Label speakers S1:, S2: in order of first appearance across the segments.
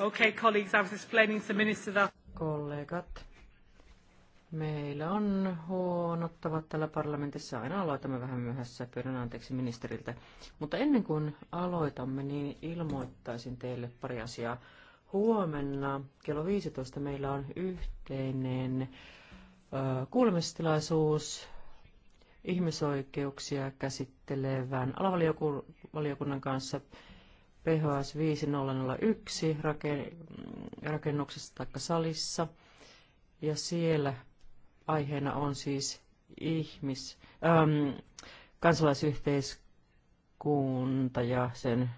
S1: Okay, colleagues, I was explaining to minister that... Kollegat, meillä on huonottavat täällä parlamentissa. Aina aloitamme vähän myöhässä, pyydän anteeksi ministeriltä. Mutta ennen kuin aloitamme, niin ilmoittaisin teille pari asiaa. Huomenna kello 15 meillä on yhteinen kuulemistilaisuus ihmisoikeuksia käsittelevän alavaliokunnan kanssa – PHS 5001 rakennuksessa tai salissa. Ja siellä aiheena on siis ihmis, ähm, kansalaisyhteiskunta ja sen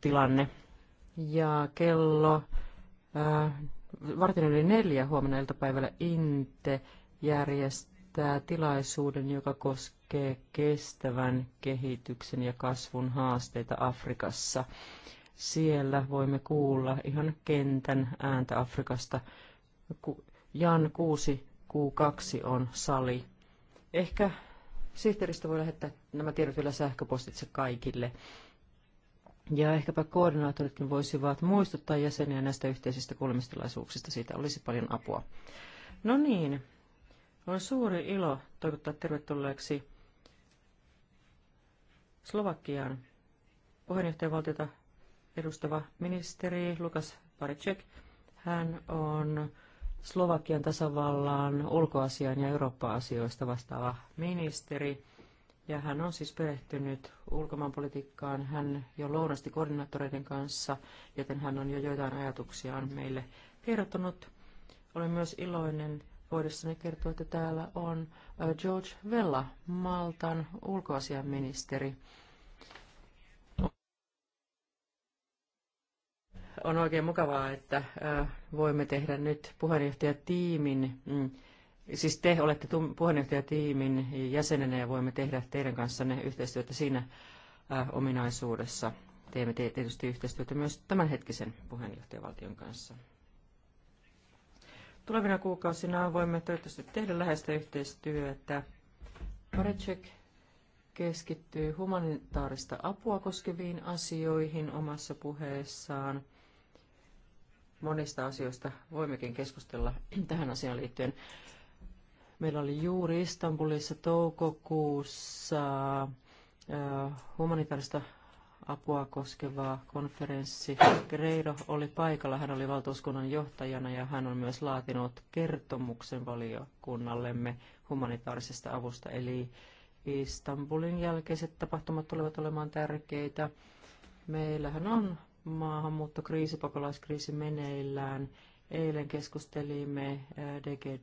S1: tilanne. Ja kello äh, vartin yli neljä huomenna iltapäivällä Inte järjestää järjestää tilaisuuden, joka koskee kestävän kehityksen ja kasvun haasteita Afrikassa. Siellä voimme kuulla ihan kentän ääntä Afrikasta. Jan 6 Q2 on sali. Ehkä sihteeristö voi lähettää nämä tiedot vielä sähköpostitse kaikille. Ja ehkäpä koordinaattoritkin voisivat muistuttaa jäseniä näistä yhteisistä kuulemistilaisuuksista. Siitä olisi paljon apua. No niin, on suuri ilo toivottaa tervetulleeksi Slovakian puheenjohtajavaltiota edustava ministeri Lukas Paricek. Hän on Slovakian tasavallan ulkoasian ja Eurooppa-asioista vastaava ministeri. Ja hän on siis perehtynyt ulkomaanpolitiikkaan. Hän jo lounasti koordinaattoreiden kanssa, joten hän on jo joitain ajatuksiaan meille kertonut. Olen myös iloinen voidessanne kertoa, että täällä on George Vella, Maltan ulkoasiaministeri. On oikein mukavaa, että voimme tehdä nyt puheenjohtajatiimin, mm, siis te olette puheenjohtajatiimin jäsenenä ja voimme tehdä teidän kanssanne yhteistyötä siinä ominaisuudessa. Teemme tietysti yhteistyötä myös tämänhetkisen puheenjohtajavaltion kanssa. Tulevina kuukausina voimme toivottavasti tehdä läheistä yhteistyötä. Marecek keskittyy humanitaarista apua koskeviin asioihin omassa puheessaan. Monista asioista voimmekin keskustella tähän asiaan liittyen. Meillä oli juuri Istanbulissa toukokuussa humanitaarista apua koskeva konferenssi. Greiro oli paikalla, hän oli valtuuskunnan johtajana ja hän on myös laatinut kertomuksen valiokunnallemme humanitaarisesta avusta. Eli Istanbulin jälkeiset tapahtumat tulevat olemaan tärkeitä. Meillähän on maahanmuuttokriisi, pakolaiskriisi meneillään. Eilen keskustelimme eh, DG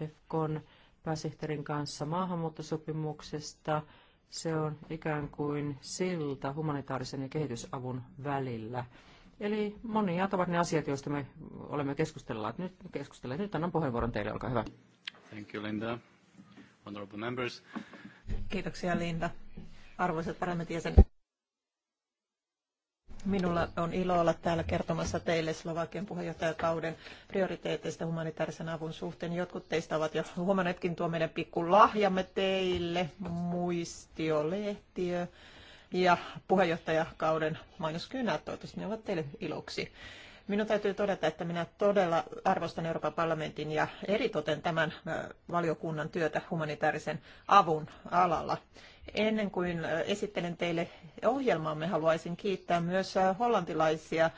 S1: Defcon pääsihteerin kanssa maahanmuuttosopimuksesta se on ikään kuin silta humanitaarisen ja kehitysavun välillä. Eli monia ovat ne asiat, joista me olemme keskustelleet. Nyt, keskustelleet. Nyt annan puheenvuoron teille, olkaa hyvä.
S2: Thank you, Linda. Honorable members.
S3: Kiitoksia, Linda. Arvoisat parlamentin jäsenet. Minulla on ilo olla täällä kertomassa teille Slovakian puheenjohtajakauden prioriteeteista humanitaarisen avun suhteen. Jotkut teistä ovat jo huomanneetkin tuo meidän pikku lahjamme teille, muistiolehtiö ja puheenjohtajakauden mainoskynät. Toivottavasti ne ovat teille iloksi. Minun täytyy todeta, että minä todella arvostan Euroopan parlamentin ja eritoten tämän valiokunnan työtä humanitaarisen avun alalla. Ennen kuin äh, esittelen teille ohjelmaamme, haluaisin kiittää myös äh, hollantilaisia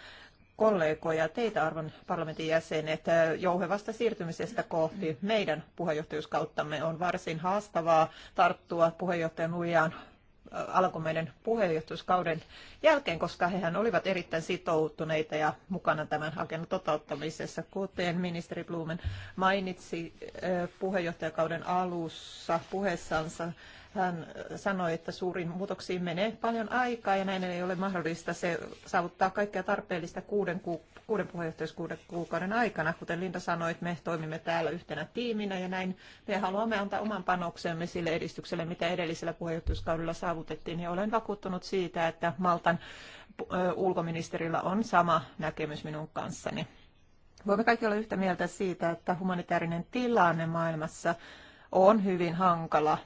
S3: kollegoja, teitä arvon parlamentin jäsenet, äh, jouhevasta siirtymisestä kohti meidän puheenjohtajuuskauttamme on varsin haastavaa tarttua puheenjohtajan nuijaan alkumeiden puheenjohtajuuskauden jälkeen, koska hehän olivat erittäin sitoutuneita ja mukana tämän agendan toteuttamisessa. Kuten ministeri Blumen mainitsi puheenjohtajakauden alussa puheessansa, hän sanoi, että suurin muutoksiin menee paljon aikaa ja näin ei ole mahdollista se saavuttaa kaikkea tarpeellista kuuden, ku, kuuden puheenjohtajuuskuuden kuukauden aikana. Kuten Linda sanoi, että me toimimme täällä yhtenä tiiminä ja näin me haluamme antaa oman panoksemme sille edistykselle, mitä edellisellä puheenjohtajuuskaudella saavutettiin. Ja olen vakuuttunut siitä, että Maltan ulkoministerillä on sama näkemys minun kanssani. Voimme kaikki olla yhtä mieltä siitä, että humanitaarinen tilanne maailmassa on hyvin hankala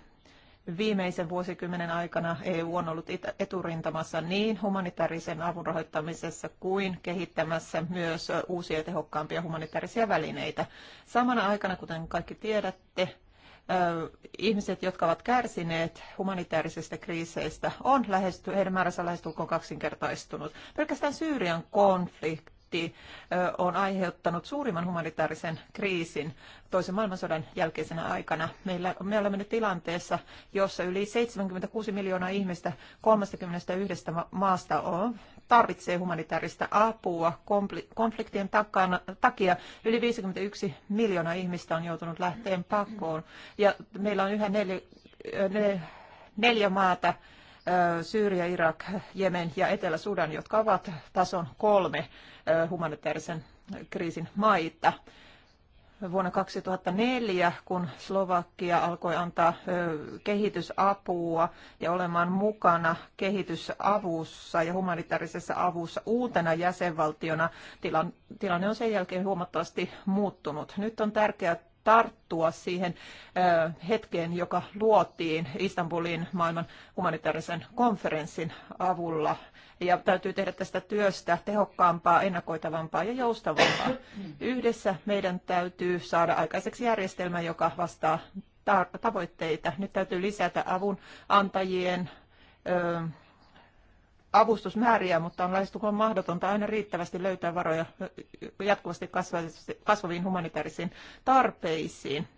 S3: Viimeisen vuosikymmenen aikana EU on ollut eturintamassa niin humanitaarisen avun rahoittamisessa kuin kehittämässä myös uusia ja tehokkaampia humanitaarisia välineitä. Samana aikana, kuten kaikki tiedätte, ihmiset, jotka ovat kärsineet humanitaarisista kriiseistä, on lähesty, heidän määränsä lähestulkoon kaksinkertaistunut. Pelkästään Syyrian konflikti Haiti on aiheuttanut suurimman humanitaarisen kriisin toisen maailmansodan jälkeisenä aikana. Meillä, me olemme nyt tilanteessa, jossa yli 76 miljoonaa ihmistä 31 maasta on, tarvitsee humanitaarista apua. Konfliktien takana, takia yli 51 miljoonaa ihmistä on joutunut lähteen pakoon. Ja meillä on yhä neljä, neljä maata, Syyria, Irak, Jemen ja Etelä-Sudan, jotka ovat tason kolme humanitaarisen kriisin maita. Vuonna 2004, kun Slovakia alkoi antaa kehitysapua ja olemaan mukana kehitysavussa ja humanitaarisessa avussa uutena jäsenvaltiona, tilanne on sen jälkeen huomattavasti muuttunut. Nyt on tärkeää tarttua siihen hetkeen, joka luotiin Istanbulin maailman humanitaarisen konferenssin avulla. Ja täytyy tehdä tästä työstä tehokkaampaa, ennakoitavampaa ja joustavampaa. Yhdessä meidän täytyy saada aikaiseksi järjestelmä, joka vastaa tavoitteita. Nyt täytyy lisätä avun antajien avustusmääriä, mutta on lähestulkoon mahdotonta aina riittävästi löytää varoja jatkuvasti kasvaviin humanitaarisiin tarpeisiin.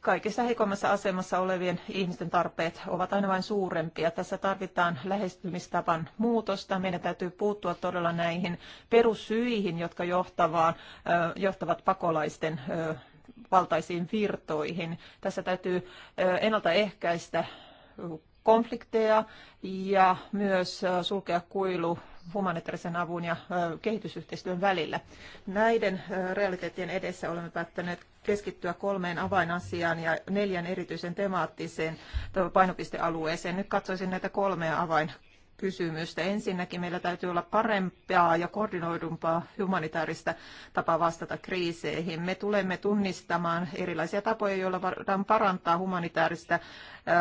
S3: Kaikissa heikommassa asemassa olevien ihmisten tarpeet ovat aina vain suurempia. Tässä tarvitaan lähestymistavan muutosta. Meidän täytyy puuttua todella näihin perussyihin, jotka johtavaan, johtavat pakolaisten valtaisiin virtoihin. Tässä täytyy ennaltaehkäistä konflikteja ja myös sulkea kuilu humanitaarisen avun ja kehitysyhteistyön välillä. Näiden realiteettien edessä olemme päättäneet keskittyä kolmeen avainasiaan ja neljän erityisen temaattiseen painopistealueeseen. Nyt katsoisin näitä kolmea avain kysymystä. Ensinnäkin meillä täytyy olla parempaa ja koordinoidumpaa humanitaarista tapaa vastata kriiseihin. Me tulemme tunnistamaan erilaisia tapoja, joilla voidaan parantaa humanitaarista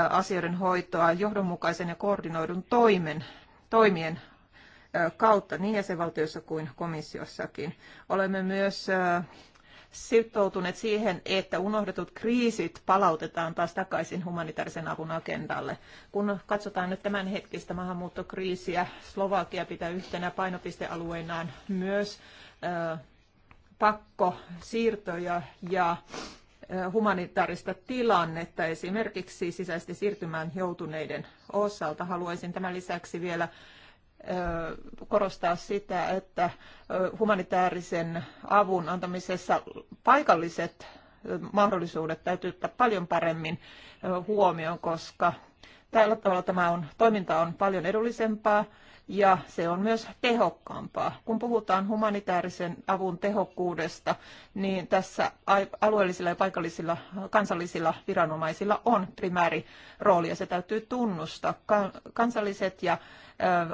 S3: asioiden hoitoa johdonmukaisen ja koordinoidun toimen, toimien kautta niin jäsenvaltiossa kuin komissiossakin. Olemme myös sitoutuneet siihen, että unohdetut kriisit palautetaan taas takaisin humanitaarisen avun agendalle. Kun katsotaan nyt tämän hetkistä maahanmuuttokriisiä, Slovakia pitää yhtenä painopistealueenaan myös pakkosiirtoja ja humanitaarista tilannetta esimerkiksi sisäisesti siirtymään joutuneiden osalta. Haluaisin tämän lisäksi vielä korostaa sitä, että humanitaarisen avun antamisessa paikalliset mahdollisuudet täytyy ottaa paljon paremmin huomioon, koska tällä tavalla tämä on, toiminta on paljon edullisempaa ja se on myös tehokkaampaa. Kun puhutaan humanitaarisen avun tehokkuudesta, niin tässä alueellisilla ja paikallisilla kansallisilla viranomaisilla on primääri rooli ja se täytyy tunnustaa. Kansalliset ja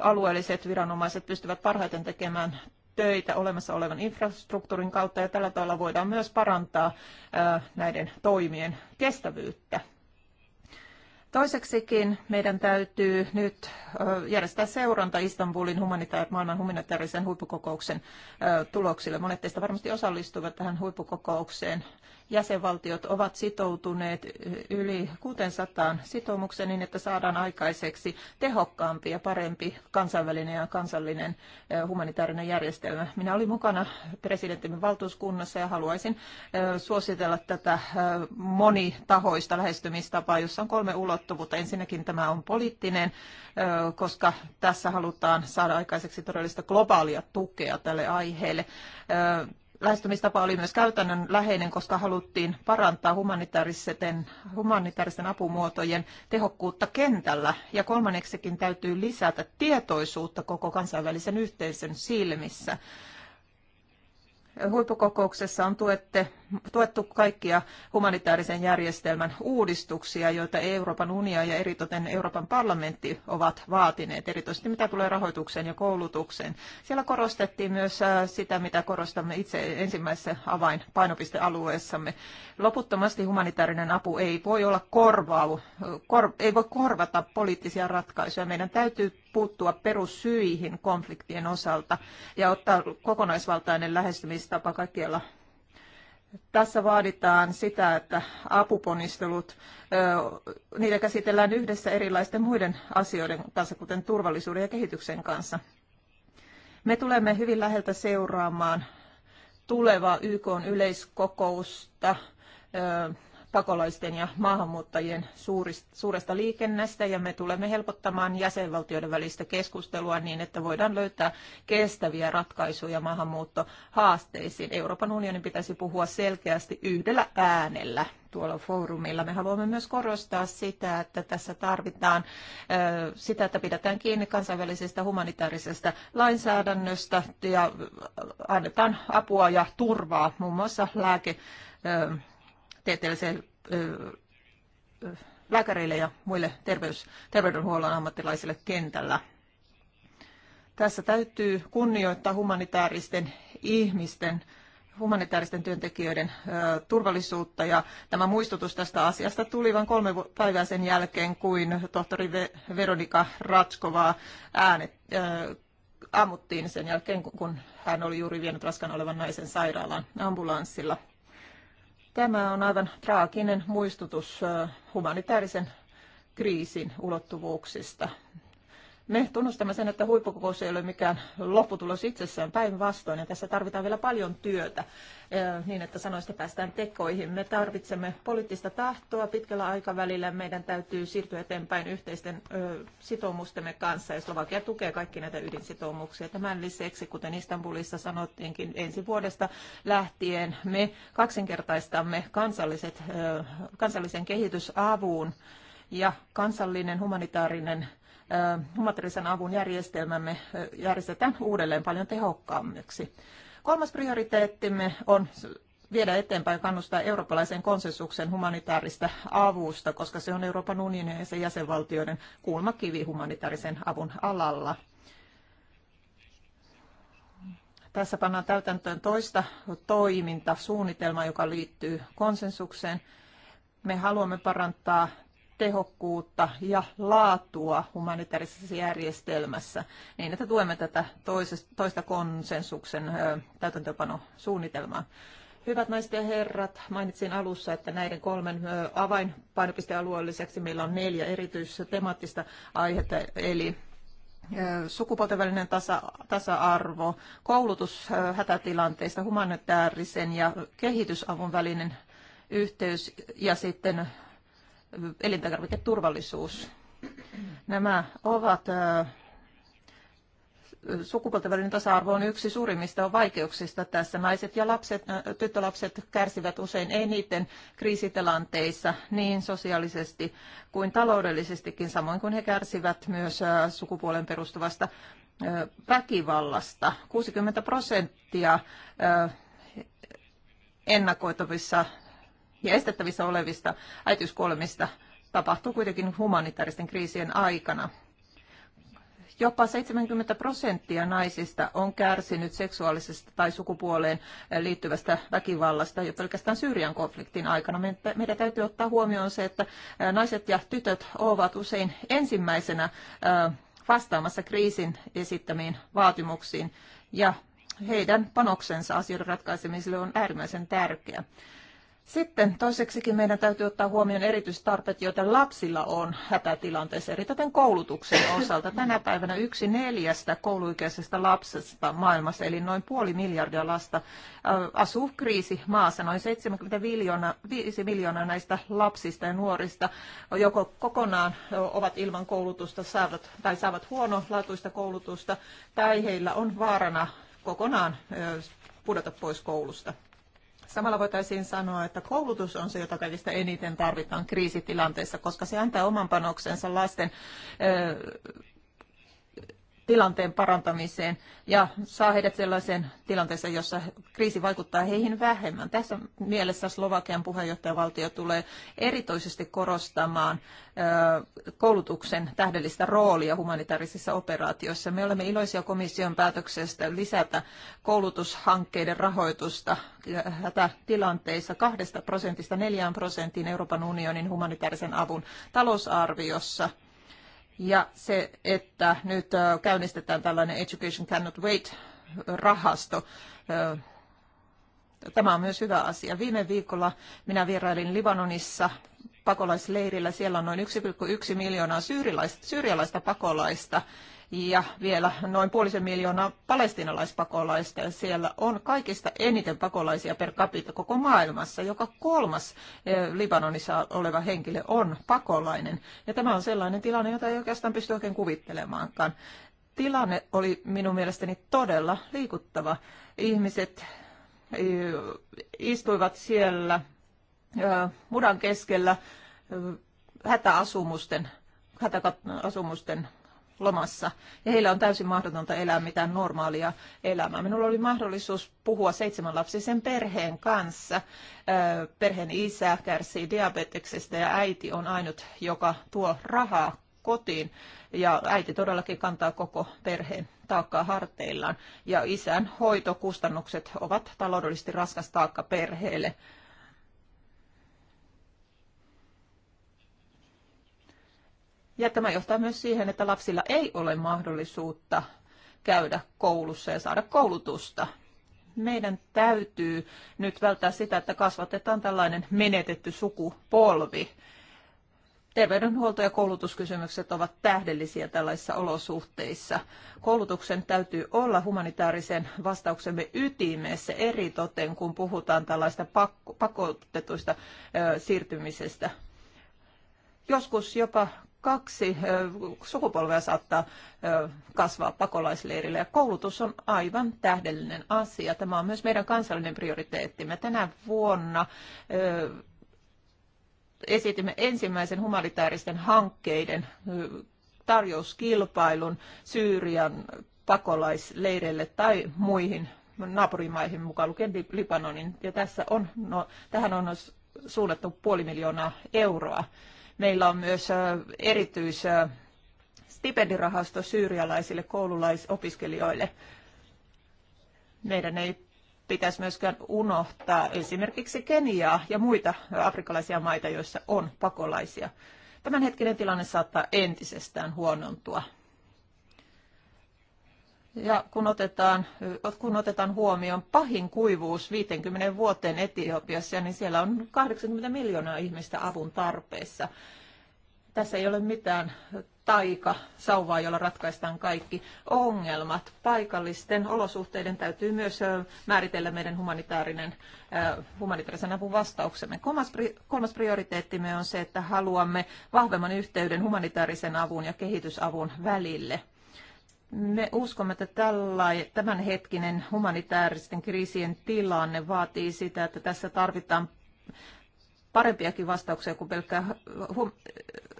S3: alueelliset viranomaiset pystyvät parhaiten tekemään töitä olemassa olevan infrastruktuurin kautta ja tällä tavalla voidaan myös parantaa näiden toimien kestävyyttä. Toiseksikin meidän täytyy nyt järjestää seuranta Istanbulin humanitaar- maailman humanitaarisen huippukokouksen tuloksille. Monet teistä varmasti osallistuivat tähän huippukokoukseen jäsenvaltiot ovat sitoutuneet yli 600 sitoumukseen niin, että saadaan aikaiseksi tehokkaampi ja parempi kansainvälinen ja kansallinen humanitaarinen järjestelmä. Minä olin mukana presidenttimme valtuuskunnassa ja haluaisin suositella tätä monitahoista lähestymistapaa, jossa on kolme ulottuvuutta. Ensinnäkin tämä on poliittinen, koska tässä halutaan saada aikaiseksi todellista globaalia tukea tälle aiheelle lähestymistapa oli myös käytännön koska haluttiin parantaa humanitaaristen, humanitaaristen apumuotojen tehokkuutta kentällä. Ja kolmanneksikin täytyy lisätä tietoisuutta koko kansainvälisen yhteisön silmissä. Huippukokouksessa on tuette tuettu kaikkia humanitaarisen järjestelmän uudistuksia, joita Euroopan unioni ja eritoten Euroopan parlamentti ovat vaatineet, erityisesti mitä tulee rahoitukseen ja koulutukseen. Siellä korostettiin myös äh, sitä, mitä korostamme itse ensimmäisessä avainpainopistealueessamme. Loputtomasti humanitaarinen apu ei voi olla korvaava, kor, ei voi korvata poliittisia ratkaisuja. Meidän täytyy puuttua perussyihin konfliktien osalta ja ottaa kokonaisvaltainen lähestymistapa kaikkialla tässä vaaditaan sitä, että apuponnistelut, niitä käsitellään yhdessä erilaisten muiden asioiden kanssa, kuten turvallisuuden ja kehityksen kanssa. Me tulemme hyvin läheltä seuraamaan tulevaa YK yleiskokousta pakolaisten ja maahanmuuttajien suuresta liikennästä ja me tulemme helpottamaan jäsenvaltioiden välistä keskustelua niin, että voidaan löytää kestäviä ratkaisuja maahanmuuttohaasteisiin. Euroopan unionin pitäisi puhua selkeästi yhdellä äänellä tuolla foorumilla. Me haluamme myös korostaa sitä, että tässä tarvitaan sitä, että pidetään kiinni kansainvälisestä humanitaarisesta lainsäädännöstä ja annetaan apua ja turvaa muun muassa lääke tieteelliseen lääkäreille ja muille terveys, terveydenhuollon ammattilaisille kentällä. Tässä täytyy kunnioittaa humanitaaristen ihmisten, humanitaaristen työntekijöiden ö, turvallisuutta. Ja tämä muistutus tästä asiasta tuli vain kolme päivää sen jälkeen, kuin tohtori Veronika Ratskovaa äänet, ö, ammuttiin sen jälkeen, kun hän oli juuri vienyt raskan olevan naisen sairaalaan ambulanssilla. Tämä on aivan traaginen muistutus äh, humanitaarisen kriisin ulottuvuuksista. Me tunnustamme sen, että huippukokous ei ole mikään lopputulos itsessään päinvastoin ja tässä tarvitaan vielä paljon työtä eh, niin, että sanoista päästään tekoihin. Me tarvitsemme poliittista tahtoa pitkällä aikavälillä. Meidän täytyy siirtyä eteenpäin yhteisten sitoumustemme kanssa ja Slovakia tukee kaikki näitä ydinsitoumuksia. Tämän lisäksi, kuten Istanbulissa sanottiinkin, ensi vuodesta lähtien me kaksinkertaistamme kansalliset, kansallisen kehitysavun ja kansallinen humanitaarinen humanitaarisen avun järjestelmämme järjestetään uudelleen paljon tehokkaammaksi. Kolmas prioriteettimme on viedä eteenpäin ja kannustaa eurooppalaisen konsensuksen humanitaarista avusta, koska se on Euroopan unionin ja sen jäsenvaltioiden kulmakivi humanitaarisen avun alalla. Tässä pannaan täytäntöön toista toimintasuunnitelmaa, joka liittyy konsensukseen. Me haluamme parantaa tehokkuutta ja laatua humanitaarisessa järjestelmässä, niin että tuemme tätä toista konsensuksen täytäntöpanosuunnitelmaa. Hyvät naiset ja herrat, mainitsin alussa, että näiden kolmen avainpainopistealueen lisäksi meillä on neljä temaattista aihetta, eli sukupuolten välinen tasa, tasa-arvo, koulutus hätätilanteista, humanitaarisen ja kehitysavun välinen yhteys ja sitten elintarviketurvallisuus. Nämä ovat sukupuolten välinen tasa-arvo on yksi suurimmista vaikeuksista tässä. Naiset ja lapset, tyttölapset kärsivät usein eniten kriisitilanteissa niin sosiaalisesti kuin taloudellisestikin, samoin kuin he kärsivät myös sukupuolen perustuvasta väkivallasta. 60 prosenttia ennakoitavissa ja estettävissä olevista äitiyskuolemista tapahtuu kuitenkin humanitaaristen kriisien aikana. Jopa 70 prosenttia naisista on kärsinyt seksuaalisesta tai sukupuoleen liittyvästä väkivallasta jo pelkästään Syyrian konfliktin aikana. Meidän täytyy ottaa huomioon se, että naiset ja tytöt ovat usein ensimmäisenä vastaamassa kriisin esittämiin vaatimuksiin ja heidän panoksensa asioiden ratkaisemiselle on äärimmäisen tärkeä. Sitten toiseksikin meidän täytyy ottaa huomioon erityistarpeet, joita lapsilla on hätätilanteessa, eritoten koulutuksen osalta. Tänä päivänä yksi neljästä kouluikäisestä lapsesta maailmassa, eli noin puoli miljardia lasta, asuu kriisi maassa. Noin 75 miljoonaa näistä lapsista ja nuorista joko kokonaan ovat ilman koulutusta saavat, tai saavat huonolaatuista koulutusta, tai heillä on vaarana kokonaan pudota pois koulusta. Samalla voitaisiin sanoa, että koulutus on se, jota kaikista eniten tarvitaan kriisitilanteissa, koska se antaa oman panoksensa lasten tilanteen parantamiseen ja saa heidät sellaiseen tilanteeseen, jossa kriisi vaikuttaa heihin vähemmän. Tässä mielessä Slovakian puheenjohtajavaltio tulee erityisesti korostamaan koulutuksen tähdellistä roolia humanitaarisissa operaatioissa. Me olemme iloisia komission päätöksestä lisätä koulutushankkeiden rahoitusta tilanteissa kahdesta prosentista neljään prosenttiin Euroopan unionin humanitaarisen avun talousarviossa – ja se, että nyt käynnistetään tällainen Education Cannot Wait-rahasto. Tämä on myös hyvä asia. Viime viikolla minä vierailin Libanonissa pakolaisleirillä. Siellä on noin 1,1 miljoonaa syyrialaista pakolaista ja vielä noin puolisen miljoonaa palestinalaispakolaista. Ja siellä on kaikista eniten pakolaisia per capita koko maailmassa. Joka kolmas eh, Libanonissa oleva henkilö on pakolainen. Ja tämä on sellainen tilanne, jota ei oikeastaan pysty oikein kuvittelemaankaan. Tilanne oli minun mielestäni todella liikuttava. Ihmiset eh, istuivat siellä eh, mudan keskellä hätäasumusten, hätäasumusten lomassa ja heillä on täysin mahdotonta elää mitään normaalia elämää. Minulla oli mahdollisuus puhua seitsemän lapsisen perheen kanssa. Perheen isä kärsii diabeteksestä ja äiti on ainut, joka tuo rahaa kotiin. Ja äiti todellakin kantaa koko perheen taakkaa harteillaan. Ja isän hoitokustannukset ovat taloudellisesti raskas taakka perheelle. Ja tämä johtaa myös siihen, että lapsilla ei ole mahdollisuutta käydä koulussa ja saada koulutusta. Meidän täytyy nyt välttää sitä, että kasvatetaan tällainen menetetty sukupolvi. Terveydenhuolto- ja koulutuskysymykset ovat tähdellisiä tällaisissa olosuhteissa. Koulutuksen täytyy olla humanitaarisen vastauksemme ytimessä eri toten, kun puhutaan tällaista pakko, pakotetuista ö, siirtymisestä. Joskus jopa kaksi sukupolvea saattaa kasvaa pakolaisleirillä ja koulutus on aivan tähdellinen asia. Tämä on myös meidän kansallinen prioriteettimme. Tänä vuonna esitimme ensimmäisen humanitaaristen hankkeiden tarjouskilpailun Syyrian pakolaisleireille tai muihin naapurimaihin mukaan lukien Libanonin. Ja tässä on, no, tähän on suunnattu puoli miljoonaa euroa. Meillä on myös erityis stipendirahasto syyrialaisille koululaisopiskelijoille. Meidän ei pitäisi myöskään unohtaa esimerkiksi Keniaa ja muita afrikkalaisia maita, joissa on pakolaisia. Tämänhetkinen tilanne saattaa entisestään huonontua. Ja kun otetaan, kun otetaan huomioon pahin kuivuus 50 vuoteen Etiopiassa, niin siellä on 80 miljoonaa ihmistä avun tarpeessa. Tässä ei ole mitään taika sauvaa, jolla ratkaistaan kaikki ongelmat. Paikallisten olosuhteiden täytyy myös määritellä meidän humanitaarinen, humanitaarisen avun vastauksemme. Kolmas prioriteettimme on se, että haluamme vahvemman yhteyden humanitaarisen avun ja kehitysavun välille. Me uskomme, että tällainen, tämänhetkinen humanitaaristen kriisien tilanne vaatii sitä, että tässä tarvitaan parempiakin vastauksia kuin pelkkää hum,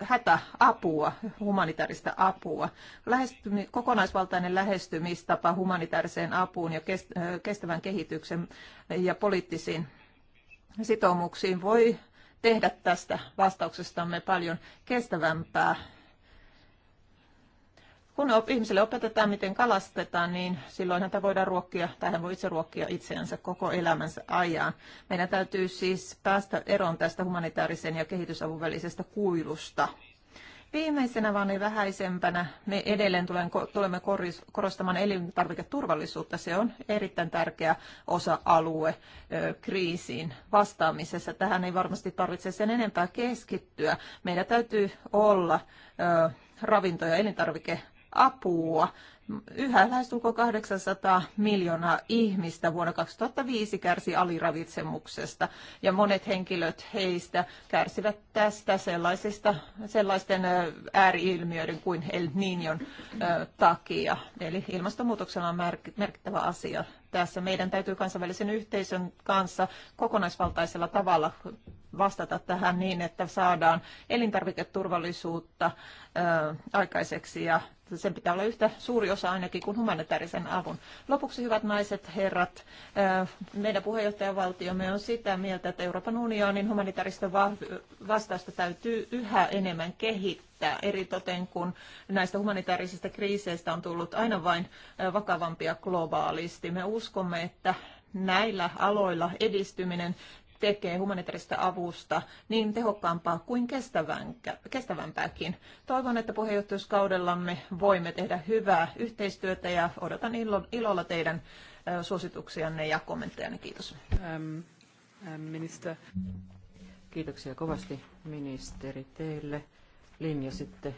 S3: hätäapua, humanitaarista apua. Lähestymi, kokonaisvaltainen lähestymistapa humanitaariseen apuun ja kestävän kehityksen ja poliittisiin sitoumuksiin voi tehdä tästä vastauksestamme paljon kestävämpää kun ihmiselle opetetaan, miten kalastetaan, niin silloin häntä voidaan ruokkia, tai hän voi itse ruokkia itseänsä koko elämänsä ajan. Meidän täytyy siis päästä eroon tästä humanitaarisen ja kehitysavun välisestä kuilusta. Viimeisenä, vaan niin vähäisempänä, me edelleen tulemme korostamaan elintarviketurvallisuutta. Se on erittäin tärkeä osa-alue kriisiin vastaamisessa. Tähän ei varmasti tarvitse sen enempää keskittyä. Meidän täytyy olla ravinto- ja elintarvike apua. Yhä lähestulkoon 800 miljoonaa ihmistä vuonna 2005 kärsi aliravitsemuksesta ja monet henkilöt heistä kärsivät tästä sellaisista, sellaisten ääriilmiöiden kuin El Niñon takia. Eli ilmastonmuutoksella on merkittävä asia tässä. Meidän täytyy kansainvälisen yhteisön kanssa kokonaisvaltaisella tavalla vastata tähän niin, että saadaan elintarviketurvallisuutta aikaiseksi ja sen pitää olla yhtä suuri osa ainakin kuin humanitaarisen avun. Lopuksi, hyvät naiset, herrat, meidän puheenjohtajavaltiomme on sitä mieltä, että Euroopan unionin humanitaarista vastausta täytyy yhä enemmän kehittää, eritoten kun näistä humanitaarisista kriiseistä on tullut aina vain vakavampia globaalisti. Me uskomme, että näillä aloilla edistyminen tekee humanitaarista avusta niin tehokkaampaa kuin kestävämpääkin. Toivon, että puheenjohtajuuskaudellamme voimme tehdä hyvää yhteistyötä ja odotan ilolla teidän suosituksianne ja kommenttejanne. Kiitos.
S1: Ähm, ähm, minister. Kiitoksia kovasti ministeri teille. Linjasitte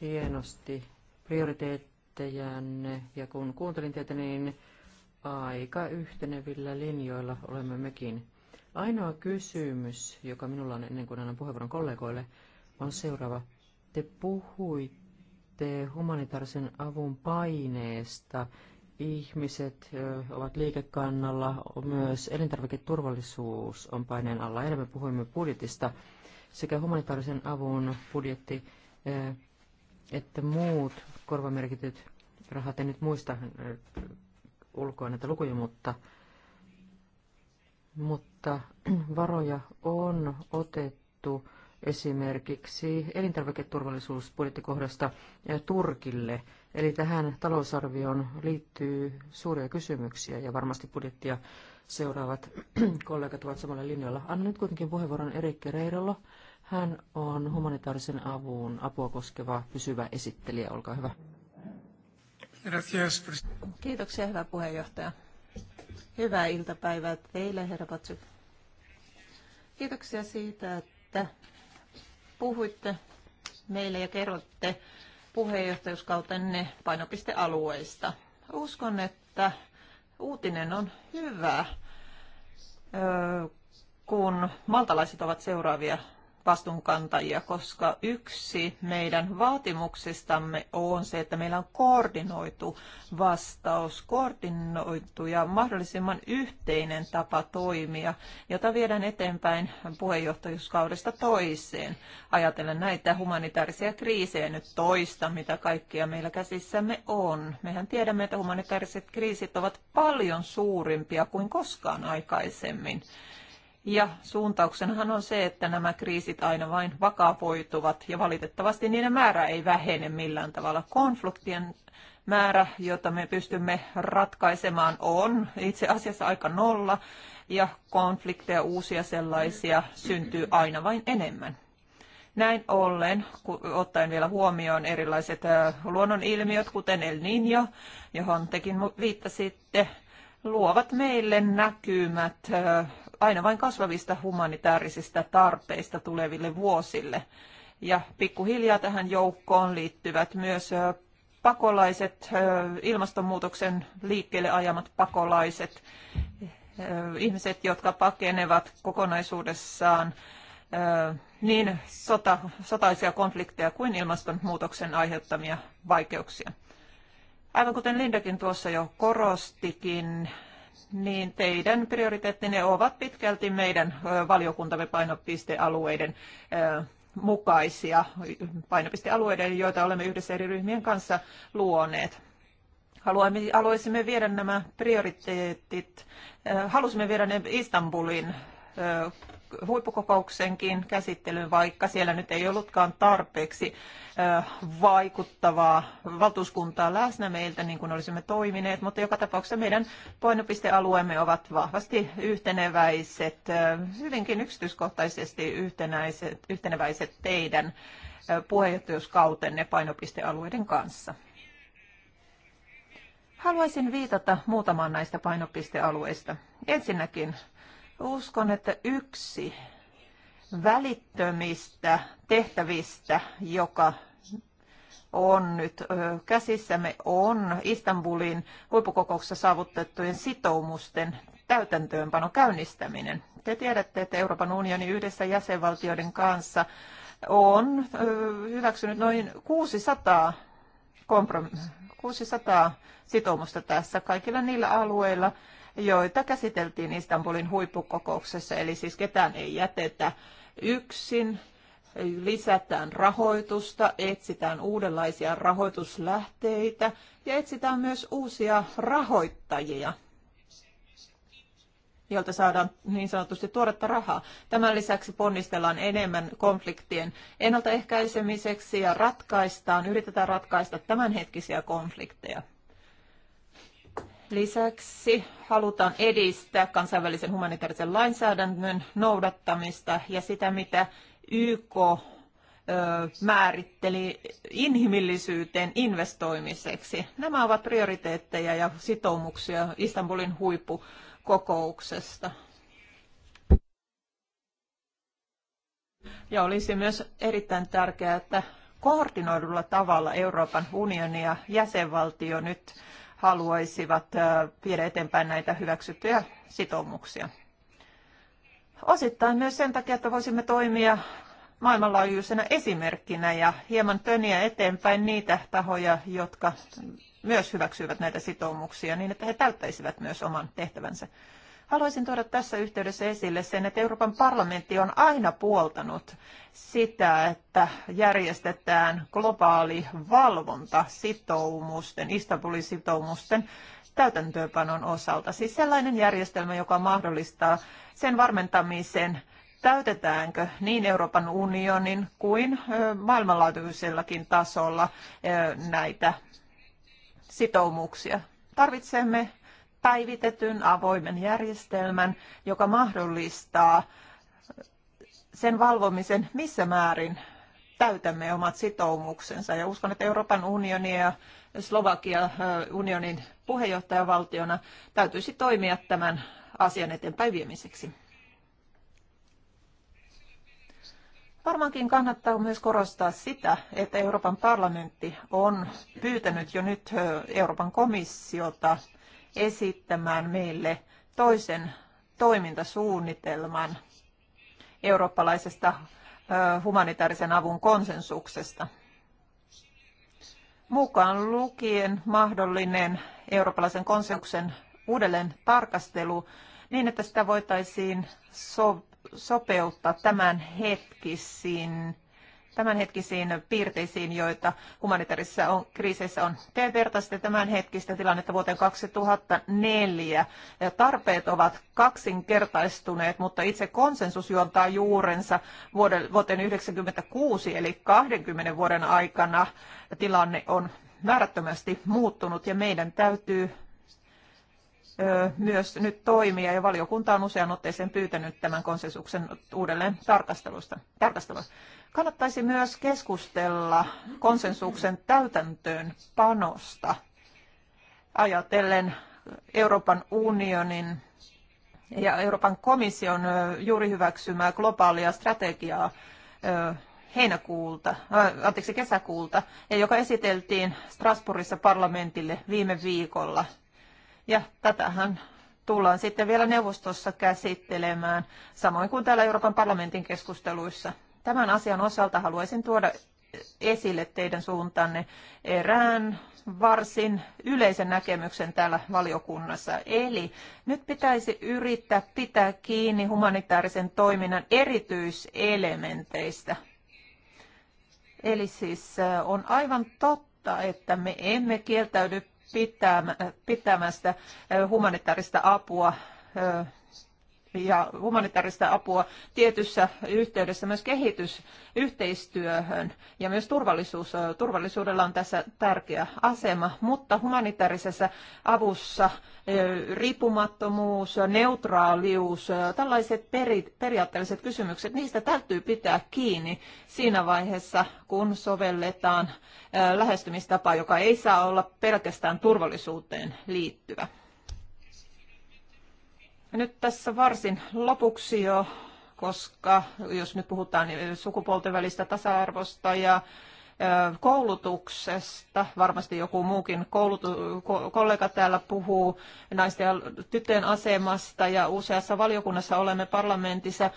S1: hienosti prioriteettejänne ja kun kuuntelin teitä, niin aika yhtenevillä linjoilla olemme mekin. Ainoa kysymys, joka minulla on ennen kuin annan puheenvuoron kollegoille, on seuraava. Te puhuitte humanitaarisen avun paineesta. Ihmiset ovat liikekannalla, myös elintarviketurvallisuus on paineen alla. Enemmän puhuimme budjetista sekä humanitaarisen avun budjetti että muut korvamerkityt rahat. En nyt muista ulkoa näitä lukuja, mutta, mutta mutta varoja on otettu esimerkiksi elintarviketurvallisuusbudjettikohdasta eh, Turkille. Eli tähän talousarvioon liittyy suuria kysymyksiä ja varmasti budjettia seuraavat kollegat ovat samalla linjalla. Anna nyt kuitenkin puheenvuoron Erik Reirolla. Hän on humanitaarisen avun apua koskeva pysyvä esittelijä. Olkaa hyvä.
S3: Kiitoksia, hyvä puheenjohtaja. Hyvää iltapäivää teille, herra Patsuk. Kiitoksia siitä, että puhuitte meille ja kerrotte puheenjohtajuuskautenne painopistealueista. Uskon, että uutinen on hyvä, kun maltalaiset ovat seuraavia vastuunkantajia, koska yksi meidän vaatimuksistamme on se, että meillä on koordinoitu vastaus, koordinoitu ja mahdollisimman yhteinen tapa toimia, jota viedään eteenpäin puheenjohtajuuskaudesta toiseen. Ajatellen näitä humanitaarisia kriisejä nyt toista, mitä kaikkia meillä käsissämme on. Mehän tiedämme, että humanitaariset kriisit ovat paljon suurimpia kuin koskaan aikaisemmin. Ja suuntauksenahan on se, että nämä kriisit aina vain vakavoituvat ja valitettavasti niiden määrä ei vähene millään tavalla. Konfliktien määrä, jota me pystymme ratkaisemaan, on itse asiassa aika nolla ja konflikteja uusia sellaisia syntyy aina vain enemmän. Näin ollen, ottaen vielä huomioon erilaiset luonnonilmiöt, kuten El Niño, johon tekin viittasitte, luovat meille näkymät aina vain kasvavista humanitaarisista tarpeista tuleville vuosille. Ja pikkuhiljaa tähän joukkoon liittyvät myös pakolaiset, ilmastonmuutoksen liikkeelle ajamat pakolaiset, ihmiset, jotka pakenevat kokonaisuudessaan niin sota, sotaisia konflikteja kuin ilmastonmuutoksen aiheuttamia vaikeuksia. Aivan kuten Lindakin tuossa jo korostikin, niin teidän prioriteettinne ovat pitkälti meidän valiokuntamme painopistealueiden mukaisia painopistealueiden, joita olemme yhdessä eri ryhmien kanssa luoneet. Haluaisimme viedä nämä prioriteetit, halusimme viedä ne Istanbulin huippukokouksenkin käsittelyyn, vaikka siellä nyt ei ollutkaan tarpeeksi vaikuttavaa valtuuskuntaa läsnä meiltä, niin kuin olisimme toimineet, mutta joka tapauksessa meidän painopistealueemme ovat vahvasti yhteneväiset, hyvinkin yksityiskohtaisesti yhtenäiset, yhteneväiset teidän puheenjohtajuuskautenne painopistealueiden kanssa. Haluaisin viitata muutamaan näistä painopistealueista. Ensinnäkin Uskon, että yksi välittömistä tehtävistä, joka on nyt käsissämme, on Istanbulin huippukokouksessa saavutettujen sitoumusten täytäntöönpano käynnistäminen. Te tiedätte, että Euroopan unioni yhdessä jäsenvaltioiden kanssa on hyväksynyt noin 600, komprom- 600 sitoumusta tässä kaikilla niillä alueilla, joita käsiteltiin Istanbulin huippukokouksessa, eli siis ketään ei jätetä yksin, lisätään rahoitusta, etsitään uudenlaisia rahoituslähteitä ja etsitään myös uusia rahoittajia jolta saadaan niin sanotusti tuoretta rahaa. Tämän lisäksi ponnistellaan enemmän konfliktien ennaltaehkäisemiseksi ja ratkaistaan, yritetään ratkaista tämänhetkisiä konflikteja. Lisäksi halutaan edistää kansainvälisen humanitaarisen lainsäädännön noudattamista ja sitä, mitä YK määritteli inhimillisyyteen investoimiseksi. Nämä ovat prioriteetteja ja sitoumuksia Istanbulin huippukokouksesta. Ja olisi myös erittäin tärkeää, että koordinoidulla tavalla Euroopan unionia ja jäsenvaltio nyt haluaisivat viedä eteenpäin näitä hyväksyttyjä sitoumuksia. Osittain myös sen takia, että voisimme toimia maailmanlaajuisena esimerkkinä ja hieman töniä eteenpäin niitä tahoja, jotka myös hyväksyvät näitä sitoumuksia niin, että he täyttäisivät myös oman tehtävänsä. Haluaisin tuoda tässä yhteydessä esille sen, että Euroopan parlamentti on aina puoltanut sitä, että järjestetään globaali valvonta sitoumusten, Istanbulin sitoumusten täytäntöönpanon osalta. Siis sellainen järjestelmä, joka mahdollistaa sen varmentamisen, täytetäänkö niin Euroopan unionin kuin maailmanlaajuisellakin tasolla näitä sitoumuksia. Tarvitsemme päivitetyn avoimen järjestelmän, joka mahdollistaa sen valvomisen, missä määrin täytämme omat sitoumuksensa. Ja uskon, että Euroopan unioni ja Slovakia unionin puheenjohtajavaltiona täytyisi toimia tämän asian eteenpäin viemiseksi. Varmaankin kannattaa myös korostaa sitä, että Euroopan parlamentti on pyytänyt jo nyt Euroopan komissiota esittämään meille toisen toimintasuunnitelman eurooppalaisesta humanitaarisen avun konsensuksesta. Mukaan lukien mahdollinen eurooppalaisen konsensuksen uudelleen tarkastelu niin, että sitä voitaisiin so- sopeuttaa tämän hetkisiin tämänhetkisiin piirteisiin, joita humanitaarisissa on, kriiseissä on. Te vertaisitte tämänhetkistä tilannetta vuoteen 2004. Tarpeet ovat kaksinkertaistuneet, mutta itse konsensus juontaa juurensa vuoden, vuoteen 1996, eli 20 vuoden aikana tilanne on määrättömästi muuttunut ja meidän täytyy myös nyt toimia, ja valiokunta on usean otteeseen pyytänyt tämän konsensuksen uudelleen tarkastelusta. tarkastelua. Kannattaisi myös keskustella konsensuksen täytäntöön panosta ajatellen Euroopan unionin ja Euroopan komission juuri hyväksymää globaalia strategiaa heinäkuulta, anteeksi kesäkuulta, ja joka esiteltiin Strasbourgissa parlamentille viime viikolla – ja tätähän tullaan sitten vielä neuvostossa käsittelemään, samoin kuin täällä Euroopan parlamentin keskusteluissa. Tämän asian osalta haluaisin tuoda esille teidän suuntanne erään varsin yleisen näkemyksen täällä valiokunnassa. Eli nyt pitäisi yrittää pitää kiinni humanitaarisen toiminnan erityiselementeistä. Eli siis äh, on aivan totta, että me emme kieltäydy pitämästä humanitaarista apua ja humanitaarista apua tietyssä yhteydessä myös kehitysyhteistyöhön ja myös turvallisuus, turvallisuudella on tässä tärkeä asema, mutta humanitaarisessa avussa riippumattomuus, neutraalius, tällaiset peri, periaatteelliset kysymykset, niistä täytyy pitää kiinni siinä vaiheessa, kun sovelletaan lähestymistapaa, joka ei saa olla pelkästään turvallisuuteen liittyvä nyt tässä varsin lopuksi jo, koska jos nyt puhutaan niin sukupuolten välistä tasa-arvosta ja koulutuksesta. Varmasti joku muukin koulutu, kollega täällä puhuu naisten ja tyttöjen asemasta ja useassa valiokunnassa olemme parlamentissa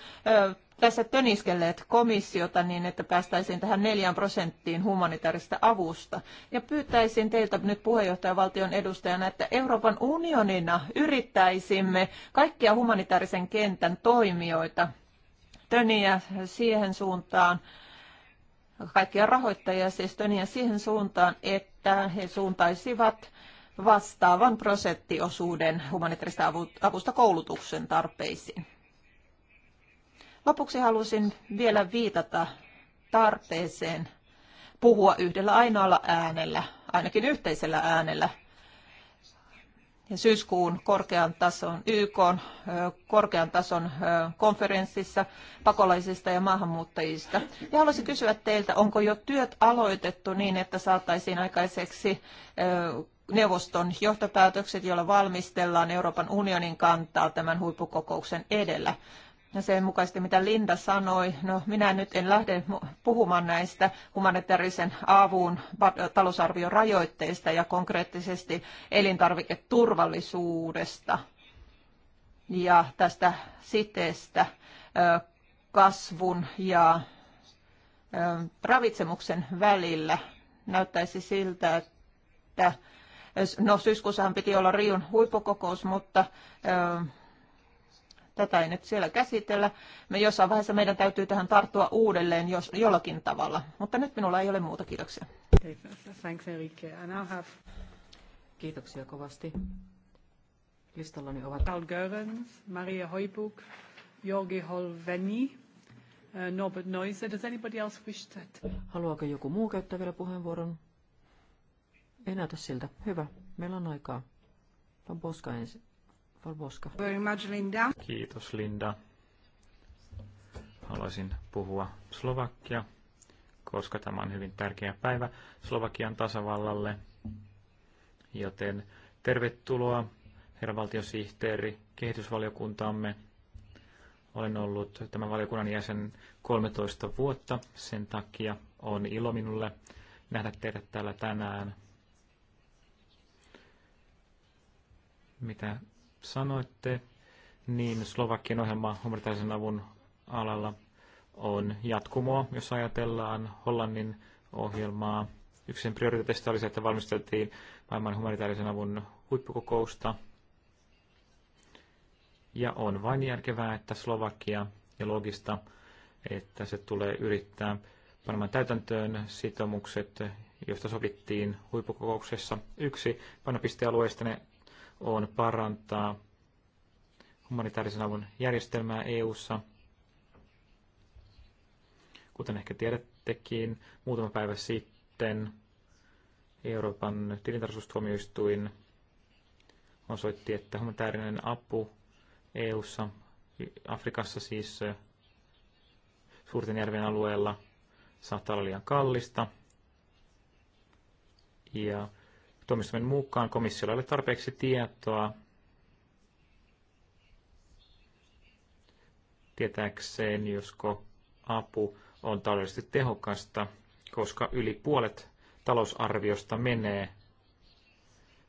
S3: tässä töniskelleet komissiota niin, että päästäisiin tähän neljään prosenttiin humanitaarista avusta. Ja pyytäisin teiltä nyt puheenjohtajavaltion edustajana, että Euroopan unionina yrittäisimme kaikkia humanitaarisen kentän toimijoita töniä siihen suuntaan, kaikkia rahoittajia siis töniä siihen suuntaan, että he suuntaisivat vastaavan prosenttiosuuden humanitaarista avusta koulutuksen tarpeisiin. Lopuksi halusin vielä viitata tarpeeseen puhua yhdellä ainoalla äänellä, ainakin yhteisellä äänellä. Ja syyskuun korkean tason, YK korkean tason konferenssissa pakolaisista ja maahanmuuttajista. Ja haluaisin kysyä teiltä, onko jo työt aloitettu niin, että saataisiin aikaiseksi neuvoston johtopäätökset, joilla valmistellaan Euroopan unionin kantaa tämän huippukokouksen edellä sen mukaisesti, mitä Linda sanoi. No, minä nyt en lähde puhumaan näistä humanitaarisen avun talousarvion rajoitteista ja konkreettisesti elintarviketurvallisuudesta ja tästä siteestä kasvun ja ravitsemuksen välillä. Näyttäisi siltä, että no syyskuussahan piti olla riun huippukokous, mutta Tätä ei nyt siellä käsitellä. Me jossain vaiheessa meidän täytyy tähän tarttua uudelleen jos, jollakin
S1: tavalla. Mutta nyt minulla ei ole muuta. Kiitoksia. Thanks, Enrique. have... Kiitoksia kovasti. Listallani ovat Carl Görens, Maria Hoibuk, Jorgi Holveni, uh, Norbert Neuse. Does anybody else wish that? Haluaako joku muu käyttää vielä puheenvuoron? Ei näytä siltä. Hyvä. Meillä on aikaa. Pamposka ensin. Polboska. Very much, Linda.
S2: Kiitos, Linda. Haluaisin puhua Slovakia, koska tämä on hyvin tärkeä päivä Slovakian tasavallalle. Joten tervetuloa, herra valtiosihteeri, kehitysvaliokuntaamme. Olen ollut tämän valiokunnan jäsen 13 vuotta. Sen takia on ilo minulle nähdä teidät täällä tänään. Mitä sanoitte, niin Slovakian ohjelma humanitaarisen avun alalla on jatkumoa, jos ajatellaan Hollannin ohjelmaa. Yksi sen prioriteetista oli se, että valmisteltiin maailman humanitaarisen avun huippukokousta. Ja on vain järkevää, että Slovakia ja logista, että se tulee yrittää panemaan täytäntöön sitoumukset, joista sovittiin huippukokouksessa. Yksi painopistealueista ne on parantaa humanitaarisen avun järjestelmää EU:ssa. Kuten ehkä tiedättekin, muutama päivä sitten Euroopan tilintarkastustuomioistuin osoitti, että humanitaarinen apu EU:ssa, Afrikassa siis suurten järven alueella saattaa olla liian kallista. Ja Tuomistamme mukaan komissiolla oli tarpeeksi tietoa tietääkseen, josko apu on taloudellisesti tehokasta, koska yli puolet talousarviosta menee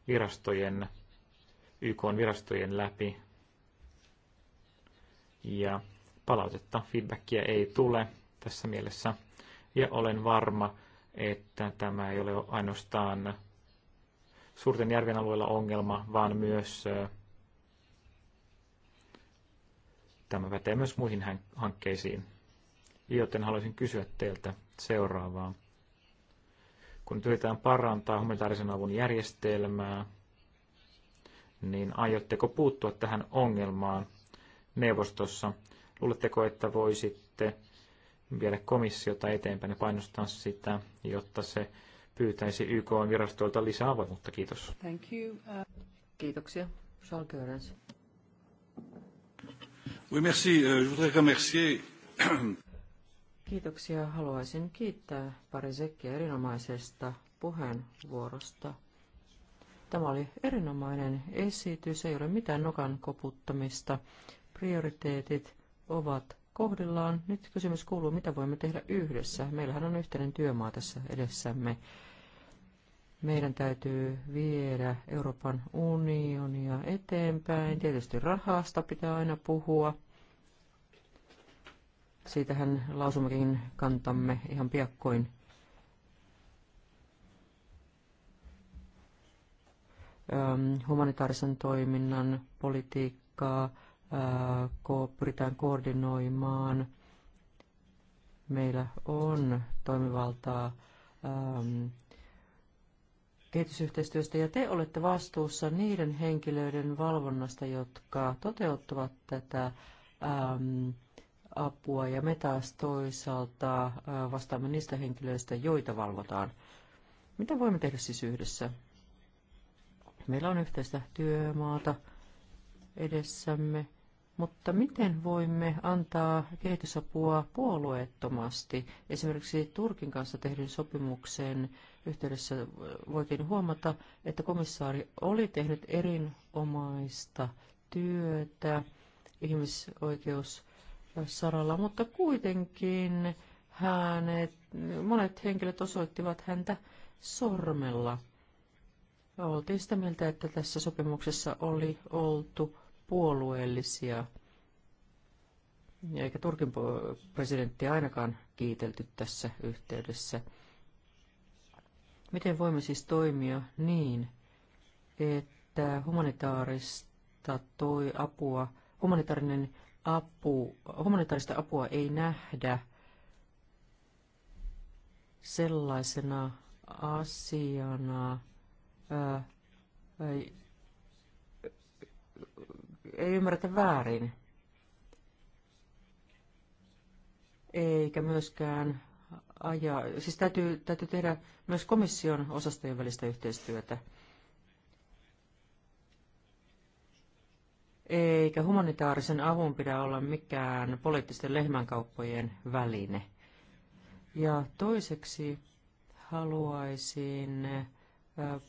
S2: virastojen, YK-virastojen läpi. Ja palautetta, feedbackia ei tule tässä mielessä. Ja olen varma, että tämä ei ole ainoastaan suurten järven alueella ongelma, vaan myös tämä pätee myös muihin hankkeisiin. Joten haluaisin kysyä teiltä seuraavaa. Kun yritetään parantaa humanitaarisen avun järjestelmää, niin aiotteko puuttua tähän ongelmaan neuvostossa? Luuletteko, että voisitte viedä komissiota eteenpäin ja painostaa sitä, jotta se pyytäisi YK virastolta lisää avoimuutta. Kiitos.
S1: Thank you. Uh... Kiitoksia. Charles Görens. Oui, merci. Euh, je voudrais remercier... Kiitoksia. Haluaisin kiittää pari sekkiä erinomaisesta puheenvuorosta. Tämä oli erinomainen esitys, ei ole mitään nokan koputtamista. Prioriteetit ovat kohdillaan. Nyt kysymys kuuluu, mitä voimme tehdä yhdessä. Meillähän on yhteinen työmaa tässä edessämme. Meidän täytyy viedä Euroopan unionia eteenpäin. Tietysti rahasta pitää aina puhua. Siitähän lausumakin kantamme ihan piakkoin. Ähm, humanitaarisen toiminnan politiikkaa äh, pyritään koordinoimaan. Meillä on toimivaltaa ähm, kehitysyhteistyöstä ja te olette vastuussa niiden henkilöiden valvonnasta, jotka toteuttavat tätä äm, apua ja me taas toisaalta vastaamme niistä henkilöistä, joita valvotaan. Mitä voimme tehdä siis yhdessä? Meillä on yhteistä työmaata edessämme mutta miten voimme antaa kehitysapua puolueettomasti? Esimerkiksi Turkin kanssa tehdyn sopimuksen yhteydessä voitiin huomata, että komissaari oli tehnyt erinomaista työtä ihmisoikeussaralla, mutta kuitenkin hänet, monet henkilöt osoittivat häntä sormella. Oltiin sitä mieltä, että tässä sopimuksessa oli oltu puolueellisia, eikä Turkin presidentti ainakaan kiitelty tässä yhteydessä. Miten voimme siis toimia niin, että humanitaarista toi apua, humanitaarinen apu, humanitaarista apua ei nähdä sellaisena asiana, ää, ää, ei ymmärretä väärin. Eikä myöskään aja, siis täytyy, täytyy tehdä myös komission osastojen välistä yhteistyötä. Eikä humanitaarisen avun pidä olla mikään poliittisten lehmänkauppojen väline. Ja toiseksi haluaisin äh,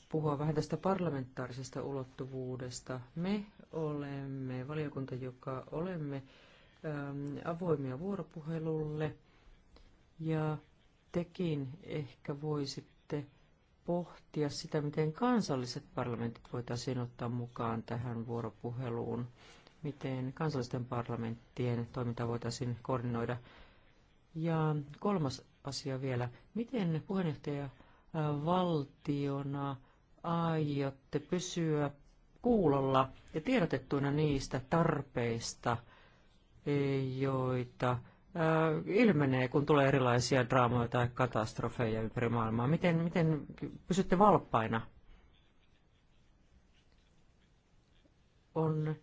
S1: puhua vähän tästä parlamentaarisesta ulottuvuudesta. Me olemme valiokunta, joka olemme ähm, avoimia vuoropuhelulle. Ja tekin ehkä voisitte pohtia sitä, miten kansalliset parlamentit voitaisiin ottaa mukaan tähän vuoropuheluun, miten kansallisten parlamenttien toiminta voitaisiin koordinoida. Ja kolmas asia vielä, miten puheenjohtaja äh, valtiona aiotte pysyä kuulolla ja tiedotettuina niistä tarpeista, joita äh, ilmenee, kun tulee erilaisia draamoja tai katastrofeja ympäri maailmaa? Miten, miten pysytte valppaina? On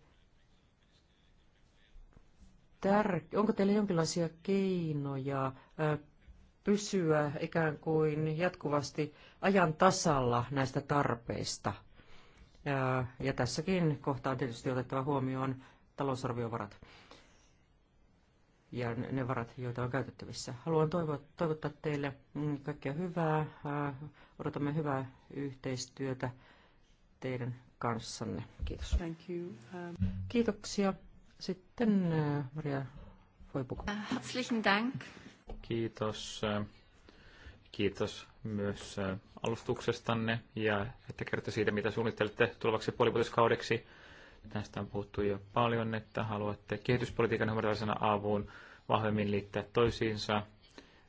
S1: tär- onko teillä jonkinlaisia keinoja äh, pysyä ikään kuin jatkuvasti ajan tasalla näistä tarpeista? Ja tässäkin kohtaa on tietysti otettava huomioon talousarviovarat ja ne varat, joita on käytettävissä. Haluan toivottaa teille kaikkea hyvää. Odotamme hyvää yhteistyötä teidän kanssanne. Kiitos. Thank you. Um... Kiitoksia. Sitten Maria Voipuku. Herzlichen Dank. Kiitos.
S2: Kiitos myös alustuksestanne ja että kerrotte siitä, mitä suunnittelette tulevaksi puolivuotiskaudeksi. Tästä on puhuttu jo paljon, että haluatte kehityspolitiikan humanitaarisena avuun vahvemmin liittää toisiinsa,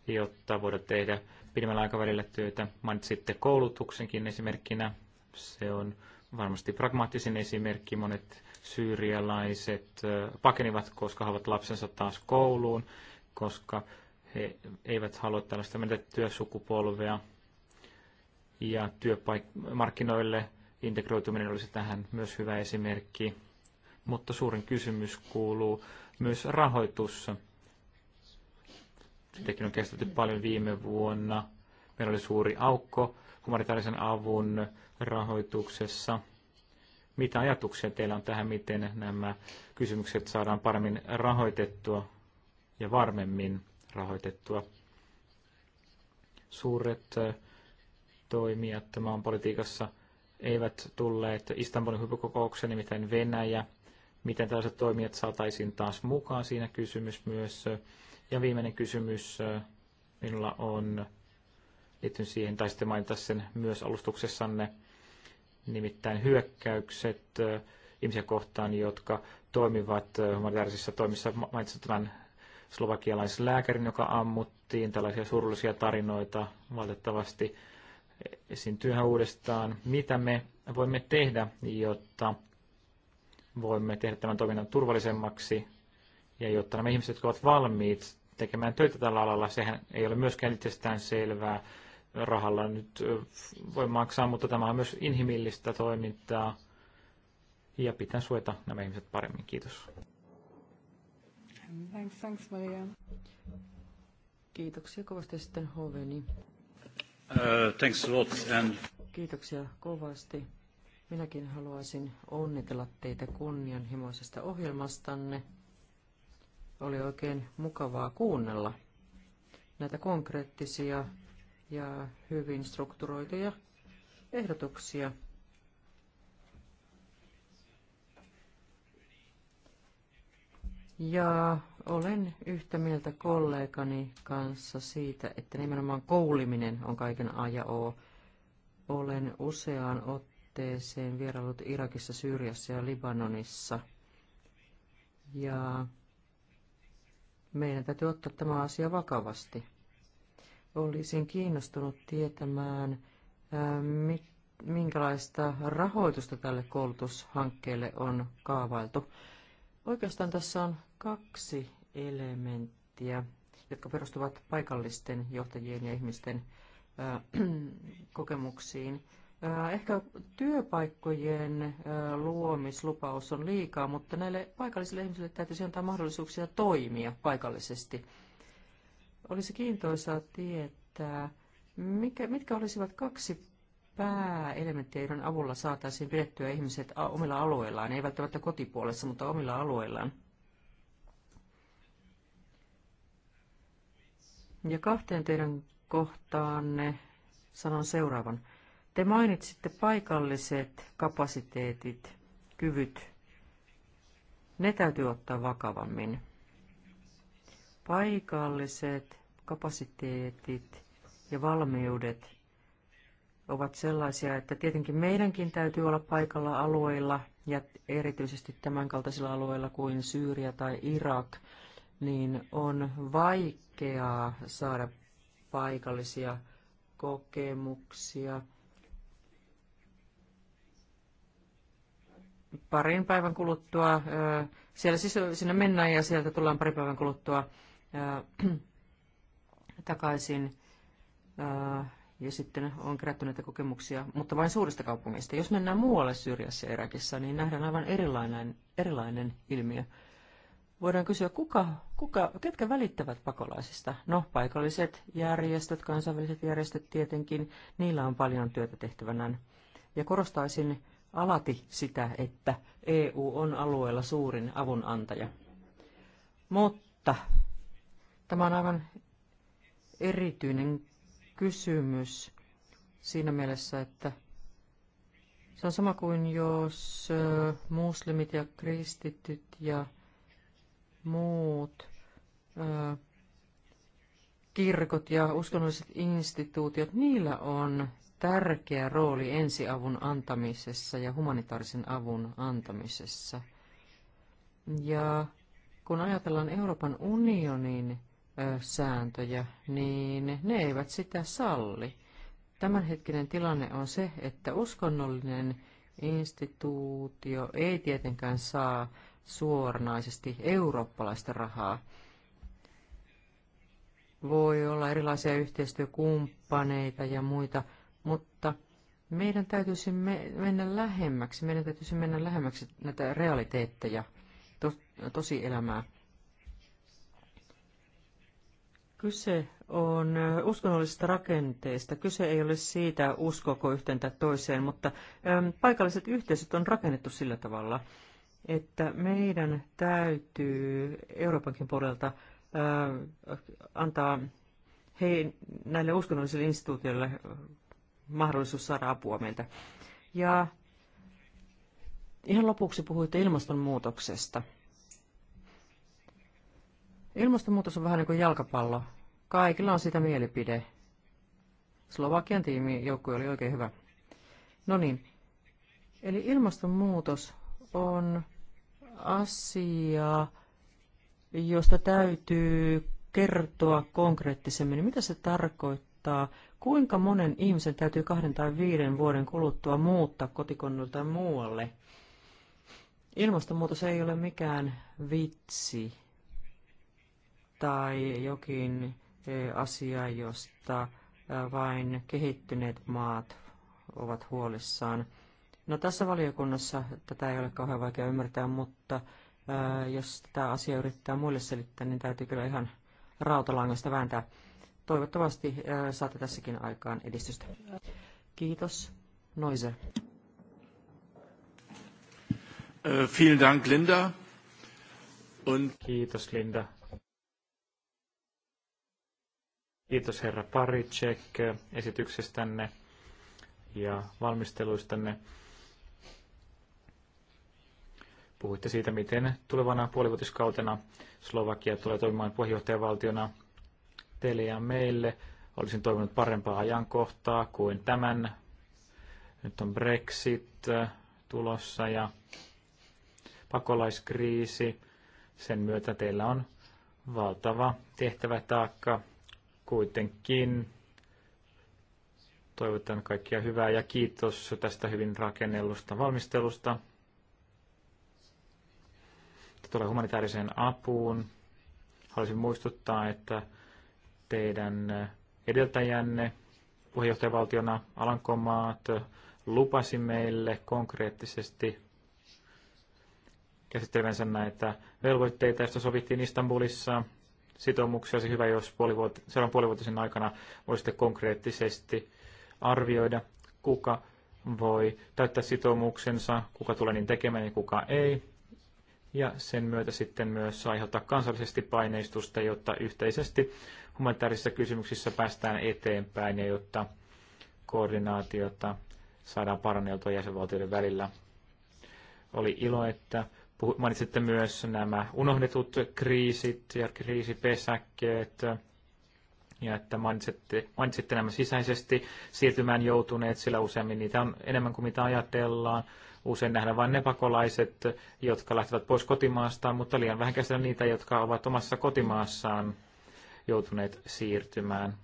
S2: jotta voidaan tehdä pidemmällä aikavälillä työtä. Mainitsitte koulutuksenkin esimerkkinä. Se on varmasti pragmaattisin esimerkki. Monet syyrialaiset pakenivat, koska haluavat lapsensa taas kouluun, koska he eivät halua tällaista menetettyä sukupolvea. Ja työmarkkinoille integroituminen olisi tähän myös hyvä esimerkki. Mutta suurin kysymys kuuluu myös rahoitus. Sitäkin on kestetty paljon viime vuonna. Meillä oli suuri aukko humanitaarisen avun rahoituksessa. Mitä ajatuksia teillä on tähän, miten nämä kysymykset saadaan paremmin rahoitettua ja varmemmin? rahoitettua. Suuret toimijat politiikassa eivät tulleet Istanbulin huippukokoukseen, nimittäin Venäjä. Miten tällaiset toimijat saataisiin taas mukaan siinä kysymys myös. Ja viimeinen kysymys minulla on liittyen siihen, tai sitten mainita sen myös alustuksessanne, nimittäin hyökkäykset ihmisiä kohtaan, jotka toimivat humanitaarisissa toimissa. Mainitsin tämän slovakialaislääkärin, joka ammuttiin. Tällaisia surullisia tarinoita valitettavasti esiintyyhän uudestaan. Mitä me voimme tehdä, jotta voimme tehdä tämän toiminnan turvallisemmaksi ja jotta nämä ihmiset, jotka ovat valmiit tekemään töitä tällä alalla, sehän ei ole myöskään itsestään selvää rahalla nyt voi maksaa, mutta tämä on myös inhimillistä toimintaa ja pitää suojata nämä ihmiset paremmin. Kiitos.
S1: Thanks, thanks Maria. Kiitoksia kovasti sitten Hoveni.
S2: Uh, thanks a lot and...
S1: Kiitoksia kovasti. Minäkin haluaisin onnitella teitä kunnianhimoisesta ohjelmastanne. Oli oikein mukavaa kuunnella näitä konkreettisia ja hyvin strukturoituja ehdotuksia. Ja olen yhtä mieltä kollegani kanssa siitä, että nimenomaan kouliminen on kaiken A ja O. Olen useaan otteeseen vierailut Irakissa, Syyriassa ja Libanonissa. Ja meidän täytyy ottaa tämä asia vakavasti. Olisin kiinnostunut tietämään, minkälaista rahoitusta tälle koulutushankkeelle on kaavailtu Oikeastaan tässä on kaksi elementtiä, jotka perustuvat paikallisten johtajien ja ihmisten kokemuksiin. Ehkä työpaikkojen luomislupaus on liikaa, mutta näille paikallisille ihmisille täytyisi antaa mahdollisuuksia toimia paikallisesti. Olisi kiintoisaa tietää, mikä, mitkä olisivat kaksi pääelementtiä, joiden avulla saataisiin pidettyä ihmiset omilla alueillaan, ei välttämättä kotipuolessa, mutta omilla alueillaan. Ja kahteen teidän kohtaanne sanon seuraavan. Te mainitsitte paikalliset kapasiteetit, kyvyt. Ne täytyy ottaa vakavammin. Paikalliset kapasiteetit ja valmiudet ovat sellaisia, että tietenkin meidänkin täytyy olla paikalla alueilla ja erityisesti tämänkaltaisilla alueilla kuin Syyria tai Irak, niin on vaikeaa saada paikallisia kokemuksia. Parin päivän kuluttua, siellä siis sinne mennään ja sieltä tullaan parin päivän kuluttua takaisin ja sitten on kerätty näitä kokemuksia, mutta vain suurista kaupungeista. Jos mennään muualle Syyriassa ja Irakissa, niin nähdään aivan erilainen, erilainen ilmiö. Voidaan kysyä, kuka, kuka, ketkä välittävät pakolaisista? No, paikalliset järjestöt, kansainväliset järjestöt tietenkin, niillä on paljon työtä tehtävänään. Ja korostaisin alati sitä, että EU on alueella suurin avunantaja. Mutta tämä on aivan erityinen kysymys siinä mielessä, että se on sama kuin jos muslimit ja kristityt ja muut kirkot ja uskonnolliset instituutiot, niillä on tärkeä rooli ensiavun antamisessa ja humanitaarisen avun antamisessa. Ja kun ajatellaan Euroopan unionin sääntöjä, niin ne eivät sitä salli. Tämänhetkinen tilanne on se, että uskonnollinen instituutio ei tietenkään saa suoranaisesti eurooppalaista rahaa. Voi olla erilaisia yhteistyökumppaneita ja muita, mutta meidän täytyisi me, mennä lähemmäksi, meidän täytyisi mennä lähemmäksi näitä realiteetteja, to, tosielämää. elämää Kyse on uskonnollisesta rakenteista. Kyse ei ole siitä, uskoko yhteen tai toiseen, mutta paikalliset yhteisöt on rakennettu sillä tavalla, että meidän täytyy Euroopankin puolelta äh, antaa hei, näille uskonnollisille instituutioille äh, mahdollisuus saada apua meiltä. Ja ihan lopuksi puhuitte ilmastonmuutoksesta. Ilmastonmuutos on vähän niin kuin jalkapallo. Kaikilla on sitä mielipide. Slovakian tiimi joukkue oli oikein hyvä. No niin. Eli ilmastonmuutos on asia, josta täytyy kertoa konkreettisemmin. Mitä se tarkoittaa? Kuinka monen ihmisen täytyy kahden tai viiden vuoden kuluttua muuttaa kotikonnulta muualle? Ilmastonmuutos ei ole mikään vitsi tai jokin asia, josta vain kehittyneet maat ovat huolissaan. No tässä valiokunnassa tätä ei ole kauhean vaikea ymmärtää, mutta jos tätä asia yrittää muille selittää, niin täytyy kyllä ihan rautalangasta vääntää. Toivottavasti saatte tässäkin aikaan edistystä. Kiitos. Noise. Äh, vielen Dank, Linda. Und
S2: Kiitos, Linda. Kiitos herra Paricek esityksestänne ja valmisteluistanne. Puhuitte siitä, miten tulevana puolivuotiskautena Slovakia tulee toimimaan puheenjohtajavaltiona teille ja meille. Olisin toivonut parempaa ajankohtaa kuin tämän. Nyt on Brexit äh, tulossa ja pakolaiskriisi. Sen myötä teillä on valtava tehtävä taakka kuitenkin toivotan kaikkia hyvää ja kiitos tästä hyvin rakennellusta valmistelusta. Tulee humanitaariseen apuun. Haluaisin muistuttaa, että teidän edeltäjänne puheenjohtajavaltiona Alankomaat lupasi meille konkreettisesti käsittelevänsä näitä velvoitteita, joista sovittiin Istanbulissa sitoumuksia. Se hyvä, jos puolivuot- seuraavan puolivuotisen aikana voisitte konkreettisesti arvioida, kuka voi täyttää sitoumuksensa, kuka tulee niin tekemään ja kuka ei. Ja sen myötä sitten myös aiheuttaa kansallisesti paineistusta, jotta yhteisesti humanitaarisissa kysymyksissä päästään eteenpäin ja jotta koordinaatiota saadaan paranneltua jäsenvaltioiden välillä. Oli ilo, että Mainitsitte myös nämä unohdetut kriisit ja kriisipesäkkeet ja että mainitsitte, mainitsitte nämä sisäisesti siirtymään joutuneet, sillä useammin niitä on enemmän kuin mitä ajatellaan. Usein nähdään vain ne pakolaiset, jotka lähtevät pois kotimaastaan, mutta liian vähän käsitellä niitä, jotka ovat omassa kotimaassaan joutuneet siirtymään.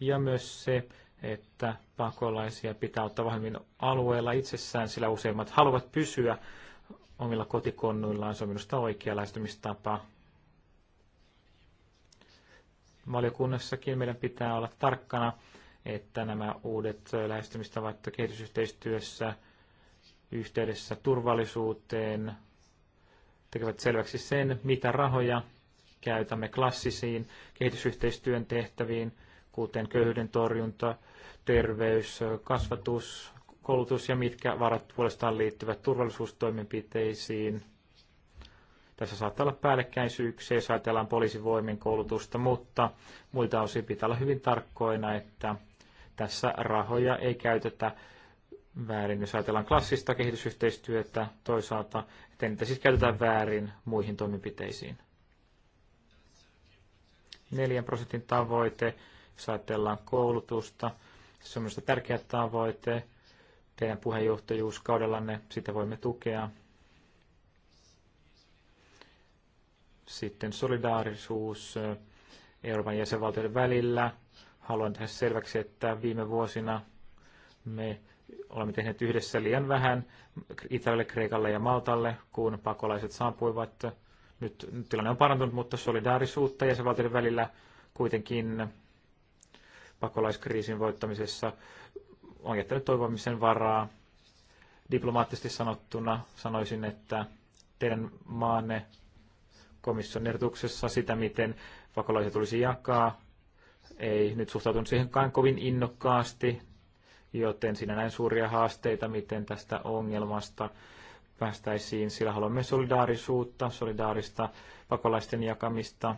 S2: Ja myös se, että pakolaisia pitää ottaa vahvemmin alueella itsessään, sillä useimmat haluavat pysyä omilla kotikonnuillaan. Se on minusta oikea lähestymistapa. Valiokunnassakin meidän pitää olla tarkkana, että nämä uudet lähestymistavat kehitysyhteistyössä yhteydessä turvallisuuteen tekevät selväksi sen, mitä rahoja käytämme klassisiin kehitysyhteistyön tehtäviin – kuten köyhyyden torjunta, terveys, kasvatus, koulutus ja mitkä varat puolestaan liittyvät turvallisuustoimenpiteisiin. Tässä saattaa olla päällekkäisyyksiä, jos ajatellaan poliisivoimien koulutusta, mutta muilta osin pitää olla hyvin tarkkoina, että tässä rahoja ei käytetä väärin. Jos ajatellaan klassista kehitysyhteistyötä toisaalta, että niitä siis käytetään väärin muihin toimenpiteisiin. 4 prosentin tavoite jos ajatellaan koulutusta, se on minusta tärkeä tavoite. Teidän puheenjohtajuuskaudellanne sitä voimme tukea. Sitten solidaarisuus Euroopan jäsenvaltioiden välillä. Haluan tehdä selväksi, että viime vuosina me olemme tehneet yhdessä liian vähän Italialle, Kreikalle ja Maltalle, kun pakolaiset saapuivat. Nyt tilanne on parantunut, mutta solidaarisuutta jäsenvaltioiden välillä kuitenkin pakolaiskriisin voittamisessa on jättänyt toivomisen varaa. Diplomaattisesti sanottuna sanoisin, että teidän maanne komission ehdotuksessa sitä, miten pakolaisia tulisi jakaa, ei nyt suhtautunut siihenkaan kovin innokkaasti, joten siinä näin suuria haasteita, miten tästä ongelmasta päästäisiin, sillä haluamme solidaarisuutta, solidaarista pakolaisten jakamista.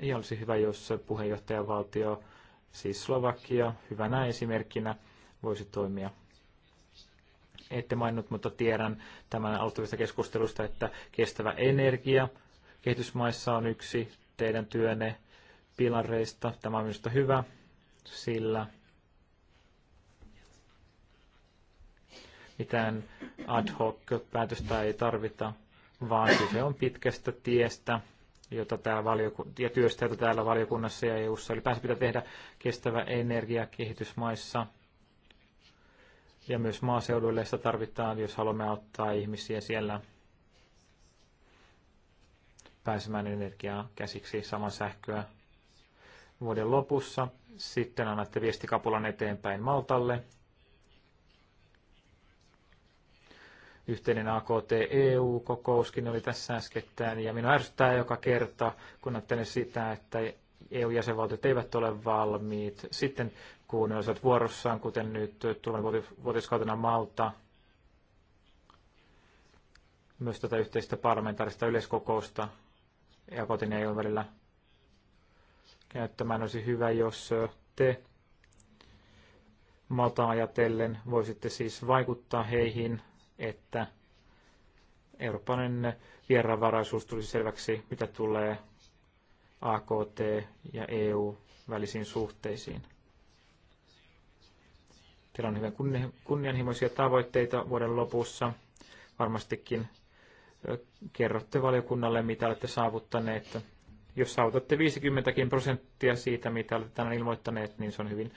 S2: Ja olisi hyvä, jos puheenjohtajavaltio valtio siis Slovakia hyvänä esimerkkinä voisi toimia. Ette mainnut, mutta tiedän tämän alustavista keskustelusta, että kestävä energia kehitysmaissa on yksi teidän työnne pilareista. Tämä on minusta hyvä, sillä mitään ad hoc päätöstä ei tarvita, vaan kyse on pitkästä tiestä jota tämä valiokunta, ja työstä, jota täällä valiokunnassa ja EU-ssa ylipäänsä pitää tehdä kestävä energia kehitysmaissa. Ja myös maaseuduille sitä tarvitaan, jos haluamme auttaa ihmisiä siellä pääsemään energiaa käsiksi saman sähköä vuoden lopussa. Sitten annatte viestikapulan eteenpäin Maltalle Yhteinen AKT-EU-kokouskin oli tässä äskettäin, ja minua ärsyttää joka kerta, kun ajattelen sitä, että EU-jäsenvaltiot eivät ole valmiit. Sitten kun ne olisivat vuorossaan, kuten nyt tulevan vuotiskautena Malta, myös tätä yhteistä parlamentaarista yleiskokousta e ja kotin e ja EUn välillä käyttämään olisi hyvä, jos te Malta ajatellen voisitte siis vaikuttaa heihin että eurooppalainen vieraanvaraisuus tulisi selväksi, mitä tulee AKT ja EU-välisiin suhteisiin. Teillä on hyvin kunnianhimoisia tavoitteita vuoden lopussa. Varmastikin kerrotte valiokunnalle, mitä olette saavuttaneet. Jos saavutatte 50 prosenttia siitä, mitä olette tänään ilmoittaneet, niin se on hyvin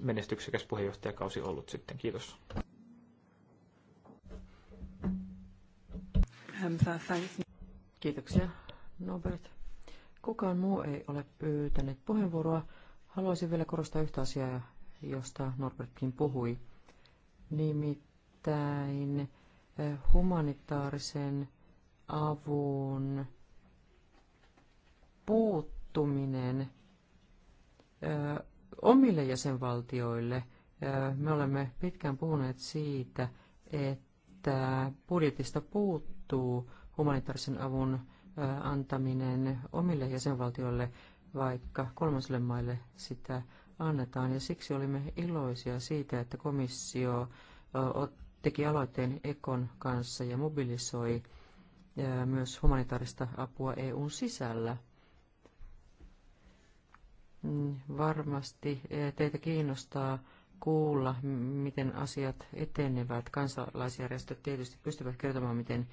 S2: menestyksekäs puheenjohtajakausi ollut sitten. Kiitos.
S1: Kiitoksia, Norbert. Kukaan muu ei ole pyytänyt puheenvuoroa. Haluaisin vielä korostaa yhtä asiaa, josta Norbertkin puhui. Nimittäin eh, humanitaarisen avun puuttuminen eh, omille jäsenvaltioille. Eh, me olemme pitkään puhuneet siitä, että budjetista puuttuu tapahtuu humanitaarisen avun antaminen omille jäsenvaltioille, vaikka kolmansille maille sitä annetaan. Ja siksi olimme iloisia siitä, että komissio teki aloitteen Ekon kanssa ja mobilisoi myös humanitaarista apua EUn sisällä. Mm, varmasti teitä kiinnostaa kuulla, miten asiat etenevät. Kansalaisjärjestöt tietysti pystyvät kertomaan, miten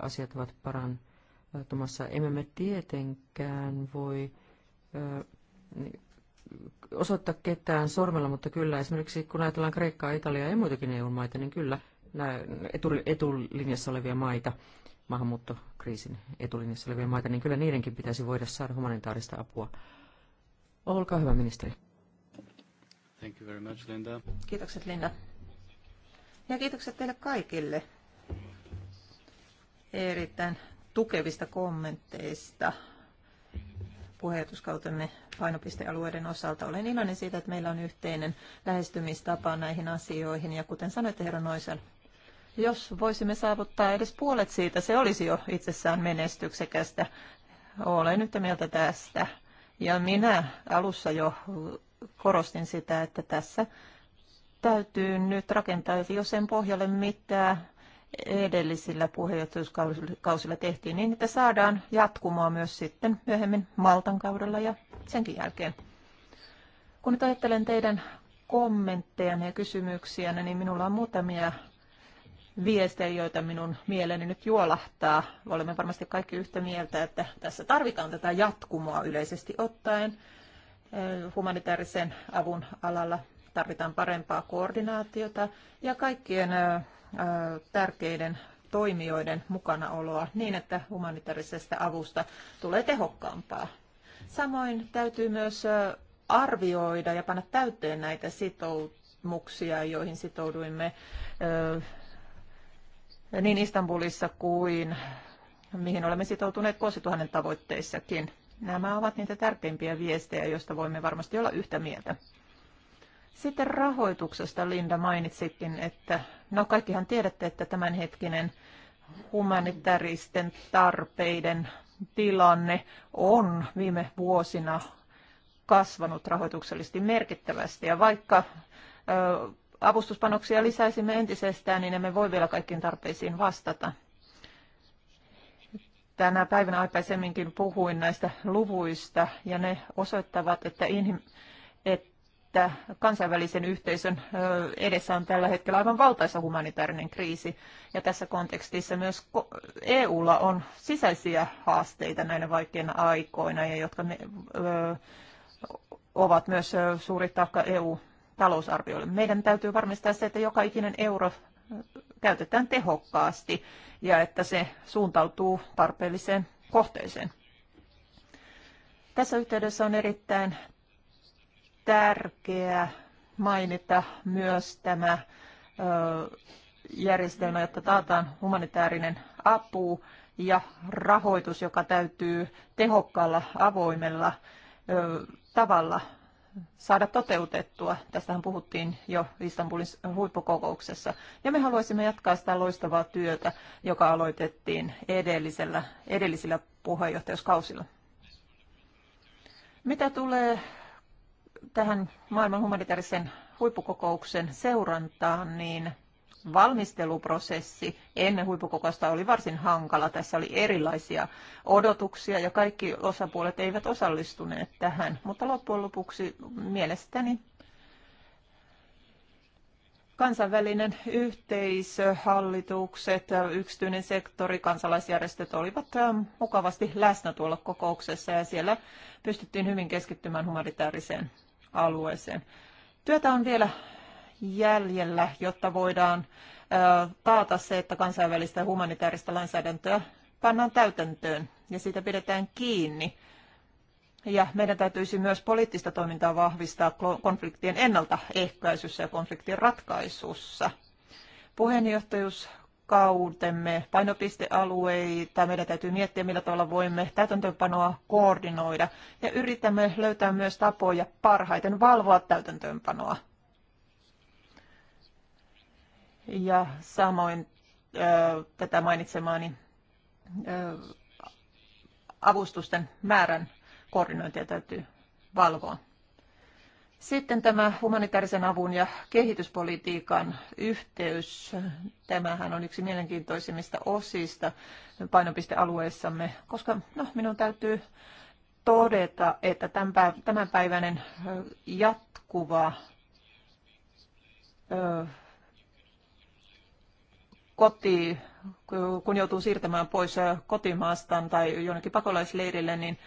S1: asiat ovat parantumassa. Emme me tietenkään voi niin, osoittaa ketään sormella, mutta kyllä esimerkiksi kun ajatellaan Kreikkaa, Italiaa ja muitakin EU-maita, niin kyllä nämä etulinjassa olevia maita, maahanmuuttokriisin etulinjassa olevia maita, niin kyllä niidenkin pitäisi voida saada humanitaarista apua. Olkaa hyvä, ministeri.
S2: Thank you very much, Linda.
S3: Kiitokset, Linda. Ja kiitokset teille kaikille erittäin tukevista kommenteista puheenjohtuskautemme painopistealueiden osalta. Olen iloinen siitä, että meillä on yhteinen lähestymistapa näihin asioihin. Ja kuten sanoitte, herra Noisan, jos voisimme saavuttaa edes puolet siitä, se olisi jo itsessään menestyksekästä. Olen yhtä mieltä tästä. Ja minä alussa jo korostin sitä, että tässä täytyy nyt rakentaa jo sen pohjalle, mitä edellisillä puheenjohtajuuskausilla tehtiin niin, että saadaan jatkumoa myös sitten myöhemmin Maltan kaudella ja senkin jälkeen. Kun nyt ajattelen teidän kommentteja ja kysymyksiä, niin minulla on muutamia viestejä, joita minun mieleni nyt juolahtaa. Olemme varmasti kaikki yhtä mieltä, että tässä tarvitaan tätä jatkumoa yleisesti ottaen. Humanitaarisen avun alalla tarvitaan parempaa koordinaatiota ja kaikkien tärkeiden toimijoiden mukanaoloa niin, että humanitaarisesta avusta tulee tehokkaampaa. Samoin täytyy myös arvioida ja panna täyteen näitä sitoumuksia, joihin sitouduimme niin Istanbulissa kuin mihin olemme sitoutuneet vuosituhannen tavoitteissakin. Nämä ovat niitä tärkeimpiä viestejä, joista voimme varmasti olla yhtä mieltä. Sitten rahoituksesta Linda mainitsikin, että no kaikkihan tiedätte, että tämänhetkinen humanitaristen tarpeiden tilanne on viime vuosina kasvanut rahoituksellisesti merkittävästi. Ja vaikka ö, avustuspanoksia lisäisimme entisestään, niin emme voi vielä kaikkiin tarpeisiin vastata. Tänä päivänä aikaisemminkin puhuin näistä luvuista, ja ne osoittavat, että, inhim- että että kansainvälisen yhteisön edessä on tällä hetkellä aivan valtaisa humanitaarinen kriisi. Ja tässä kontekstissa myös EUlla on sisäisiä haasteita näinä vaikeina aikoina, ja jotka me, ö, ovat myös suuri taakka eu talousarvioille Meidän täytyy varmistaa se, että joka ikinen euro käytetään tehokkaasti ja että se suuntautuu tarpeelliseen kohteeseen. Tässä yhteydessä on erittäin tärkeää mainita myös tämä järjestelmä, jotta taataan humanitaarinen apu ja rahoitus, joka täytyy tehokkaalla, avoimella tavalla saada toteutettua. Tästähän puhuttiin jo Istanbulin huippukokouksessa. Ja me haluaisimme jatkaa sitä loistavaa työtä, joka aloitettiin edellisellä, edellisillä puheenjohtajuuskausilla. Mitä tulee tähän maailman humanitaarisen huippukokouksen seurantaan, niin valmisteluprosessi ennen huippukokousta oli varsin hankala. Tässä oli erilaisia odotuksia ja kaikki osapuolet eivät osallistuneet tähän, mutta loppujen lopuksi mielestäni kansainvälinen yhteisö, hallitukset, yksityinen sektori, kansalaisjärjestöt olivat ähm, mukavasti läsnä tuolla kokouksessa ja siellä pystyttiin hyvin keskittymään humanitaariseen alueeseen. Työtä on vielä jäljellä, jotta voidaan taata se, että kansainvälistä humanitaarista lainsäädäntöä pannaan täytäntöön ja siitä pidetään kiinni. Ja meidän täytyisi myös poliittista toimintaa vahvistaa konfliktien ennaltaehkäisyssä ja konfliktien ratkaisussa. Puheenjohtajuus kautemme painopistealueita. Meidän täytyy miettiä, millä tavalla voimme täytäntöönpanoa koordinoida ja yritämme löytää myös tapoja parhaiten valvoa täytäntöönpanoa. Ja samoin ö, tätä mainitsemaani ö, avustusten määrän koordinointia täytyy valvoa. Sitten tämä humanitaarisen avun ja kehityspolitiikan yhteys. Tämähän on yksi mielenkiintoisimmista osista painopistealueissamme, koska no, minun täytyy todeta, että tämänpäiväinen jatkuva koti, kun joutuu siirtämään pois kotimaastaan tai jonnekin pakolaisleirille, niin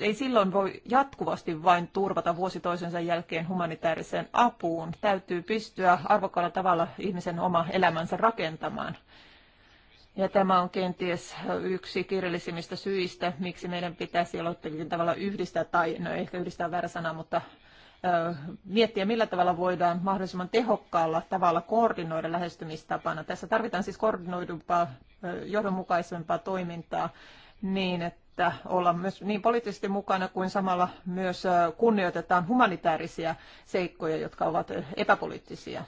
S3: ei silloin voi jatkuvasti vain turvata vuosi toisensa jälkeen humanitaariseen apuun. Täytyy pystyä arvokkaalla tavalla ihmisen oma elämänsä rakentamaan. Ja tämä on kenties yksi kirjallisimmista syistä, miksi meidän pitäisi jollakin tavalla yhdistää, tai no ehkä yhdistää väärä sana, mutta miettiä, millä tavalla voidaan mahdollisimman tehokkaalla tavalla koordinoida lähestymistapana. Tässä tarvitaan siis koordinoidumpaa, johdonmukaisempaa toimintaa niin, että että olla myös niin poliittisesti mukana kuin samalla myös kunnioitetaan humanitaarisia seikkoja, jotka ovat epäpoliittisia.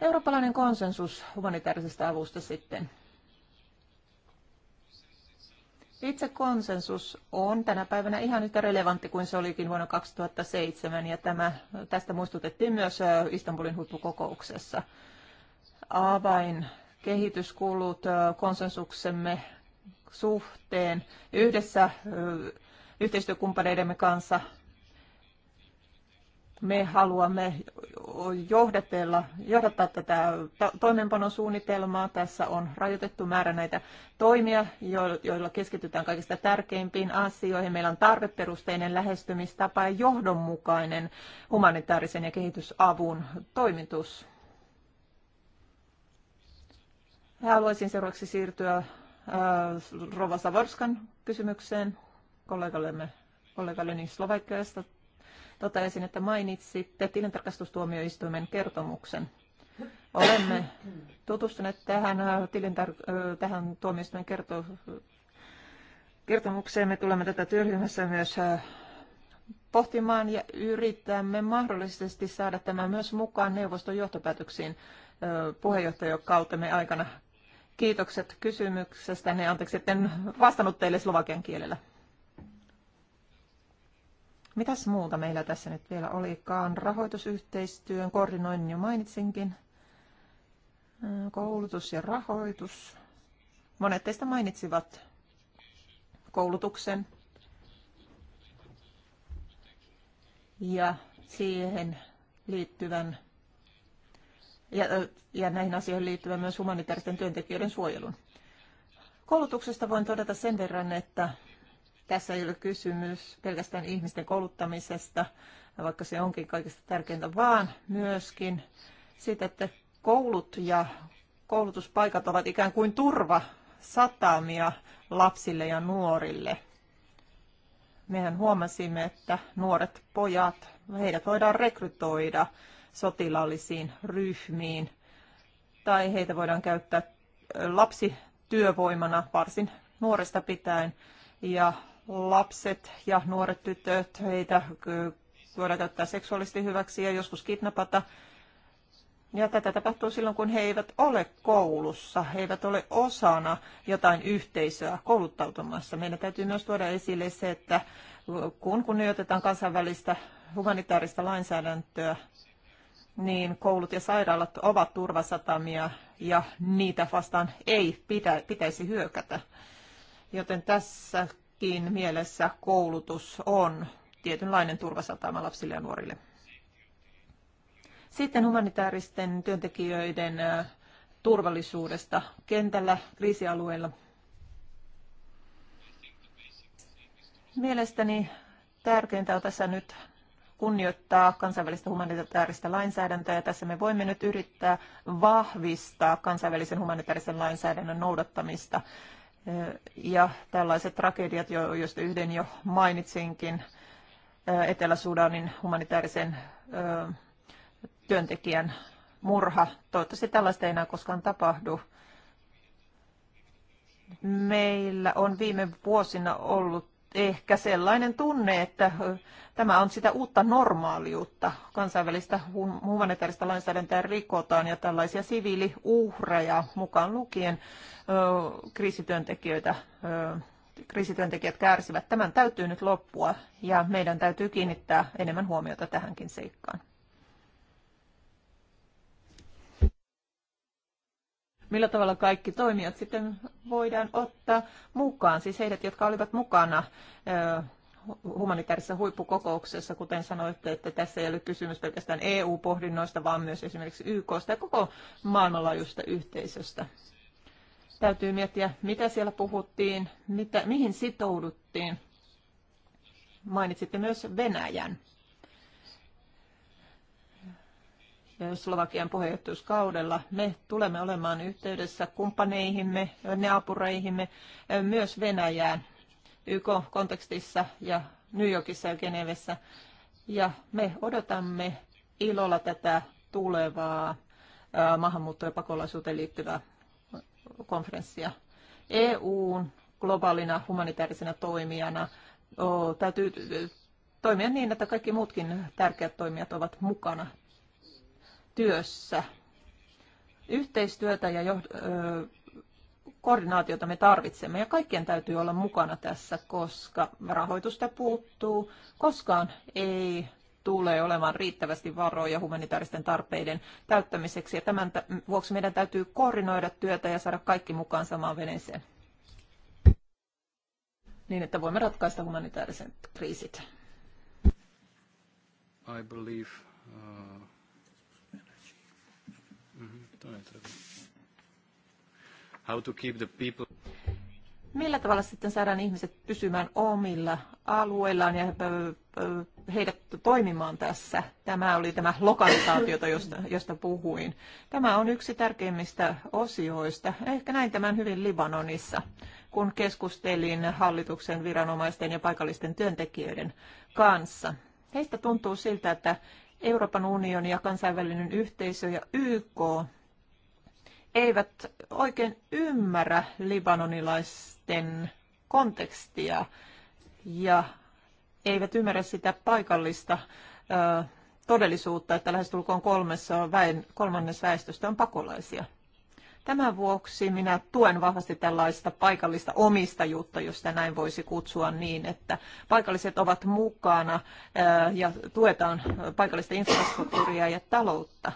S3: Eurooppalainen konsensus humanitaarisesta avusta sitten. Itse konsensus on tänä päivänä ihan yhtä relevantti kuin se olikin vuonna 2007, ja tämä, tästä muistutettiin myös Istanbulin huippukokouksessa. Avain kehityskulut konsensuksemme suhteen yhdessä yhteistyökumppaneidemme kanssa. Me haluamme johdatella, johdattaa tätä toimeenpanosuunnitelmaa. Tässä on rajoitettu määrä näitä toimia, joilla keskitytään kaikista tärkeimpiin asioihin. Meillä on tarveperusteinen lähestymistapa ja johdonmukainen humanitaarisen ja kehitysavun toimitus. Haluaisin seuraavaksi siirtyä Äh, Rova Savorskan kysymykseen kollegallemme, kollegalleni Slovakiasta Totesin, että mainitsitte tilintarkastustuomioistuimen kertomuksen. Olemme tutustuneet tähän, äh, tilintar- äh, tähän tuomioistuimen kerto- kertomukseen. Me tulemme tätä työryhmässä myös pohtimaan ja yritämme mahdollisesti saada tämän myös mukaan neuvoston johtopäätöksiin puheenjohtajakautemme aikana Kiitokset kysymyksestä. Ne anteeksi, en vastannut teille slovakian kielellä. Mitäs muuta meillä tässä nyt vielä olikaan? Rahoitusyhteistyön koordinoinnin jo mainitsinkin. Koulutus ja rahoitus. Monet teistä mainitsivat koulutuksen ja siihen liittyvän ja, ja näihin asioihin liittyvän myös humanitaaristen työntekijöiden suojelun. Koulutuksesta voin todeta sen verran, että tässä ei ole kysymys pelkästään ihmisten kouluttamisesta, vaikka se onkin kaikista tärkeintä, vaan myöskin siitä, että koulut ja koulutuspaikat ovat ikään kuin turva satamia lapsille ja nuorille. Mehän huomasimme, että nuoret pojat, heidät voidaan rekrytoida sotilaallisiin ryhmiin tai heitä voidaan käyttää lapsityövoimana varsin nuoresta pitäen ja lapset ja nuoret tytöt, heitä voidaan käyttää seksuaalisesti hyväksi ja joskus kidnapata. Ja tätä tapahtuu silloin, kun he eivät ole koulussa, he eivät ole osana jotain yhteisöä kouluttautumassa. Meidän täytyy myös tuoda esille se, että kun kunnioitetaan kansainvälistä humanitaarista lainsäädäntöä niin koulut ja sairaalat ovat turvasatamia ja niitä vastaan ei pitä, pitäisi hyökätä. Joten tässäkin mielessä koulutus on tietynlainen turvasatama lapsille ja nuorille. Sitten humanitaaristen työntekijöiden turvallisuudesta kentällä, kriisialueilla. Mielestäni tärkeintä on tässä nyt kunnioittaa kansainvälistä humanitaarista lainsäädäntöä ja tässä me voimme nyt yrittää vahvistaa kansainvälisen humanitaarisen lainsäädännön noudattamista. Ja tällaiset tragediat, joista yhden jo mainitsinkin, Etelä-Sudanin humanitaarisen työntekijän murha. Toivottavasti tällaista ei enää koskaan tapahdu. Meillä on viime vuosina ollut ehkä sellainen tunne, että tämä on sitä uutta normaaliutta. Kansainvälistä humanitaarista lainsäädäntöä rikotaan ja tällaisia siviiliuhreja mukaan lukien kriisityöntekijöitä kriisityöntekijät kärsivät. Tämän täytyy nyt loppua ja meidän täytyy kiinnittää enemmän huomiota tähänkin seikkaan. millä tavalla kaikki toimijat sitten voidaan ottaa mukaan, siis heidät, jotka olivat mukana humanitaarisessa huippukokouksessa, kuten sanoitte, että tässä ei ole kysymys pelkästään EU-pohdinnoista, vaan myös esimerkiksi YKsta ja koko maailmanlaajuisesta yhteisöstä. Täytyy miettiä, mitä siellä puhuttiin, mitä, mihin sitouduttiin. Mainitsitte myös Venäjän. Slovakian puheenjohtajuuskaudella. Me tulemme olemaan yhteydessä kumppaneihimme, neapureihimme, myös Venäjään YK-kontekstissa ja New Yorkissa ja Genevessä. Ja me odotamme ilolla tätä tulevaa maahanmuutto- ja pakolaisuuteen liittyvää konferenssia. EUn globaalina humanitaarisena toimijana täytyy toimia niin, että kaikki muutkin tärkeät toimijat ovat mukana työssä. Yhteistyötä ja ö, koordinaatiota me tarvitsemme ja kaikkien täytyy olla mukana tässä, koska rahoitusta puuttuu. Koskaan ei tule olemaan riittävästi varoja humanitaaristen tarpeiden täyttämiseksi ja tämän vuoksi meidän täytyy koordinoida työtä ja saada kaikki mukaan samaan veneeseen niin, että voimme ratkaista humanitaariset kriisit.
S2: I believe, uh... How to keep the people...
S3: Millä tavalla sitten saadaan ihmiset pysymään omilla alueillaan ja heidät toimimaan tässä? Tämä oli tämä lokalisaatiota, josta, josta puhuin. Tämä on yksi tärkeimmistä osioista. Ehkä näin tämän hyvin Libanonissa, kun keskustelin hallituksen viranomaisten ja paikallisten työntekijöiden kanssa. Heistä tuntuu siltä, että Euroopan unioni ja kansainvälinen yhteisö ja YK eivät oikein ymmärrä libanonilaisten kontekstia ja eivät ymmärrä sitä paikallista ö, todellisuutta, että lähestulkoon kolmessa väen, kolmannes väestöstä on pakolaisia. Tämän vuoksi minä tuen vahvasti tällaista paikallista omistajuutta, jos sitä näin voisi kutsua niin, että paikalliset ovat mukana ja tuetaan paikallista infrastruktuuria ja taloutta.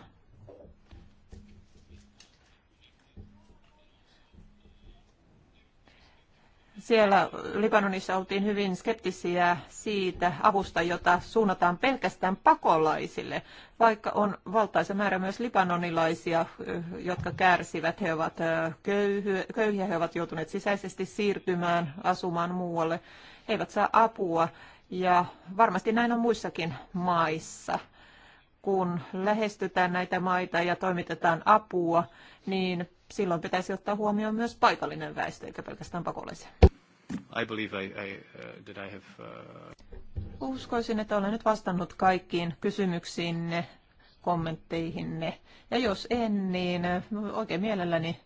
S3: Siellä Libanonissa oltiin hyvin skeptisiä siitä avusta, jota suunnataan pelkästään pakolaisille, vaikka on valtaisa määrä myös libanonilaisia, eh, jotka kärsivät. He ovat eh, köyhiä, he ovat joutuneet sisäisesti siirtymään asumaan muualle, he eivät saa apua ja varmasti näin on muissakin maissa kun lähestytään näitä maita ja toimitetaan apua, niin silloin pitäisi ottaa huomioon myös paikallinen väestö, eikä pelkästään pakolaisia.
S2: I believe I, I, uh, that I have, uh...
S3: Uskoisin, että olen nyt vastannut kaikkiin kysymyksiinne, kommentteihinne. Ja jos en, niin oikein mielelläni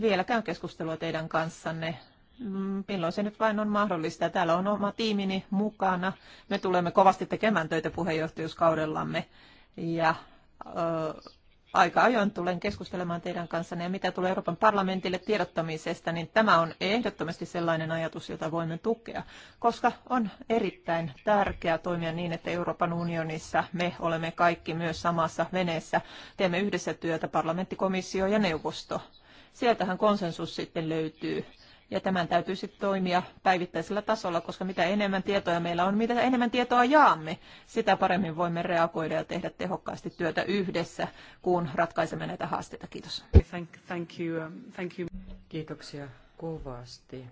S3: vielä käyn keskustelua teidän kanssanne. Mm, milloin se nyt vain on mahdollista. Täällä on oma tiimini mukana. Me tulemme kovasti tekemään töitä puheenjohtajuuskaudellamme. Ja ö, aika ajoin tulen keskustelemaan teidän kanssanne ja mitä tulee Euroopan parlamentille tiedottamisesta, niin tämä on ehdottomasti sellainen ajatus, jota voimme tukea, koska on erittäin tärkeää toimia niin, että Euroopan unionissa me olemme kaikki myös samassa veneessä, teemme yhdessä työtä parlamentti, komissio ja neuvosto. Sieltähän konsensus sitten löytyy. Ja tämän täytyy sitten toimia päivittäisellä tasolla, koska mitä enemmän tietoja meillä on, mitä enemmän tietoa jaamme, sitä paremmin voimme reagoida ja tehdä tehokkaasti työtä yhdessä, kun
S1: ratkaisemme näitä haasteita. Kiitos. Thank, thank you, um, thank you. Kiitoksia kovasti.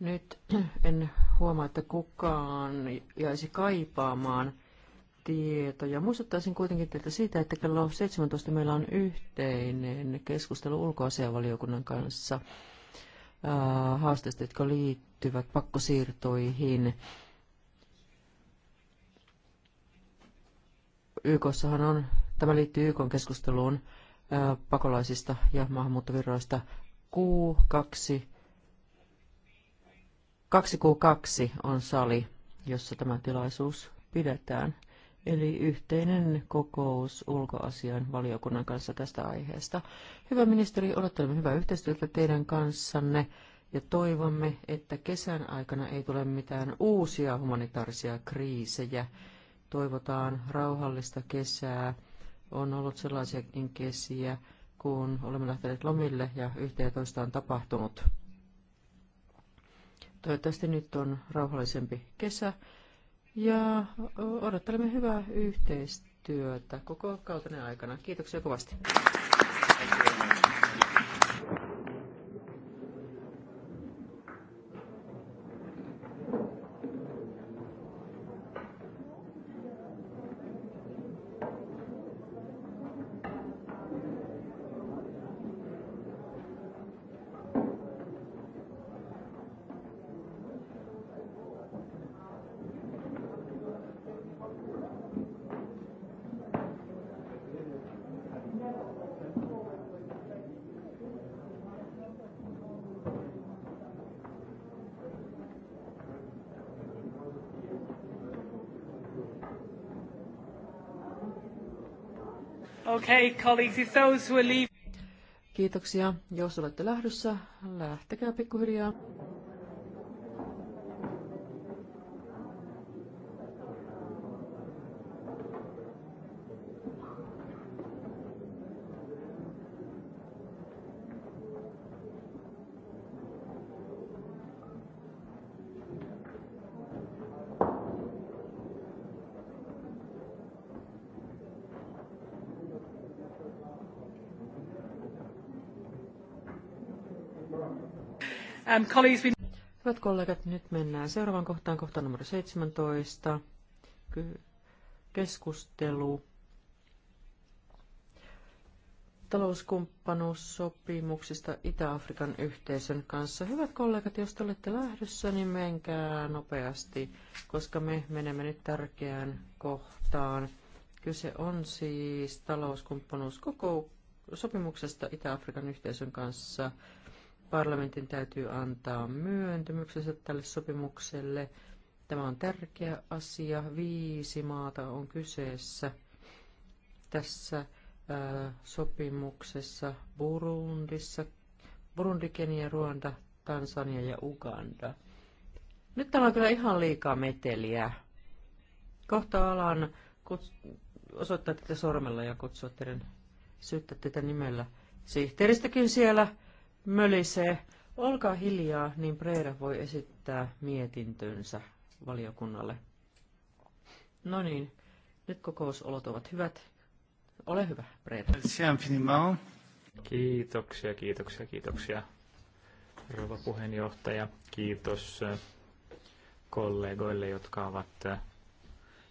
S1: Nyt en huomaa, että kukaan jäisi kaipaamaan tietoja. Muistuttaisin kuitenkin teiltä siitä, että kello 17 meillä on yhteinen keskustelu ulkoasianvaliokunnan kanssa. Äh, haasteista, jotka liittyvät pakkosiirtoihin. YKssahan on, tämä liittyy YK keskusteluun äh, pakolaisista ja maahanmuuttovirroista. Q2, 2Q2 on sali, jossa tämä tilaisuus pidetään eli yhteinen kokous ulkoasian valiokunnan kanssa tästä aiheesta. Hyvä ministeri, odottelemme hyvää yhteistyötä teidän kanssanne ja toivomme, että kesän aikana ei tule mitään uusia humanitaarisia kriisejä. Toivotaan rauhallista kesää. On ollut sellaisiakin kesiä, kun olemme lähteneet lomille ja yhtä ja toista on tapahtunut. Toivottavasti nyt on rauhallisempi kesä ja odottelemme hyvää yhteistyötä koko kautenen aikana. Kiitoksia kovasti. Okay, colleagues, if those who are leaving... Kiitoksia. Jos olette lähdössä, lähtekää pikkuhiljaa. Um, Hyvät kollegat, nyt mennään seuraavaan kohtaan, kohtaan numero 17. Keskustelu talouskumppanuussopimuksista Itä-Afrikan yhteisön kanssa. Hyvät kollegat, jos te olette lähdössä, niin menkää nopeasti, koska me menemme nyt tärkeään kohtaan. Kyse on siis talouskumppanuussopimuksesta Itä-Afrikan yhteisön kanssa – Parlamentin täytyy antaa myöntymyksensä tälle sopimukselle. Tämä on tärkeä asia. Viisi maata on kyseessä tässä sopimuksessa Burundissa, Burundi, Kenia, Ruanda, Tansania ja Uganda. Nyt täällä on kyllä ihan liikaa meteliä. Kohta alan kuts- osoittaa tätä sormella ja kutsua teidän, syyttä tätä nimellä. Sihteeristäkin siellä mölisee. Olkaa hiljaa, niin Preera voi esittää mietintönsä valiokunnalle. No niin, nyt kokousolot ovat hyvät. Ole hyvä,
S2: Preera. Kiitoksia, kiitoksia, kiitoksia. Rouva puheenjohtaja, kiitos äh, kollegoille, jotka ovat äh,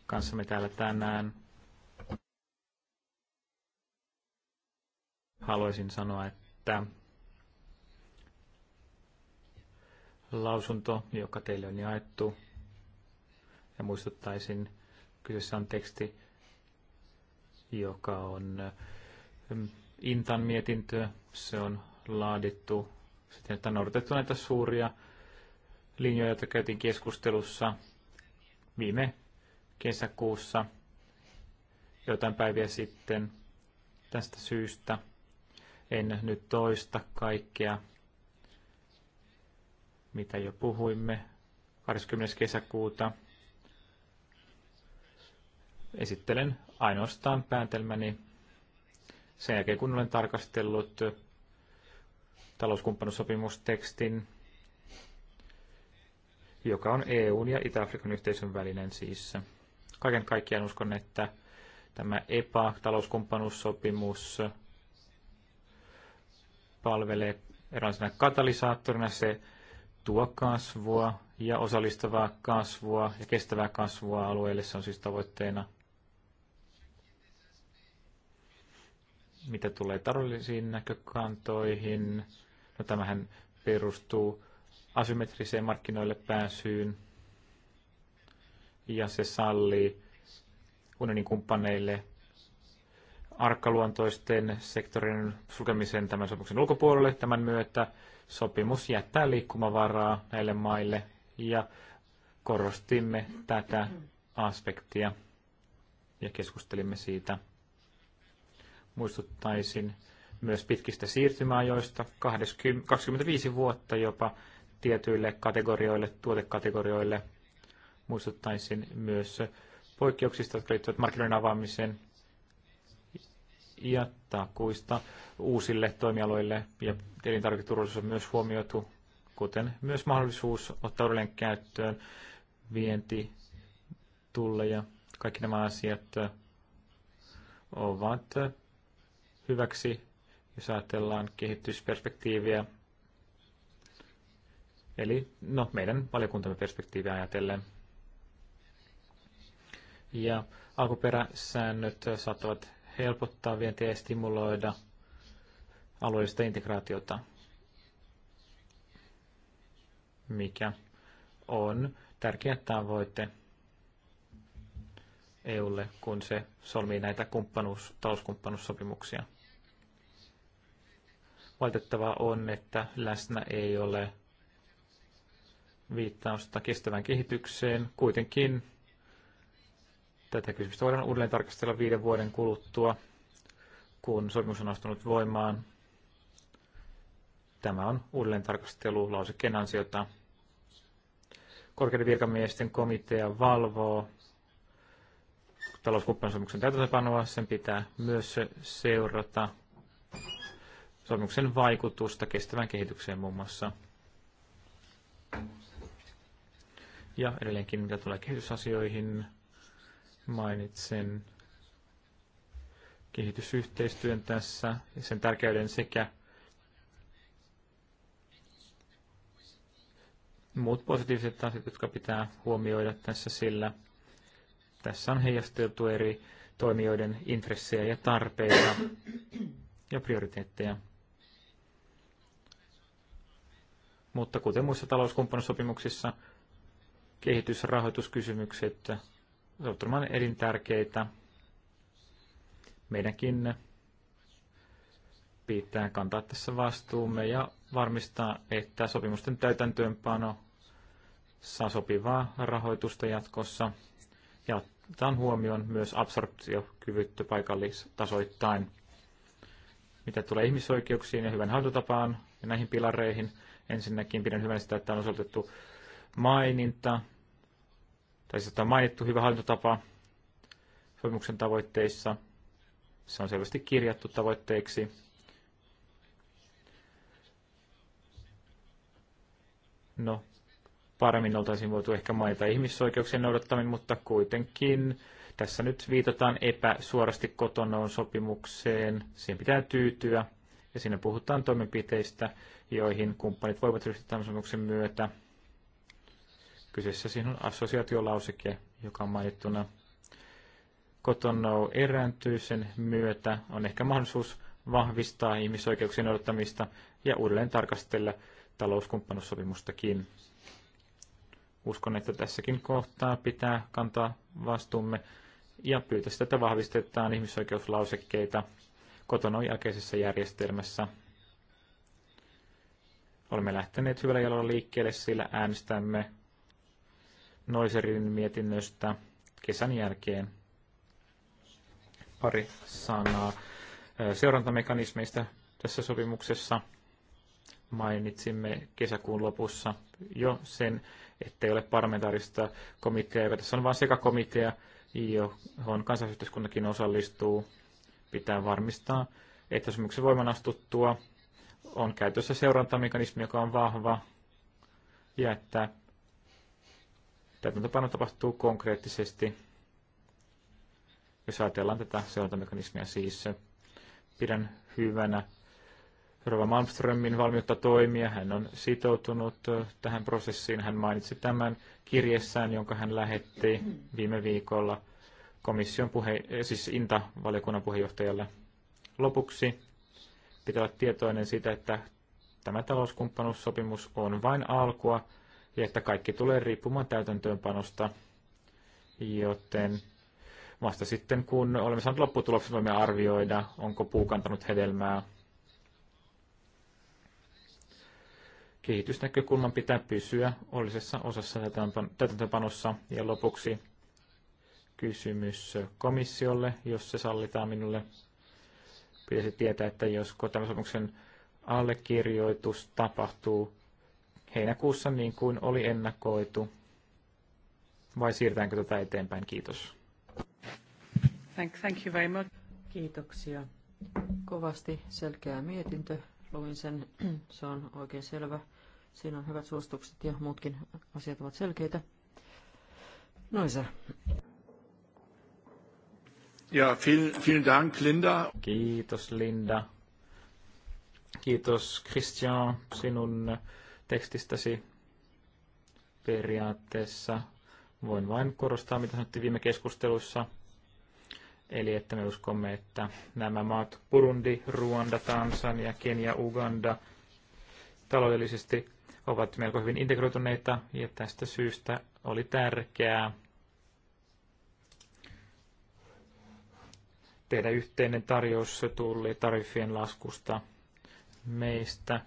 S2: kanssamme täällä tänään. Haluaisin sanoa, että lausunto, joka teille on jaettu. Ja muistuttaisin, kyseessä on teksti, joka on ähm, Intan mietintö. Se on laadittu siten, että on noudatettu näitä suuria linjoja, joita käytiin keskustelussa viime kesäkuussa joitain päiviä sitten tästä syystä. En nyt toista kaikkea mitä jo puhuimme 20. kesäkuuta. Esittelen ainoastaan päätelmäni sen jälkeen, kun olen tarkastellut talouskumppanuussopimustekstin, joka on EUn ja Itä-Afrikan yhteisön välinen siis. Kaiken kaikkiaan uskon, että tämä EPA-talouskumppanuussopimus palvelee eräänlaisena katalysaattorina. Se tuo kasvua ja osallistavaa kasvua ja kestävää kasvua alueelle. Se on siis tavoitteena. Mitä tulee taloudellisiin näkökantoihin, no tämähän perustuu asymmetriseen markkinoille pääsyyn ja se sallii unionin kumppaneille arkaluontoisten sektorin sulkemisen tämän sopimuksen ulkopuolelle tämän myötä sopimus jättää liikkumavaraa näille maille ja korostimme tätä aspektia ja keskustelimme siitä. Muistuttaisin myös pitkistä siirtymäajoista, 20, 25 vuotta jopa tietyille kategorioille, tuotekategorioille. Muistuttaisin myös poikkeuksista, jotka liittyvät markkinoiden avaamiseen ja takuista uusille toimialoille ja elintarviketurvallisuus on myös huomioitu, kuten myös mahdollisuus ottaa uudelleen käyttöön vienti, ja Kaikki nämä asiat äh, ovat äh, hyväksi, jos ajatellaan kehitysperspektiiviä. Eli no, meidän valiokuntamme perspektiiviä ajatellen. Ja alkuperäsäännöt saattavat helpottaa vientiä ja stimuloida alueellista integraatiota, mikä on tärkeä tavoite EUlle, kun se solmii näitä kumppanuus, talouskumppanuussopimuksia. Valitettavaa on, että läsnä ei ole viittausta kestävään kehitykseen. Kuitenkin Tätä kysymystä voidaan uudelleen tarkastella viiden vuoden kuluttua, kun sopimus on astunut voimaan. Tämä on uudelleen tarkastelu lausekkeen ansiota. Korkeiden virkamiesten komitea valvoo talouskumppanisopimuksen täytäntöpanoa. Sen pitää myös seurata sopimuksen vaikutusta kestävään kehitykseen muun muassa. Ja edelleenkin, mitä tulee kehitysasioihin, Mainitsen kehitysyhteistyön tässä ja sen tärkeyden sekä muut positiiviset asiat, jotka pitää huomioida tässä, sillä tässä on heijasteltu eri toimijoiden intressejä ja tarpeita ja prioriteetteja. Mutta kuten muissa talouskumppanuussopimuksissa, kehitysrahoituskysymykset tulemaan elintärkeitä. Meidänkin pitää kantaa tässä vastuumme ja varmistaa, että sopimusten täytäntöönpano saa sopivaa rahoitusta jatkossa ja otetaan huomioon myös absorptiokyvyttö paikallistasoittain. Mitä tulee ihmisoikeuksiin ja hyvän hallintotapaan ja näihin pilareihin, ensinnäkin pidän hyvänä sitä, että on osoitettu maininta tai sitä siis, on mainittu hyvä hallintotapa sopimuksen tavoitteissa. Se on selvästi kirjattu tavoitteiksi. No, paremmin oltaisiin voitu ehkä mainita ihmisoikeuksien noudattaminen, mutta kuitenkin tässä nyt viitataan epäsuorasti kotonoon sopimukseen. Siihen pitää tyytyä ja siinä puhutaan toimenpiteistä, joihin kumppanit voivat ryhtyä tämän sopimuksen myötä. Kyseessä siinä on assosiaatiolauseke, joka on mainittuna. Kotonou erääntyy sen myötä. On ehkä mahdollisuus vahvistaa ihmisoikeuksien odottamista ja uudelleen tarkastella talouskumppanussopimustakin. Uskon, että tässäkin kohtaa pitää kantaa vastuumme ja pyytää sitä, että vahvistetaan ihmisoikeuslausekkeita kotona jälkeisessä järjestelmässä. Olemme lähteneet hyvällä jalalla liikkeelle, sillä äänestämme Noiserin mietinnöstä kesän jälkeen. Pari sanaa seurantamekanismeista tässä sopimuksessa. Mainitsimme kesäkuun lopussa jo sen, ettei ole parlamentaarista komitea, joka tässä on vain sekakomitea, johon kansalaisyhteiskuntakin osallistuu. Pitää varmistaa, että sopimuksen voiman astuttua on käytössä seurantamekanismi, joka on vahva, ja että Täytäntöpano tapahtuu konkreettisesti, jos ajatellaan tätä seurantamekanismia siis. Pidän hyvänä Rova Malmströmin valmiutta toimia. Hän on sitoutunut tähän prosessiin. Hän mainitsi tämän kirjessään, jonka hän lähetti viime viikolla komission puhe, siis INTA-valiokunnan puheenjohtajalle. Lopuksi pitää olla tietoinen siitä, että tämä talouskumppanuussopimus on vain alkua ja että kaikki tulee riippumaan täytäntöönpanosta, joten vasta sitten, kun olemme saaneet lopputuloksen, voimme arvioida, onko puu kantanut hedelmää. Kehitysnäkökulman pitää pysyä ollisessa osassa täytäntöönpanossa. Ja lopuksi kysymys komissiolle, jos se sallitaan minulle. Pitäisi tietää, että jos tämän sopimuksen allekirjoitus tapahtuu heinäkuussa niin kuin oli ennakoitu, vai siirtäänkö tätä eteenpäin? Kiitos.
S1: Thank, thank you very much. Kiitoksia. Kovasti selkeä mietintö. Luin sen, se on oikein selvä. Siinä on hyvät suositukset ja muutkin asiat ovat selkeitä. Noin se. Ja, vielen, vielen Dank, Linda. Kiitos,
S2: Linda. Kiitos, Christian, sinun tekstistäsi periaatteessa. Voin vain korostaa, mitä sanottiin viime keskusteluissa. Eli että me uskomme, että nämä maat, Burundi, Ruanda, Tansania, Kenia, Uganda, taloudellisesti ovat melko hyvin integroituneita ja tästä syystä oli tärkeää tehdä yhteinen tarjous tulli tariffien laskusta meistä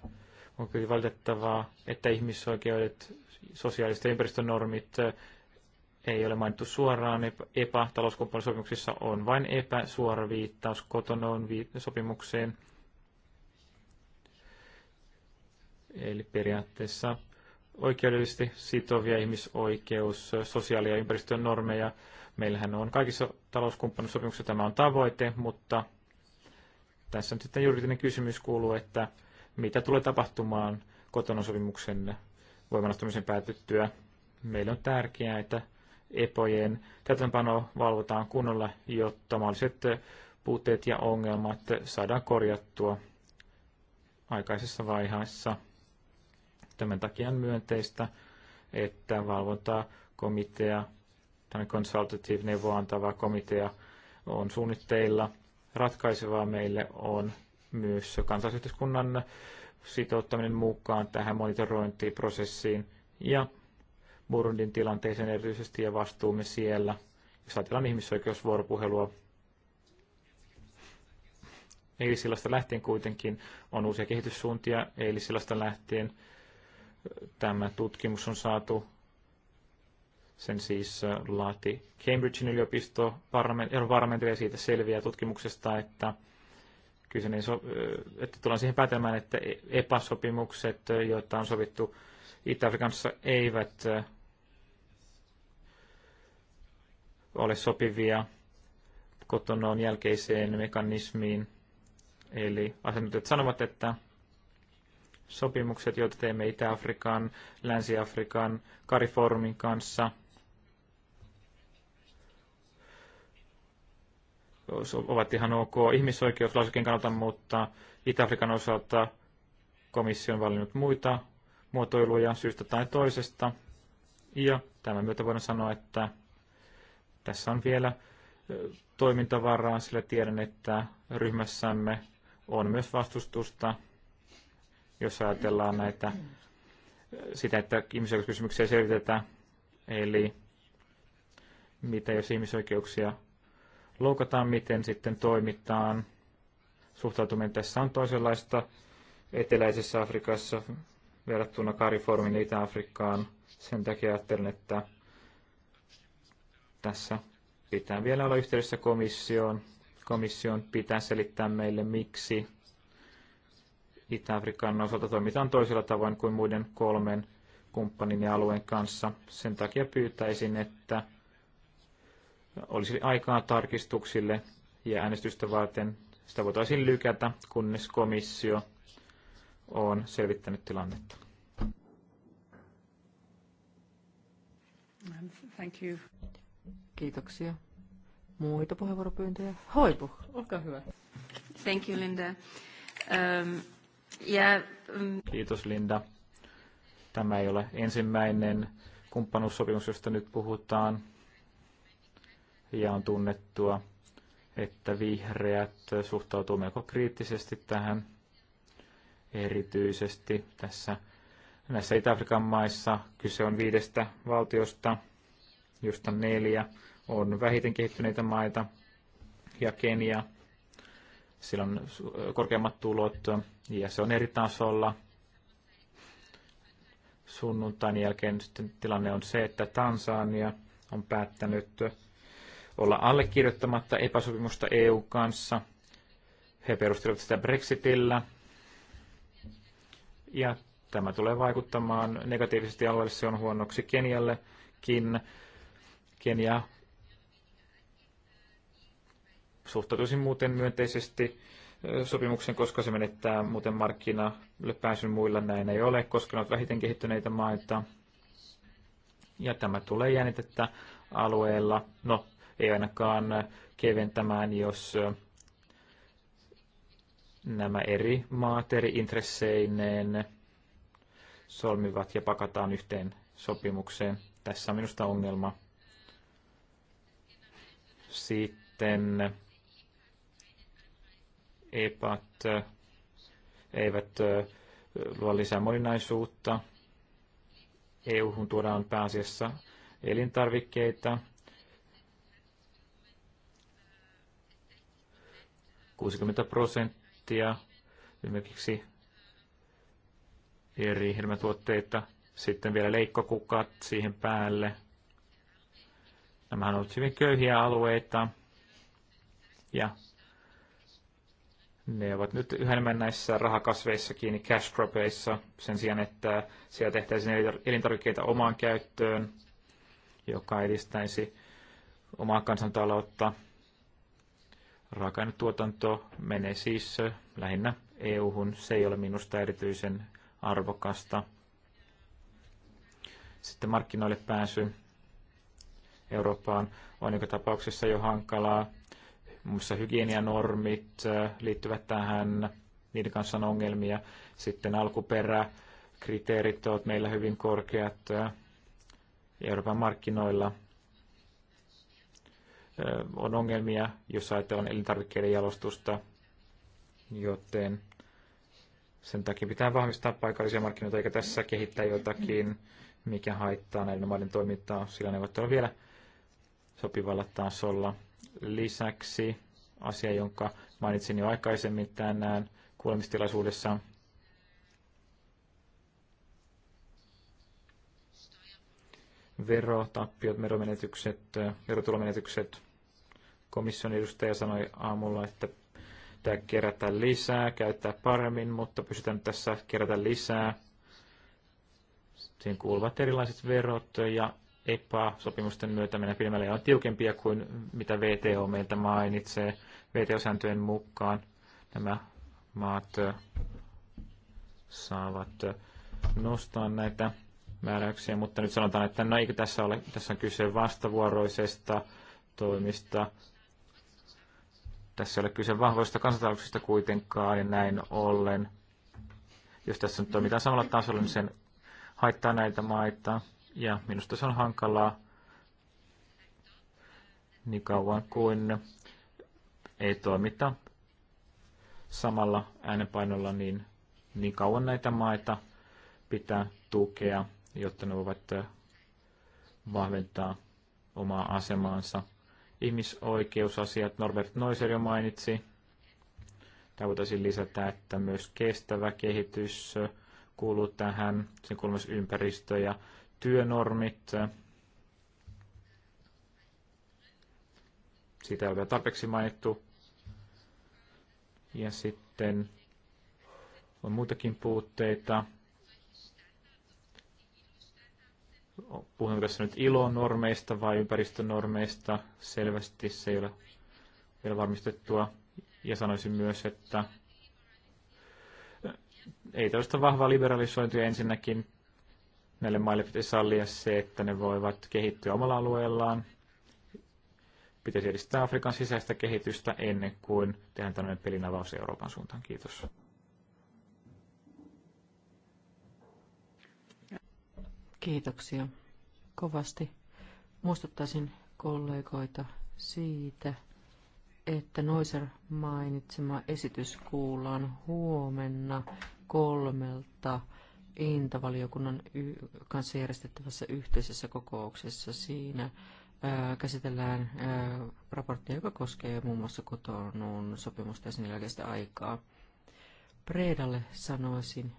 S2: on kyllä valitettavaa, että ihmisoikeudet, sosiaaliset ympäristönormit äh, ei ole mainittu suoraan. EPA talouskumppanisopimuksissa on vain epäsuora viittaus kotonoon sopimukseen. Eli periaatteessa oikeudellisesti sitovia ihmisoikeus, äh, sosiaali- ja ympäristön normeja. Meillähän on kaikissa talouskumppanisopimuksissa tämä on tavoite, mutta tässä nyt sitten juridinen kysymys kuuluu, että mitä tulee tapahtumaan kotona sopimuksen voimanastumisen päätyttyä. Meillä on tärkeää, että epojen täytäntöpano valvotaan kunnolla, jotta mahdolliset puutteet ja ongelmat saadaan korjattua aikaisessa vaiheessa. Tämän takia on myönteistä, että valvontakomitea, tämä consultative neuvoantava komitea on suunnitteilla. Ratkaisevaa meille on myös kansallisyhteiskunnan sitouttaminen mukaan tähän monitorointiprosessiin ja Burundin tilanteeseen erityisesti ja vastuumme siellä, jos ajatellaan ihmisoikeusvuoropuhelua. Eilisillasta lähtien kuitenkin on uusia kehityssuuntia. Eilisillasta lähtien tämä tutkimus on saatu. Sen siis laati Cambridgein yliopisto, parlament, parlamentti ja siitä selviää tutkimuksesta, että kyseinen, niin so, että tullaan siihen päätelmään, että e- epäsopimukset, joita on sovittu Itä-Afrikassa, eivät ole sopivia kotonoon jälkeiseen mekanismiin. Eli asiantuntijat sanovat, että sopimukset, joita teemme Itä-Afrikan, Länsi-Afrikan, Kariformin kanssa – ovat ihan ok ihmisoikeuslausekkeen kannalta, mutta Itä-Afrikan osalta komissio on valinnut muita muotoiluja syystä tai toisesta. Ja tämän myötä voidaan sanoa, että tässä on vielä toimintavaraa, sillä tiedän, että ryhmässämme on myös vastustusta, jos ajatellaan näitä, sitä, että ihmisoikeuskysymyksiä selvitetään. Eli mitä jos ihmisoikeuksia loukataan, miten sitten toimitaan. Suhtautuminen tässä on toisenlaista eteläisessä Afrikassa verrattuna Kariformin Itä-Afrikkaan. Sen takia ajattelen, että tässä pitää vielä olla yhteydessä komissioon. Komission pitää selittää meille, miksi Itä-Afrikan osalta toimitaan toisella tavoin kuin muiden kolmen kumppanin ja alueen kanssa. Sen takia pyytäisin, että olisi aikaa tarkistuksille ja äänestystä varten sitä voitaisiin lykätä, kunnes komissio on selvittänyt tilannetta.
S1: Thank you. Kiitoksia. Muita puheenvuoropyyntöjä? Hoipu, olkaa hyvä. Thank you, Linda. Um, yeah, um...
S2: Kiitos, Linda. Tämä ei ole ensimmäinen kumppanuussopimus, josta nyt puhutaan ja on tunnettua, että vihreät suhtautuu melko kriittisesti tähän erityisesti tässä näissä Itä-Afrikan maissa. Kyse on viidestä valtiosta, josta neljä on vähiten kehittyneitä maita ja Kenia. Sillä on korkeammat tulot ja se on eri tasolla. Sunnuntain jälkeen sitten tilanne on se, että Tansania on päättänyt olla allekirjoittamatta epäsopimusta EU kanssa. He perustelivat sitä Brexitillä. Ja tämä tulee vaikuttamaan negatiivisesti alueelle. Se on huonoksi Keniallekin. Kenia suhtautuisi muuten myönteisesti sopimuksen, koska se menettää muuten markkinalle pääsyn muilla. Näin ei ole, koska ne ovat vähiten kehittyneitä maita. Ja tämä tulee jännitettä alueella. No, ei ainakaan keventämään, jos nämä eri maat eri intresseineen solmivat ja pakataan yhteen sopimukseen. Tässä on minusta ongelma. Sitten EPAT eivät luo lisää moninaisuutta. EU-hun tuodaan pääasiassa elintarvikkeita, 60 prosenttia esimerkiksi eri hedelmätuotteita, sitten vielä leikkokukat siihen päälle. Nämähän ovat hyvin köyhiä alueita ja ne ovat nyt yhä enemmän näissä rahakasveissa kiinni cash cropeissa sen sijaan, että siellä tehtäisiin elintarvikkeita omaan käyttöön, joka edistäisi omaa kansantaloutta Raaka-ainetuotanto menee siis lähinnä EU-hun. Se ei ole minusta erityisen arvokasta. Sitten markkinoille pääsy Eurooppaan on joka tapauksessa jo hankalaa. Muun muassa hygienianormit liittyvät tähän, niiden kanssa on ongelmia. Sitten alkuperä, kriteerit ovat meillä hyvin korkeat Euroopan markkinoilla on ongelmia, jos ajatellaan elintarvikkeiden jalostusta, joten sen takia pitää vahvistaa paikallisia markkinoita, eikä tässä kehittää jotakin, mikä haittaa näiden maiden toimintaa, sillä ne voivat olla vielä sopivalla tasolla. Lisäksi asia, jonka mainitsin jo aikaisemmin tänään kuulemistilaisuudessa, verotappiot, veromenetykset, verotulomenetykset. Komission edustaja sanoi aamulla, että pitää kerätä lisää, käyttää paremmin, mutta pysytään tässä kerätä lisää. Siihen kuuluvat erilaiset verot ja EPA-sopimusten myötä mennä pidemmälle ja on tiukempia kuin mitä VTO meiltä mainitsee. VTO-sääntöjen mukaan nämä maat saavat nostaa näitä määräyksiä, mutta nyt sanotaan, että no eikö tässä ole, tässä on kyse vastavuoroisesta toimista. Tässä ei ole kyse vahvoista kansantalouksista kuitenkaan ja näin ollen. Jos tässä nyt toimitaan samalla tasolla, niin sen haittaa näitä maita. Ja minusta se on hankalaa niin kauan kuin ei toimita samalla äänenpainolla, niin, niin kauan näitä maita pitää tukea jotta ne voivat äh, vahventaa omaa asemaansa. Ihmisoikeusasiat Norbert Noiser jo mainitsi. Tämä voitaisiin lisätä, että myös kestävä kehitys äh, kuuluu tähän. Sen kuuluu myös ympäristö ja työnormit. Siitä ei ole tarpeeksi mainittu. Ja sitten on muitakin puutteita. Puhun tässä nyt ilonormeista vai ympäristönormeista? Selvästi se ei ole vielä varmistettua. Ja sanoisin myös, että ei tällaista vahvaa liberalisointia ensinnäkin. Näille maille pitäisi sallia se, että ne voivat kehittyä omalla alueellaan. Pitäisi edistää Afrikan sisäistä kehitystä ennen kuin tehdään tämmöinen pelinavaus Euroopan suuntaan. Kiitos.
S1: Kiitoksia kovasti. Muistuttaisin kollegoita siitä, että Noiser mainitsema esitys kuullaan huomenna kolmelta Intavaliokunnan kanssa järjestettävässä yhteisessä kokouksessa. Siinä ää, käsitellään ää, raporttia, joka koskee muun muassa kotonun sopimusta ja sen jälkeistä aikaa. Preedalle sanoisin,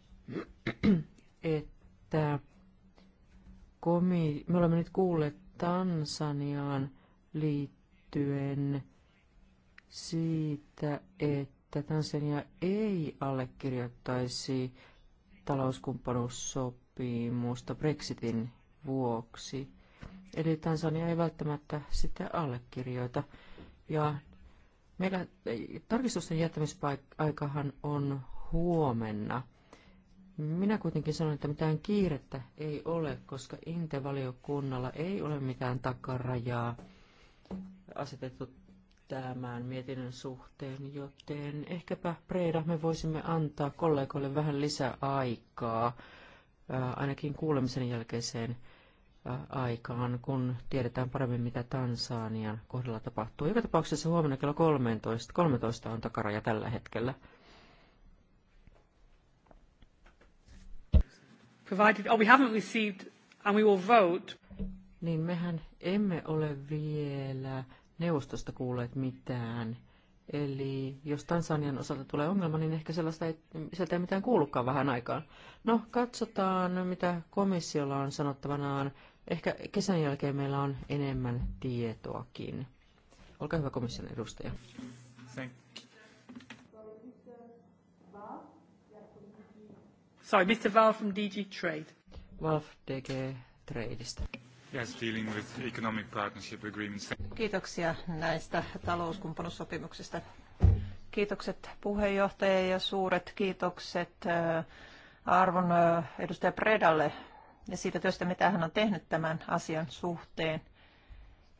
S1: että että komi- me olemme nyt kuulleet Tansaniaan liittyen siitä, että Tansania ei allekirjoittaisi talouskumppanuussopimusta Brexitin vuoksi. Eli Tansania ei välttämättä sitä allekirjoita. Ja meillä tarkistusten jättämispaikkahan on huomenna – minä kuitenkin sanon, että mitään kiirettä ei ole, koska Intevaliokunnalla ei ole mitään takarajaa asetettu tämän mietinnön suhteen, joten ehkäpä Preida me voisimme antaa kollegoille vähän lisää aikaa, ainakin kuulemisen jälkeiseen aikaan, kun tiedetään paremmin, mitä Tansanian kohdalla tapahtuu. Joka tapauksessa huomenna kello 13, 13 on takaraja tällä hetkellä. provided, or oh, we haven't received, and we will vote. Niin mehän emme ole vielä neuvostosta kuulleet mitään. Eli jos Tansanian osalta tulee ongelma, niin ehkä sellaista ei, sieltä ei mitään kuulukaan vähän aikaan. No, katsotaan, mitä komissiolla on sanottavanaan. Ehkä kesän jälkeen meillä on enemmän tietoakin. Olkaa hyvä komission edustaja. Thank Sorry, Mr. Val from DG Trade. DG Yes, dealing with economic
S2: partnership agreements.
S3: Kiitoksia näistä talouskumppanuussopimuksista. Kiitokset puheenjohtaja ja suuret kiitokset arvon edustaja Predalle ja siitä työstä, mitä hän on tehnyt tämän asian suhteen.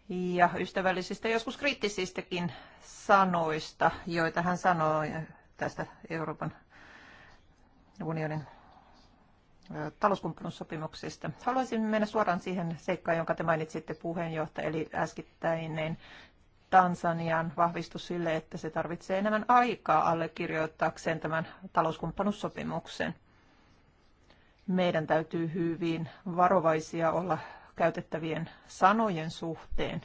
S3: Ja ystävällisistä, joskus kriittisistäkin sanoista, joita hän sanoi tästä Euroopan unionin talouskumppanuussopimuksista. Haluaisin mennä suoraan siihen seikkaan, jonka te mainitsitte puheenjohtaja, eli äskittäinen Tansanian vahvistus sille, että se tarvitsee enemmän aikaa allekirjoittaakseen tämän talouskumppanuussopimuksen. Meidän täytyy hyvin varovaisia olla käytettävien sanojen suhteen.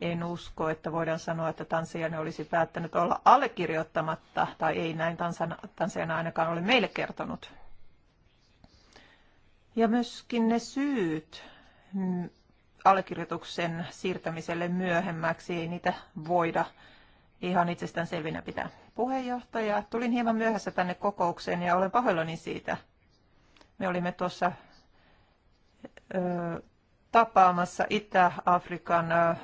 S3: En usko, että voidaan sanoa, että Tansiani olisi päättänyt olla allekirjoittamatta, tai ei näin Tansana, ainakaan ole meille kertonut ja myöskin ne syyt mm, allekirjoituksen siirtämiselle myöhemmäksi, ei niitä voida ihan itsestään selvinä pitää. Puheenjohtaja, tulin hieman myöhässä tänne kokoukseen ja olen pahoillani siitä. Me olimme tuossa ö, tapaamassa Itä-Afrikan ö,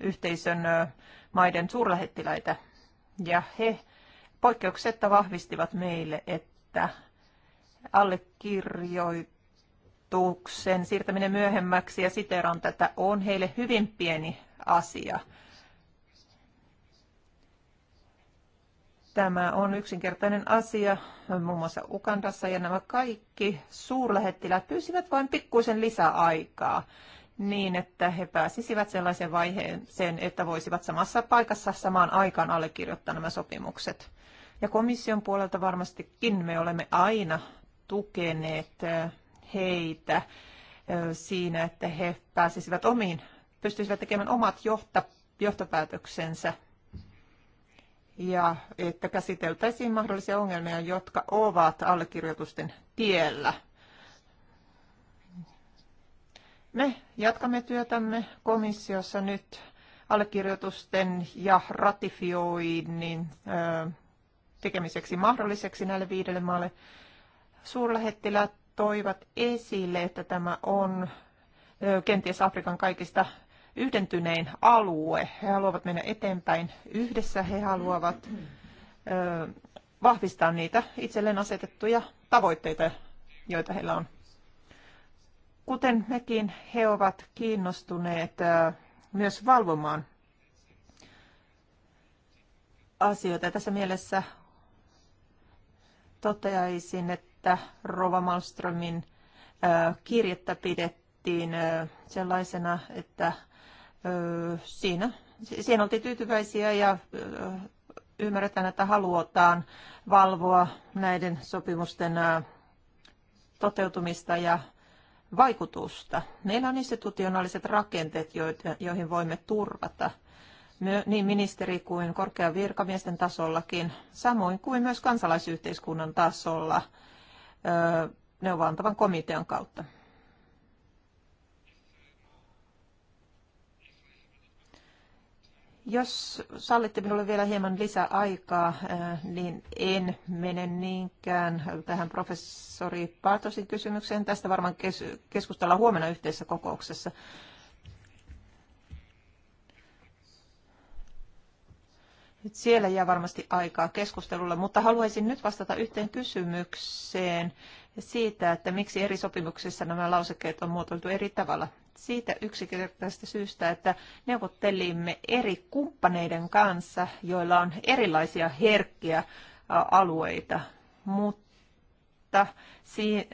S3: yhteisön ö, maiden suurlähettiläitä ja he poikkeuksetta vahvistivat meille, että allekirjoit verotuksen siirtäminen myöhemmäksi ja siteron tätä on heille hyvin pieni asia. Tämä on yksinkertainen asia muun muassa Ukandassa ja nämä kaikki suurlähettiläät pyysivät vain pikkuisen lisäaikaa niin, että he pääsisivät sellaiseen vaiheeseen, että voisivat samassa paikassa samaan aikaan allekirjoittaa nämä sopimukset. Ja komission puolelta varmastikin me olemme aina tukeneet heitä siinä, että he pääsisivät omiin, pystyisivät tekemään omat johta, johtopäätöksensä ja että käsiteltäisiin mahdollisia ongelmia, jotka ovat allekirjoitusten tiellä. Me jatkamme työtämme komissiossa nyt allekirjoitusten ja ratifioinnin tekemiseksi mahdolliseksi näille viidelle maalle. Suurlähettilät toivat esille, että tämä on kenties Afrikan kaikista yhdentynein alue. He haluavat mennä eteenpäin yhdessä, he haluavat vahvistaa niitä itselleen asetettuja tavoitteita, joita heillä on. Kuten mekin, he ovat kiinnostuneet myös valvomaan asioita. Tässä mielessä toteaisin, että että Rova Malmströmin kirjettä pidettiin sellaisena, että siinä, siinä oltiin tyytyväisiä ja ymmärretään, että halutaan valvoa näiden sopimusten toteutumista ja vaikutusta. Meillä on institutionaaliset rakenteet, joihin voimme turvata niin ministeri kuin korkean virkamiesten tasollakin, samoin kuin myös kansalaisyhteiskunnan tasolla – neuvontavan komitean kautta. Jos sallitte minulle vielä hieman lisäaikaa, niin en mene niinkään tähän professori Paatosin kysymykseen. Tästä varmaan keskustellaan huomenna yhteisessä kokouksessa. Siellä jää varmasti aikaa keskustelulle, mutta haluaisin nyt vastata yhteen kysymykseen siitä, että miksi eri sopimuksissa nämä lausekkeet on muotoiltu eri tavalla. Siitä yksinkertaisesta syystä, että neuvottelimme eri kumppaneiden kanssa, joilla on erilaisia herkkiä alueita, mutta että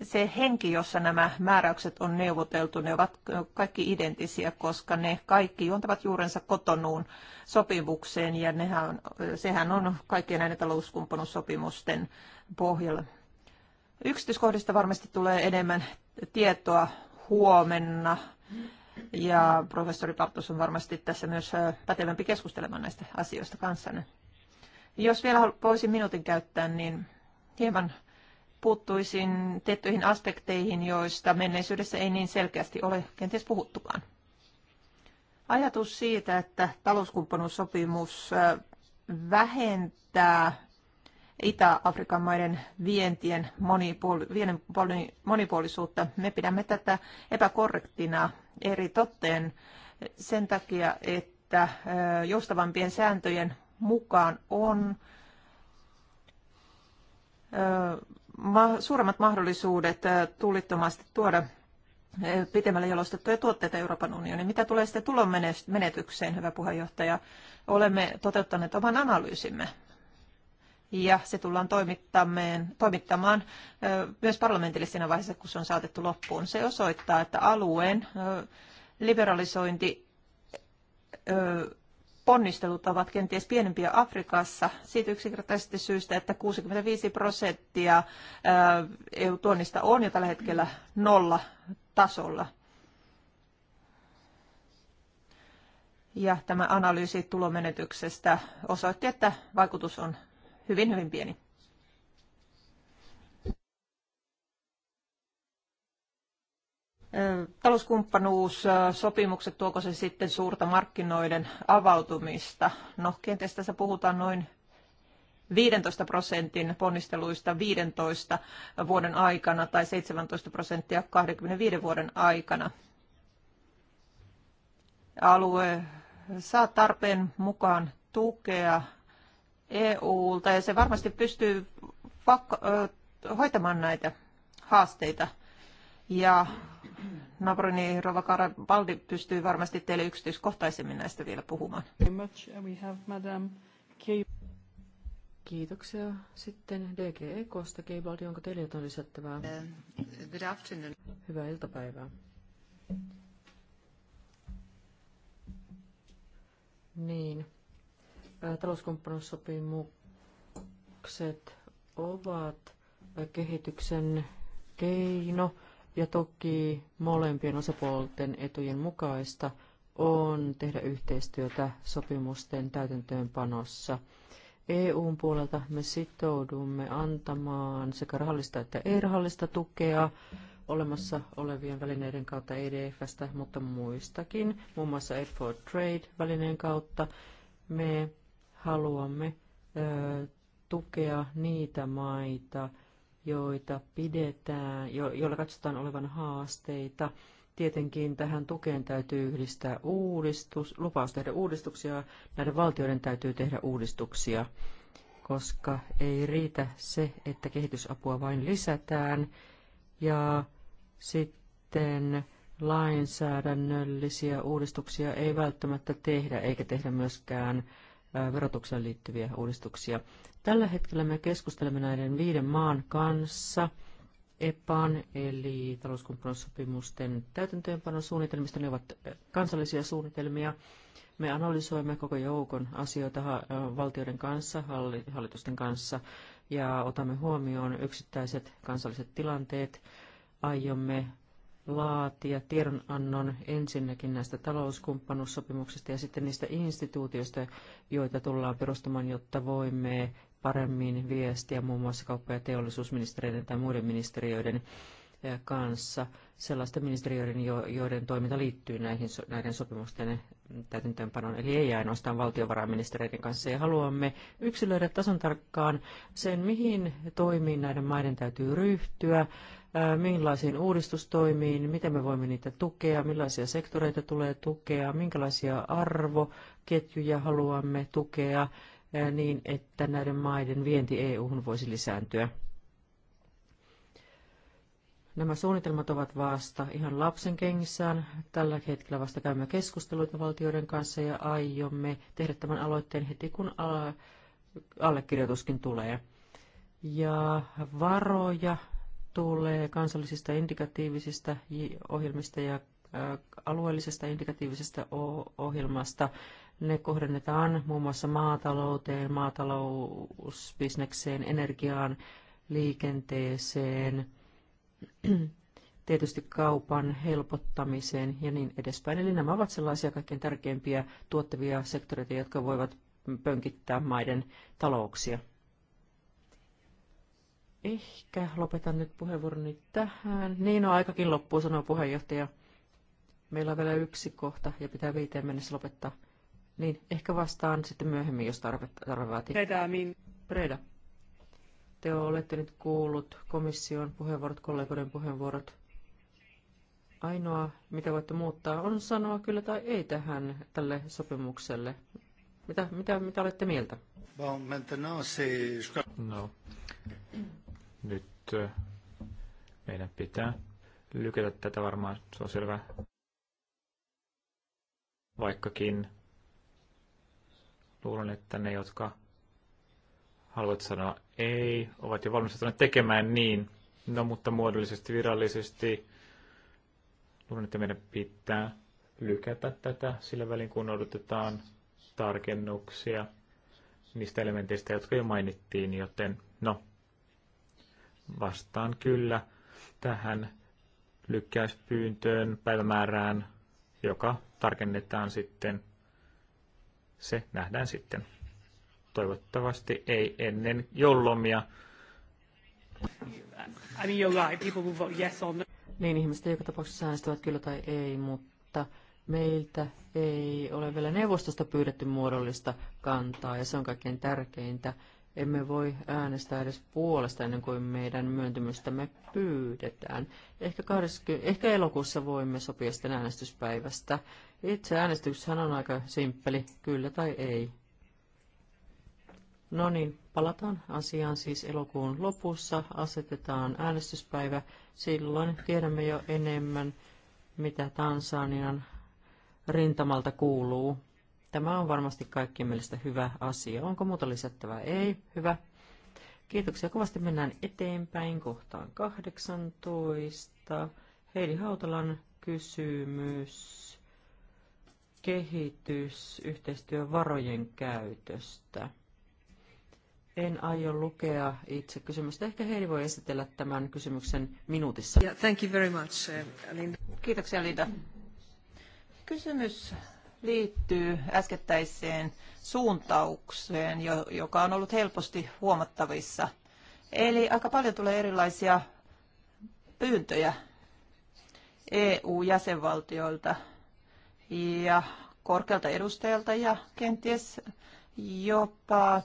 S3: se henki, jossa nämä määräykset on neuvoteltu, ne ovat kaikki identisiä, koska ne kaikki juontavat juurensa kotonuun sopimukseen ja nehän, sehän on kaikkien näiden talouskumppanuussopimusten pohjalla. Yksityiskohdista varmasti tulee enemmän tietoa huomenna ja professori Partus on varmasti tässä myös pätevämpi keskustelemaan näistä asioista kanssanne. Jos vielä voisin minuutin käyttää, niin hieman puuttuisin tiettyihin aspekteihin, joista menneisyydessä ei niin selkeästi ole kenties puhuttukaan. Ajatus siitä, että talouskumppanuussopimus vähentää Itä-Afrikan maiden vientien monipuolisuutta, me pidämme tätä epäkorrektina eri totteen sen takia, että joustavampien sääntöjen mukaan on suuremmat mahdollisuudet äh, tullittomasti tuoda äh, pitemmälle jalostettuja tuotteita Euroopan unioniin. Mitä tulee sitten tulon menetykseen, hyvä puheenjohtaja, olemme toteuttaneet oman analyysimme. Ja se tullaan toimittamaan äh, myös parlamentille siinä vaiheessa, kun se on saatettu loppuun. Se osoittaa, että alueen liberalisointi ponnistelut ovat kenties pienempiä Afrikassa siitä yksinkertaisesti syystä, että 65 prosenttia EU-tuonnista on jo tällä hetkellä nolla tasolla. Ja tämä analyysi tulomenetyksestä osoitti, että vaikutus on hyvin, hyvin pieni. talouskumppanuussopimukset, tuoko se sitten suurta markkinoiden avautumista? No, kenties tässä puhutaan noin 15 prosentin ponnisteluista 15 vuoden aikana tai 17 prosenttia 25 vuoden aikana. Alue saa tarpeen mukaan tukea EUlta ja se varmasti pystyy hoitamaan näitä haasteita. Ja Naapurini Rovakara valdi pystyy varmasti teille yksityiskohtaisemmin näistä vielä puhumaan.
S1: Kiitoksia. Sitten DGE Kosta. Keivaldi, onko teille jotain lisättävää? Eh, good afternoon. Hyvää iltapäivää. Niin. Talouskumppanuussopimukset ovat kehityksen keino ja toki molempien osapuolten etujen mukaista on tehdä yhteistyötä sopimusten täytäntöönpanossa. EUn puolelta me sitoudumme antamaan sekä rahallista että ei-rahallista tukea olemassa olevien välineiden kautta EDFstä, mutta muistakin, muun muassa Aid for Trade-välineen kautta. Me haluamme ö, tukea niitä maita, joita pidetään, jo, joilla katsotaan olevan haasteita. Tietenkin tähän tukeen täytyy yhdistää uudistus, lupaus tehdä uudistuksia, näiden valtioiden täytyy tehdä uudistuksia, koska ei riitä se, että kehitysapua vain lisätään ja sitten lainsäädännöllisiä uudistuksia ei välttämättä tehdä eikä tehdä myöskään verotukseen liittyviä uudistuksia. Tällä hetkellä me keskustelemme näiden viiden maan kanssa EPAN eli talouskumppanuussopimusten täytäntöönpanosuunnitelmista. Ne ovat kansallisia suunnitelmia. Me analysoimme koko joukon asioita valtioiden kanssa, hallitusten kanssa ja otamme huomioon yksittäiset kansalliset tilanteet. Aiomme laatia tiedonannon ensinnäkin näistä talouskumppanuussopimuksista ja sitten niistä instituutioista, joita tullaan perustamaan, jotta voimme paremmin viestiä muun muassa kauppa- ja teollisuusministeriöiden tai muiden ministeriöiden eh, kanssa sellaisten ministeriöiden, joiden toiminta liittyy näihin, näiden sopimusten täytäntöönpanon, eli ei ainoastaan valtiovarainministeriöiden kanssa. Ja haluamme yksilöidä tason tarkkaan sen, mihin toimiin näiden maiden täytyy ryhtyä, äh, millaisiin uudistustoimiin, miten me voimme niitä tukea, millaisia sektoreita tulee tukea, minkälaisia arvoketjuja haluamme tukea äh, niin, että näiden maiden vienti EU-hun voisi lisääntyä. Nämä suunnitelmat ovat vasta ihan lapsen kengissään. Tällä hetkellä vasta käymme keskusteluita valtioiden kanssa ja aiomme tehdä tämän aloitteen heti, kun allekirjoituskin tulee. Ja varoja tulee kansallisista indikatiivisista ohjelmista ja alueellisesta indikatiivisesta ohjelmasta. Ne kohdennetaan muun muassa maatalouteen, maatalousbisnekseen, energiaan, liikenteeseen – tietysti kaupan helpottamiseen ja niin edespäin. Eli nämä ovat sellaisia kaikkein tärkeimpiä tuottavia sektoreita, jotka voivat pönkittää maiden talouksia. Ehkä lopetan nyt puheenvuoroni tähän. Niin on no, aikakin loppuun, sanoo puheenjohtaja. Meillä on vielä yksi kohta ja pitää viiteen mennessä lopettaa. Niin, ehkä vastaan sitten myöhemmin, jos tarve, tarve vaatii. Preda te olette nyt kuullut komission puheenvuorot, kollegoiden puheenvuorot. Ainoa, mitä voitte muuttaa, on sanoa kyllä tai ei tähän tälle sopimukselle. Mitä, mitä, mitä olette mieltä?
S2: No, nyt äh, meidän pitää lykätä tätä varmaan, se on selvä. Vaikkakin luulen, että ne, jotka Haluat sanoa ei, ovat jo valmistautuneet tekemään niin. No, mutta muodollisesti, virallisesti luulen, että meidän pitää lykätä tätä sillä välin, kun odotetaan tarkennuksia niistä elementeistä, jotka jo mainittiin, joten no, vastaan kyllä tähän lykkäyspyyntöön päivämäärään, joka tarkennetaan sitten. Se nähdään sitten toivottavasti ei ennen joululomia.
S1: I mean, you're right. People will vote yes Niin, ihmiset joka tapauksessa äänestävät kyllä tai ei, mutta meiltä ei ole vielä neuvostosta pyydetty muodollista kantaa, ja se on kaikkein tärkeintä. Emme voi äänestää edes puolesta ennen kuin meidän myöntymystämme pyydetään. Ehkä, 20, ehkä elokuussa voimme sopia sitten äänestyspäivästä. Itse äänestyshän on aika simppeli, kyllä tai ei. No niin, palataan asiaan siis elokuun lopussa, asetetaan äänestyspäivä. Silloin tiedämme jo enemmän, mitä Tansanian rintamalta kuuluu. Tämä on varmasti kaikkien mielestä hyvä asia. Onko muuta lisättävää? Ei. Hyvä. Kiitoksia kovasti. Mennään eteenpäin kohtaan 18. Heidi Hautalan kysymys kehitys yhteistyövarojen käytöstä. En aio lukea itse kysymystä. Ehkä Heidi voi esitellä tämän kysymyksen minuutissa. Yeah, thank you very much, uh, Linda. Kiitoksia, Linda. Kysymys liittyy
S3: äskettäiseen suuntaukseen, joka on ollut helposti huomattavissa. Eli aika paljon tulee erilaisia pyyntöjä EU-jäsenvaltioilta ja korkealta edustajalta ja kenties jopa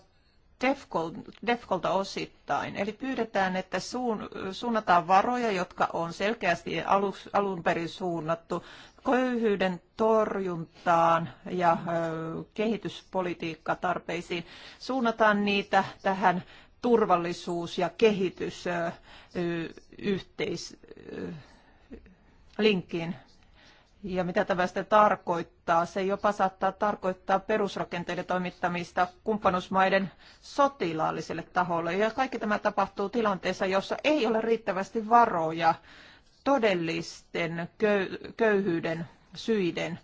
S3: DEFCOL, DEFCOLta osittain. Eli pyydetään, että suun, suunnataan varoja, jotka on selkeästi alus, alun perin suunnattu köyhyyden torjuntaan ja kehityspolitiikkatarpeisiin. Suunnataan niitä tähän turvallisuus- ja kehitysyhteislinkkiin ja mitä tämä sitten tarkoittaa? Se jopa saattaa tarkoittaa perusrakenteiden toimittamista kumppanuusmaiden sotilaalliselle taholle. Ja kaikki tämä tapahtuu tilanteessa, jossa ei ole riittävästi varoja todellisten köyhyyden syiden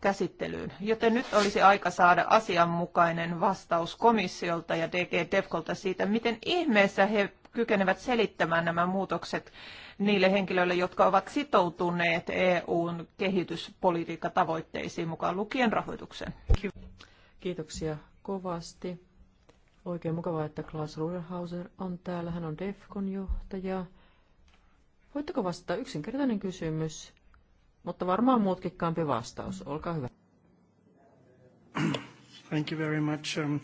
S3: käsittelyyn. Joten nyt olisi aika saada asianmukainen vastaus komissiolta ja DG Defkolta siitä, miten ihmeessä he kykenevät selittämään nämä muutokset niille henkilöille, jotka ovat sitoutuneet EUn kehityspolitiikkatavoitteisiin mukaan lukien rahoituksen.
S1: Kiitoksia kovasti. Oikein mukavaa, että Klaas Ruderhauser on täällä. Hän on DEFCON johtaja. Voitteko vastata yksinkertainen kysymys, mutta varmaan mutkikkaampi vastaus. Olkaa hyvä. Thank you very much. Um,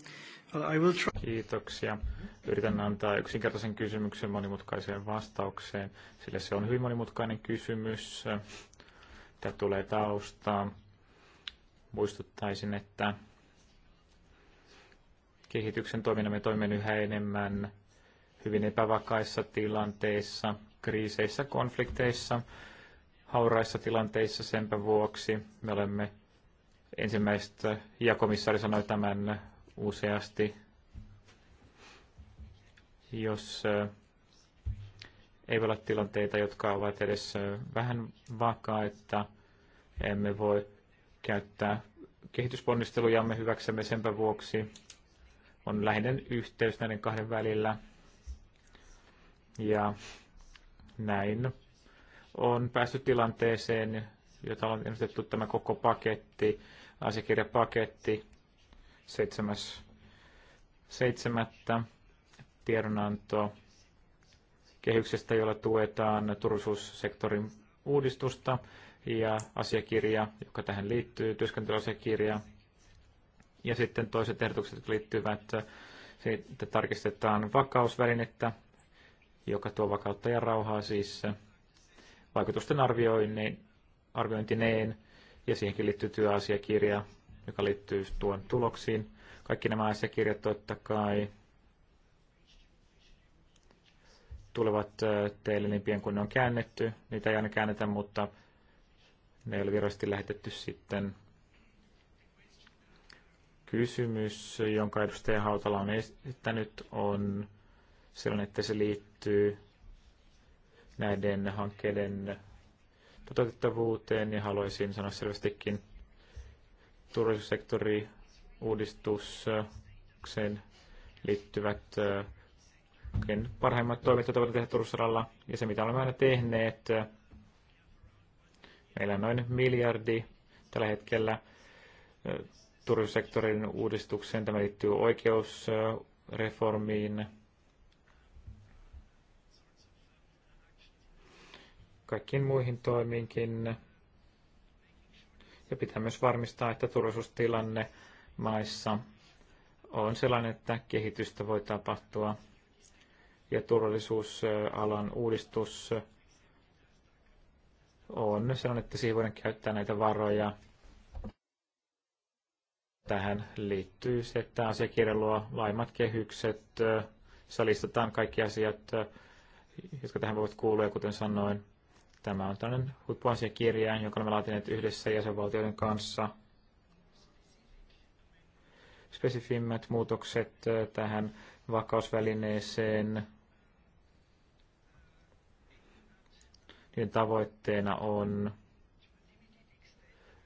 S2: Kiitoksia. Yritän antaa yksinkertaisen kysymyksen monimutkaiseen vastaukseen, sillä se on hyvin monimutkainen kysymys. Tämä tulee taustaa. Muistuttaisin, että kehityksen toiminnamme toimien yhä enemmän hyvin epävakaissa tilanteissa, kriiseissä, konflikteissa, hauraissa tilanteissa senpä vuoksi. Me olemme ensimmäistä, ja komissaari sanoi tämän useasti, jos ei ole tilanteita, jotka ovat edes vähän vakaita, emme voi käyttää kehitysponnistelujamme hyväksemme senpä vuoksi. On läheinen yhteys näiden kahden välillä. Ja näin on päästy tilanteeseen, jota on ennustettu tämä koko paketti, asiakirjapaketti, 7.7. tiedonanto kehyksestä, jolla tuetaan turvallisuussektorin uudistusta ja asiakirja, joka tähän liittyy, työskentelyasiakirja. Ja sitten toiset ehdotukset, liittyvät että tarkistetaan vakausvälinettä, joka tuo vakautta ja rauhaa siis vaikutusten arviointiin, arviointineen, ja siihenkin liittyy työasiakirja, joka liittyy tuon tuloksiin. Kaikki nämä asiakirjat totta kai tulevat äh, teille niin pian kuin ne on käännetty. Niitä ei aina käännetä, mutta ne oli virallisesti lähetetty sitten. Kysymys, jonka edustaja Hautala on esittänyt, on sellainen, että se liittyy näiden hankkeiden toteutettavuuteen ja haluaisin sanoa selvästikin, turvallisuussektori uudistukseen liittyvät parhaimmat toimet, joita voidaan tehdä Turusaralla, ja se mitä olemme aina tehneet. Meillä on noin miljardi tällä hetkellä turvallisuussektorin uudistukseen. Tämä liittyy oikeusreformiin, kaikkiin muihin toimiinkin, ja pitää myös varmistaa, että turvallisuustilanne maissa on sellainen, että kehitystä voi tapahtua. Ja turvallisuusalan uudistus on sellainen, että siihen voidaan käyttää näitä varoja. Tähän liittyy se, että asiakirja luo laimat kehykset, salistetaan kaikki asiat, jotka tähän voivat kuulua, kuten sanoin, Tämä on tällainen huippuasiakirja, jonka olemme laatineet yhdessä jäsenvaltioiden kanssa. Spesifimmät muutokset tähän vakausvälineeseen. Niiden tavoitteena on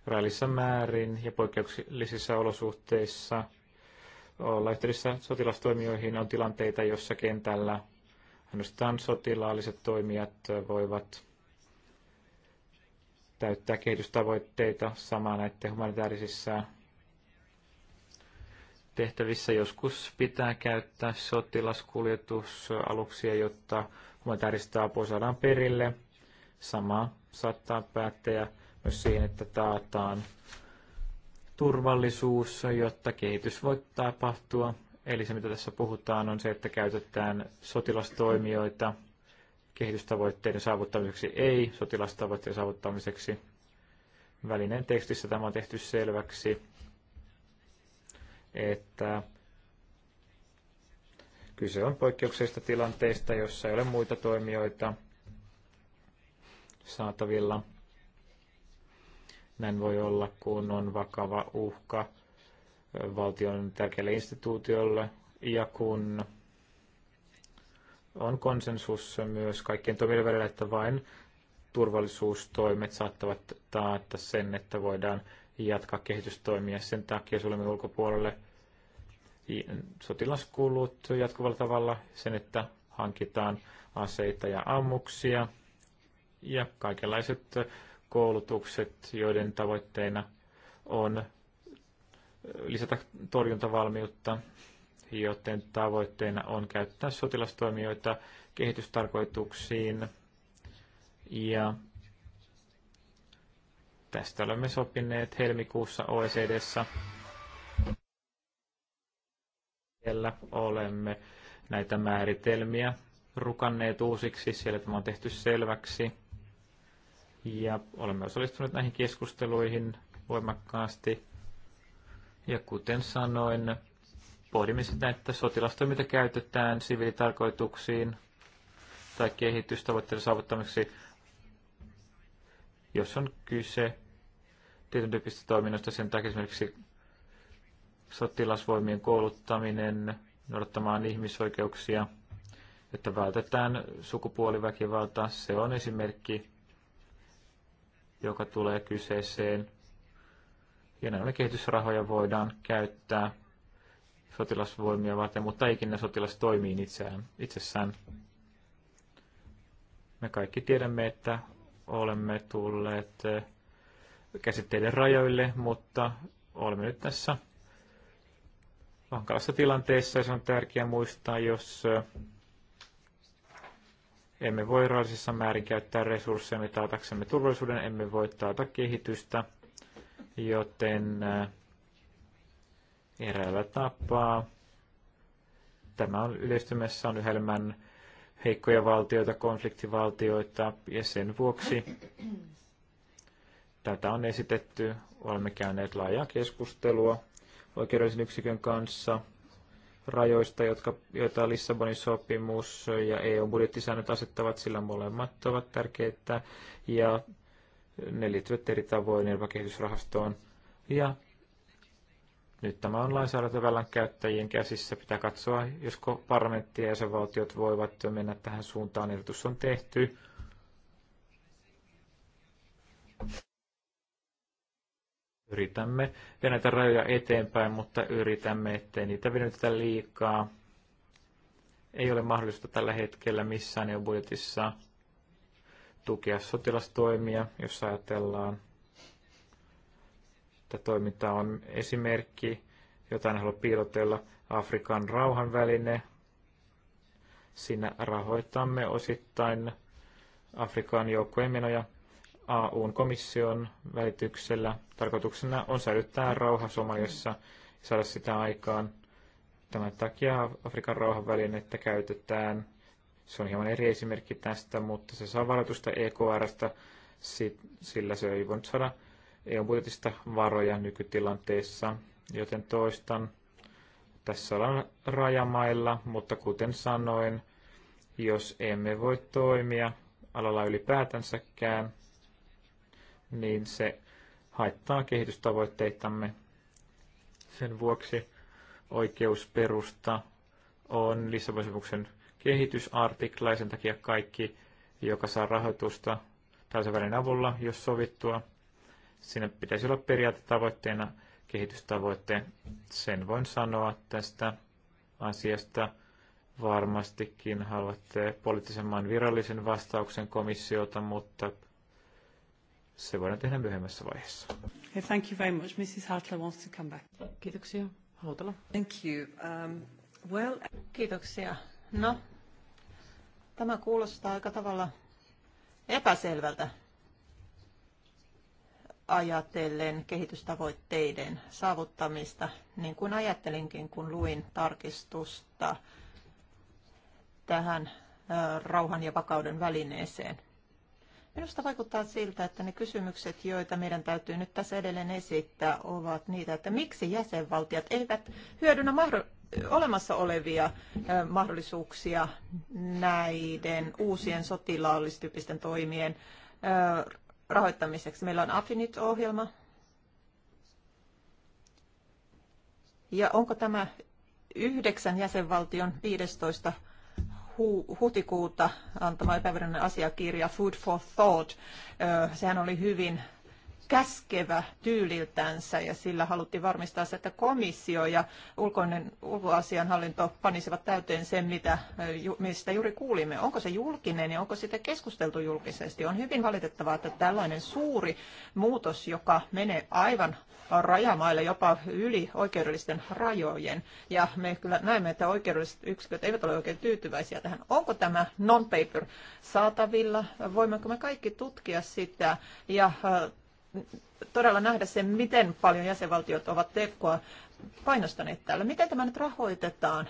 S2: rajallisessa määrin ja poikkeuksellisissa olosuhteissa olla yhteydessä sotilastoimijoihin. On tilanteita, joissa kentällä ainoastaan sotilaalliset toimijat voivat täyttää kehitystavoitteita samaa näiden humanitaarisissa tehtävissä. Joskus pitää käyttää sotilaskuljetusaluksia, jotta humanitaarista apua saadaan perille. Sama saattaa päättää myös siihen, että taataan turvallisuus, jotta kehitys voi tapahtua. Eli se, mitä tässä puhutaan, on se, että käytetään sotilastoimijoita – kehitystavoitteiden saavuttamiseksi ei, sotilastavoitteiden saavuttamiseksi. Välineen tekstissä tämä on tehty selväksi, että kyse on poikkeuksellisista tilanteista, jossa ei ole muita toimijoita saatavilla. Näin voi olla, kun on vakava uhka valtion tärkeälle instituutiolle ja kun on konsensus myös kaikkien toimijoiden välillä, että vain turvallisuustoimet saattavat taata sen, että voidaan jatkaa kehitystoimia. Sen takia sulemme ulkopuolelle sotilaskulut jatkuvalla tavalla sen, että hankitaan aseita ja ammuksia ja kaikenlaiset koulutukset, joiden tavoitteena on lisätä torjuntavalmiutta joten tavoitteena on käyttää sotilastoimijoita kehitystarkoituksiin. Ja tästä olemme sopineet helmikuussa OECDssä. Siellä olemme näitä määritelmiä rukanneet uusiksi, siellä tämä on tehty selväksi. Ja olemme osallistuneet näihin keskusteluihin voimakkaasti. Ja kuten sanoin, pohdimme sitä, että sotilastoiminta käytetään siviilitarkoituksiin tai kehitystavoitteiden saavuttamiseksi, jos on kyse tietyn tyyppistä toiminnasta, sen takia esimerkiksi sotilasvoimien kouluttaminen, noudattamaan ihmisoikeuksia, että vältetään sukupuoliväkivaltaa. Se on esimerkki, joka tulee kyseeseen. Ja näillä kehitysrahoja voidaan käyttää sotilasvoimia varten, mutta ikinä sotilas toimii itseään, itsessään. Me kaikki tiedämme, että olemme tulleet eh, käsitteiden rajoille, mutta olemme nyt tässä hankalassa tilanteessa ja se on tärkeää muistaa, jos eh, emme voi rajallisessa määrin käyttää resursseja taataksemme turvallisuuden, emme voi taata kehitystä, joten eh, eräällä tapaa. Tämä on yleistymässä on yhelmän heikkoja valtioita, konfliktivaltioita, ja sen vuoksi tätä on esitetty. Olemme käyneet laajaa keskustelua oikeudellisen yksikön kanssa rajoista, jotka, joita Lissabonin sopimus ja EU-budjettisäännöt asettavat, sillä molemmat ovat tärkeitä, ja ne liittyvät eri tavoin kehitysrahastoon. Ja nyt tämä on lainsäädäntövallan käyttäjien käsissä. Pitää katsoa, josko parlamentti ja jäsenvaltiot voivat mennä tähän suuntaan. Ehdotus on tehty. Yritämme venätä rajoja eteenpäin, mutta yritämme, ettei niitä venytetä liikaa. Ei ole mahdollista tällä hetkellä missään EU-budjetissa tukea sotilastoimia, jos ajatellaan Tämä toiminta on esimerkki, jota ne haluaa piilotella, Afrikan rauhanväline. Siinä rahoitamme osittain Afrikan joukkojen menoja AUn komission välityksellä. Tarkoituksena on säilyttää rauha Somaliassa ja saada sitä aikaan. Tämän takia Afrikan rauhanvälinettä käytetään. Se on hieman eri esimerkki tästä, mutta se saa varoitusta EKRstä, sillä se ei voinut saada EU-budjetista varoja nykytilanteessa, joten toistan. Tässä ollaan rajamailla, mutta kuten sanoin, jos emme voi toimia alalla ylipäätänsäkään, niin se haittaa kehitystavoitteitamme. Sen vuoksi oikeusperusta on Lissabonin kehitysartikla ja sen takia kaikki, joka saa rahoitusta tällaisen välin avulla, jos sovittua, Siinä pitäisi olla periaatetavoitteena kehitystavoitteen. Sen voin sanoa tästä asiasta. Varmastikin haluatte poliittisemman virallisen vastauksen komissiota, mutta se voidaan tehdä myöhemmässä vaiheessa.
S1: Okay, thank you very much. Mrs. Hartler wants to come back. Kiitoksia. Hautala. Thank you. Um, well... Kiitoksia.
S3: No, tämä kuulostaa aika tavalla epäselvältä ajatellen kehitystavoitteiden saavuttamista, niin kuin ajattelinkin, kun luin tarkistusta tähän rauhan ja vakauden välineeseen. Minusta vaikuttaa siltä, että ne kysymykset, joita meidän täytyy nyt tässä edelleen esittää, ovat niitä, että miksi jäsenvaltiot eivät hyödynnä olemassa olevia mahdollisuuksia näiden uusien sotilaallistyyppisten toimien rahoittamiseksi. Meillä on Affinit-ohjelma. Ja onko tämä yhdeksän jäsenvaltion 15 huhtikuuta antama epävirallinen asiakirja Food for Thought. Sehän oli hyvin käskevä tyyliltänsä ja sillä haluttiin varmistaa se, että komissio ja ulkoinen ulkoasianhallinto panisivat täyteen sen, mitä, mistä juuri kuulimme. Onko se julkinen ja onko sitä keskusteltu julkisesti? On hyvin valitettavaa, että tällainen suuri muutos, joka menee aivan rajamaille jopa yli oikeudellisten rajojen. Ja me kyllä näemme, että oikeudelliset yksiköt eivät ole oikein tyytyväisiä tähän. Onko tämä non-paper saatavilla? Voimmeko me kaikki tutkia sitä ja todella nähdä sen, miten paljon jäsenvaltiot ovat tekoa painostaneet täällä. Miten tämä nyt rahoitetaan?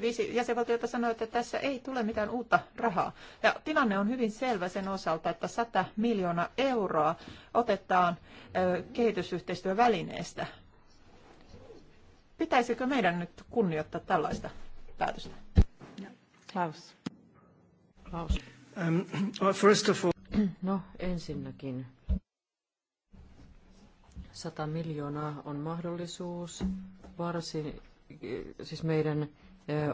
S3: Viisi jäsenvaltiota sanoi, että tässä ei tule mitään uutta rahaa. Ja tilanne on hyvin selvä sen osalta, että 100 miljoonaa euroa otetaan kehitysyhteistyövälineestä. Pitäisikö meidän nyt kunnioittaa tällaista päätöstä?
S1: No. Klaus. Klaus. Um, first of all... No ensinnäkin 100 miljoonaa on mahdollisuus. Varsin, siis meidän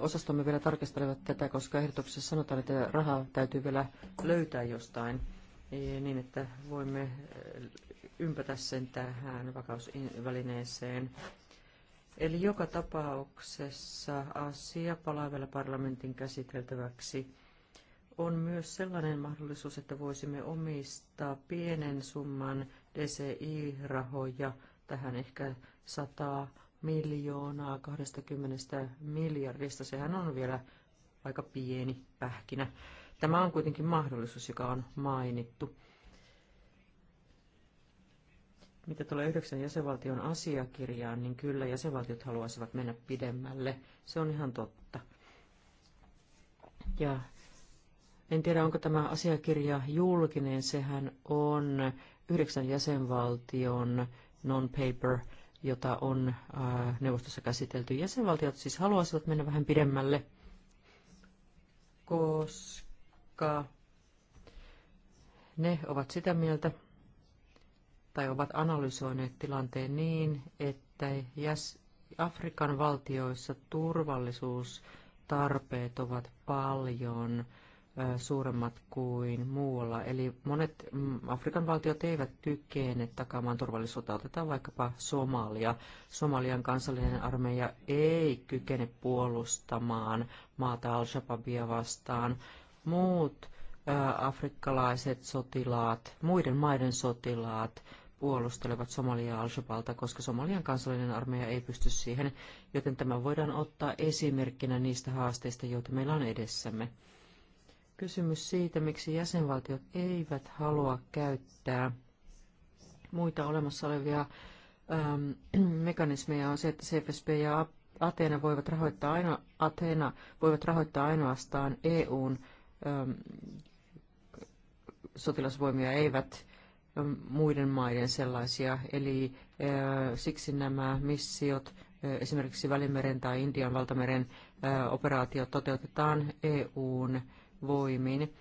S1: osastomme vielä tarkistelevat tätä, koska ehdotuksessa sanotaan, että rahaa täytyy vielä löytää jostain e, niin, että voimme ympätä sen tähän vakausvälineeseen. Eli joka tapauksessa asia palaa vielä parlamentin käsiteltäväksi. On myös sellainen mahdollisuus, että voisimme omistaa pienen summan DCI-rahoja, e tähän ehkä 100 miljoonaa 20 miljardista. Sehän on vielä aika pieni pähkinä. Tämä on kuitenkin mahdollisuus, joka on mainittu. Mitä tulee yhdeksän jäsenvaltion asiakirjaan, niin kyllä jäsenvaltiot haluaisivat mennä pidemmälle. Se on ihan totta. Ja en tiedä, onko tämä asiakirja julkinen. Sehän on yhdeksän jäsenvaltion non-paper, jota on neuvostossa käsitelty. Jäsenvaltiot siis haluaisivat mennä vähän pidemmälle, koska ne ovat sitä mieltä, tai ovat analysoineet tilanteen niin, että Afrikan valtioissa turvallisuustarpeet ovat paljon suuremmat kuin muualla. Eli monet mm, Afrikan valtiot eivät kykene takaamaan turvallisuutta. Otetaan vaikkapa Somalia. Somalian kansallinen armeija ei kykene puolustamaan maata Al-Shabaabia vastaan. Muut afrikkalaiset sotilaat, muiden maiden sotilaat puolustelevat Somaliaa Al-Shabalta, koska Somalian kansallinen armeija ei pysty siihen, joten tämä voidaan ottaa esimerkkinä niistä haasteista, joita meillä on edessämme kysymys siitä, miksi jäsenvaltiot eivät halua käyttää muita olemassa olevia ähm, mekanismeja, on se, että CFSP ja Ateena voivat rahoittaa, aino, Ateena voivat rahoittaa ainoastaan EUn ähm, sotilasvoimia, eivät ähm, muiden maiden sellaisia. Eli äh, siksi nämä missiot äh, esimerkiksi Välimeren tai Intian valtameren äh, operaatiot toteutetaan EUn voimin.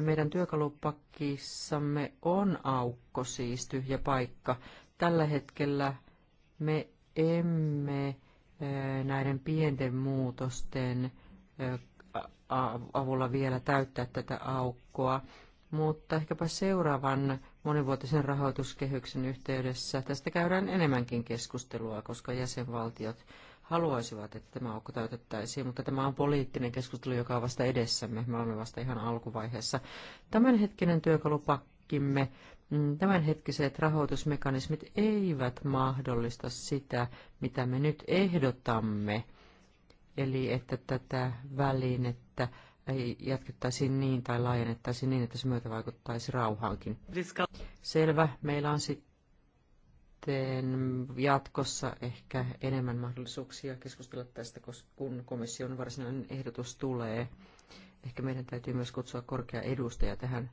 S1: Meidän työkalupakkissamme on aukko, siis tyhjä paikka. Tällä hetkellä me emme eh, näiden pienten muutosten eh, avulla vielä täyttää tätä aukkoa, mutta ehkäpä seuraavan monivuotisen rahoituskehyksen yhteydessä tästä käydään enemmänkin keskustelua, koska jäsenvaltiot haluaisivat, että tämä aukko täytettäisiin, mutta tämä on poliittinen keskustelu, joka on vasta edessämme. Me olemme vasta ihan alkuvaiheessa. Tämänhetkinen työkalupakkimme, mm, tämänhetkiset rahoitusmekanismit eivät mahdollista sitä, mitä me nyt ehdotamme. Eli että tätä välinettä jatkettaisiin niin tai laajennettaisiin niin, että se myötä vaikuttaisi rauhaankin. Selvä. Meillä on sitten sitten jatkossa ehkä enemmän mahdollisuuksia keskustella tästä, kun komission varsinainen ehdotus tulee. Ehkä meidän täytyy myös kutsua korkea edustaja tähän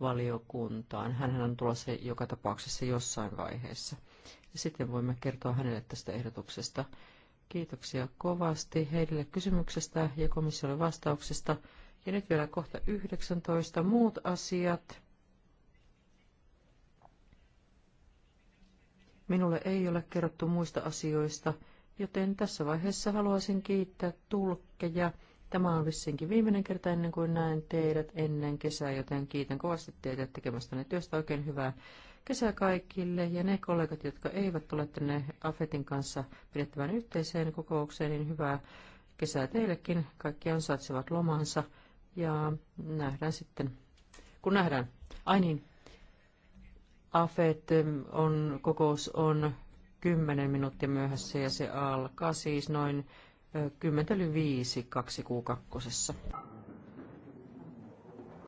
S1: valiokuntaan. Hän on tulossa joka tapauksessa jossain vaiheessa. Ja sitten voimme kertoa hänelle tästä ehdotuksesta. Kiitoksia kovasti heille kysymyksestä ja komissiolle vastauksesta. Ja nyt vielä kohta 19 muut asiat. Minulle ei ole kerrottu muista asioista, joten tässä vaiheessa haluaisin kiittää tulkkeja. Tämä on vissinkin viimeinen kerta ennen kuin näen teidät ennen kesää, joten kiitän kovasti teitä tekemästäni työstä oikein hyvää kesää kaikille. Ja ne kollegat, jotka eivät tule tänne Afetin kanssa pidettävän yhteiseen kokoukseen, niin hyvää kesää teillekin. Kaikki ansaitsevat lomansa ja nähdään sitten, kun nähdään. Ai niin, AFET on, kokous on 10 minuuttia myöhässä ja se alkaa siis noin 1052 2 kuukakkosessa.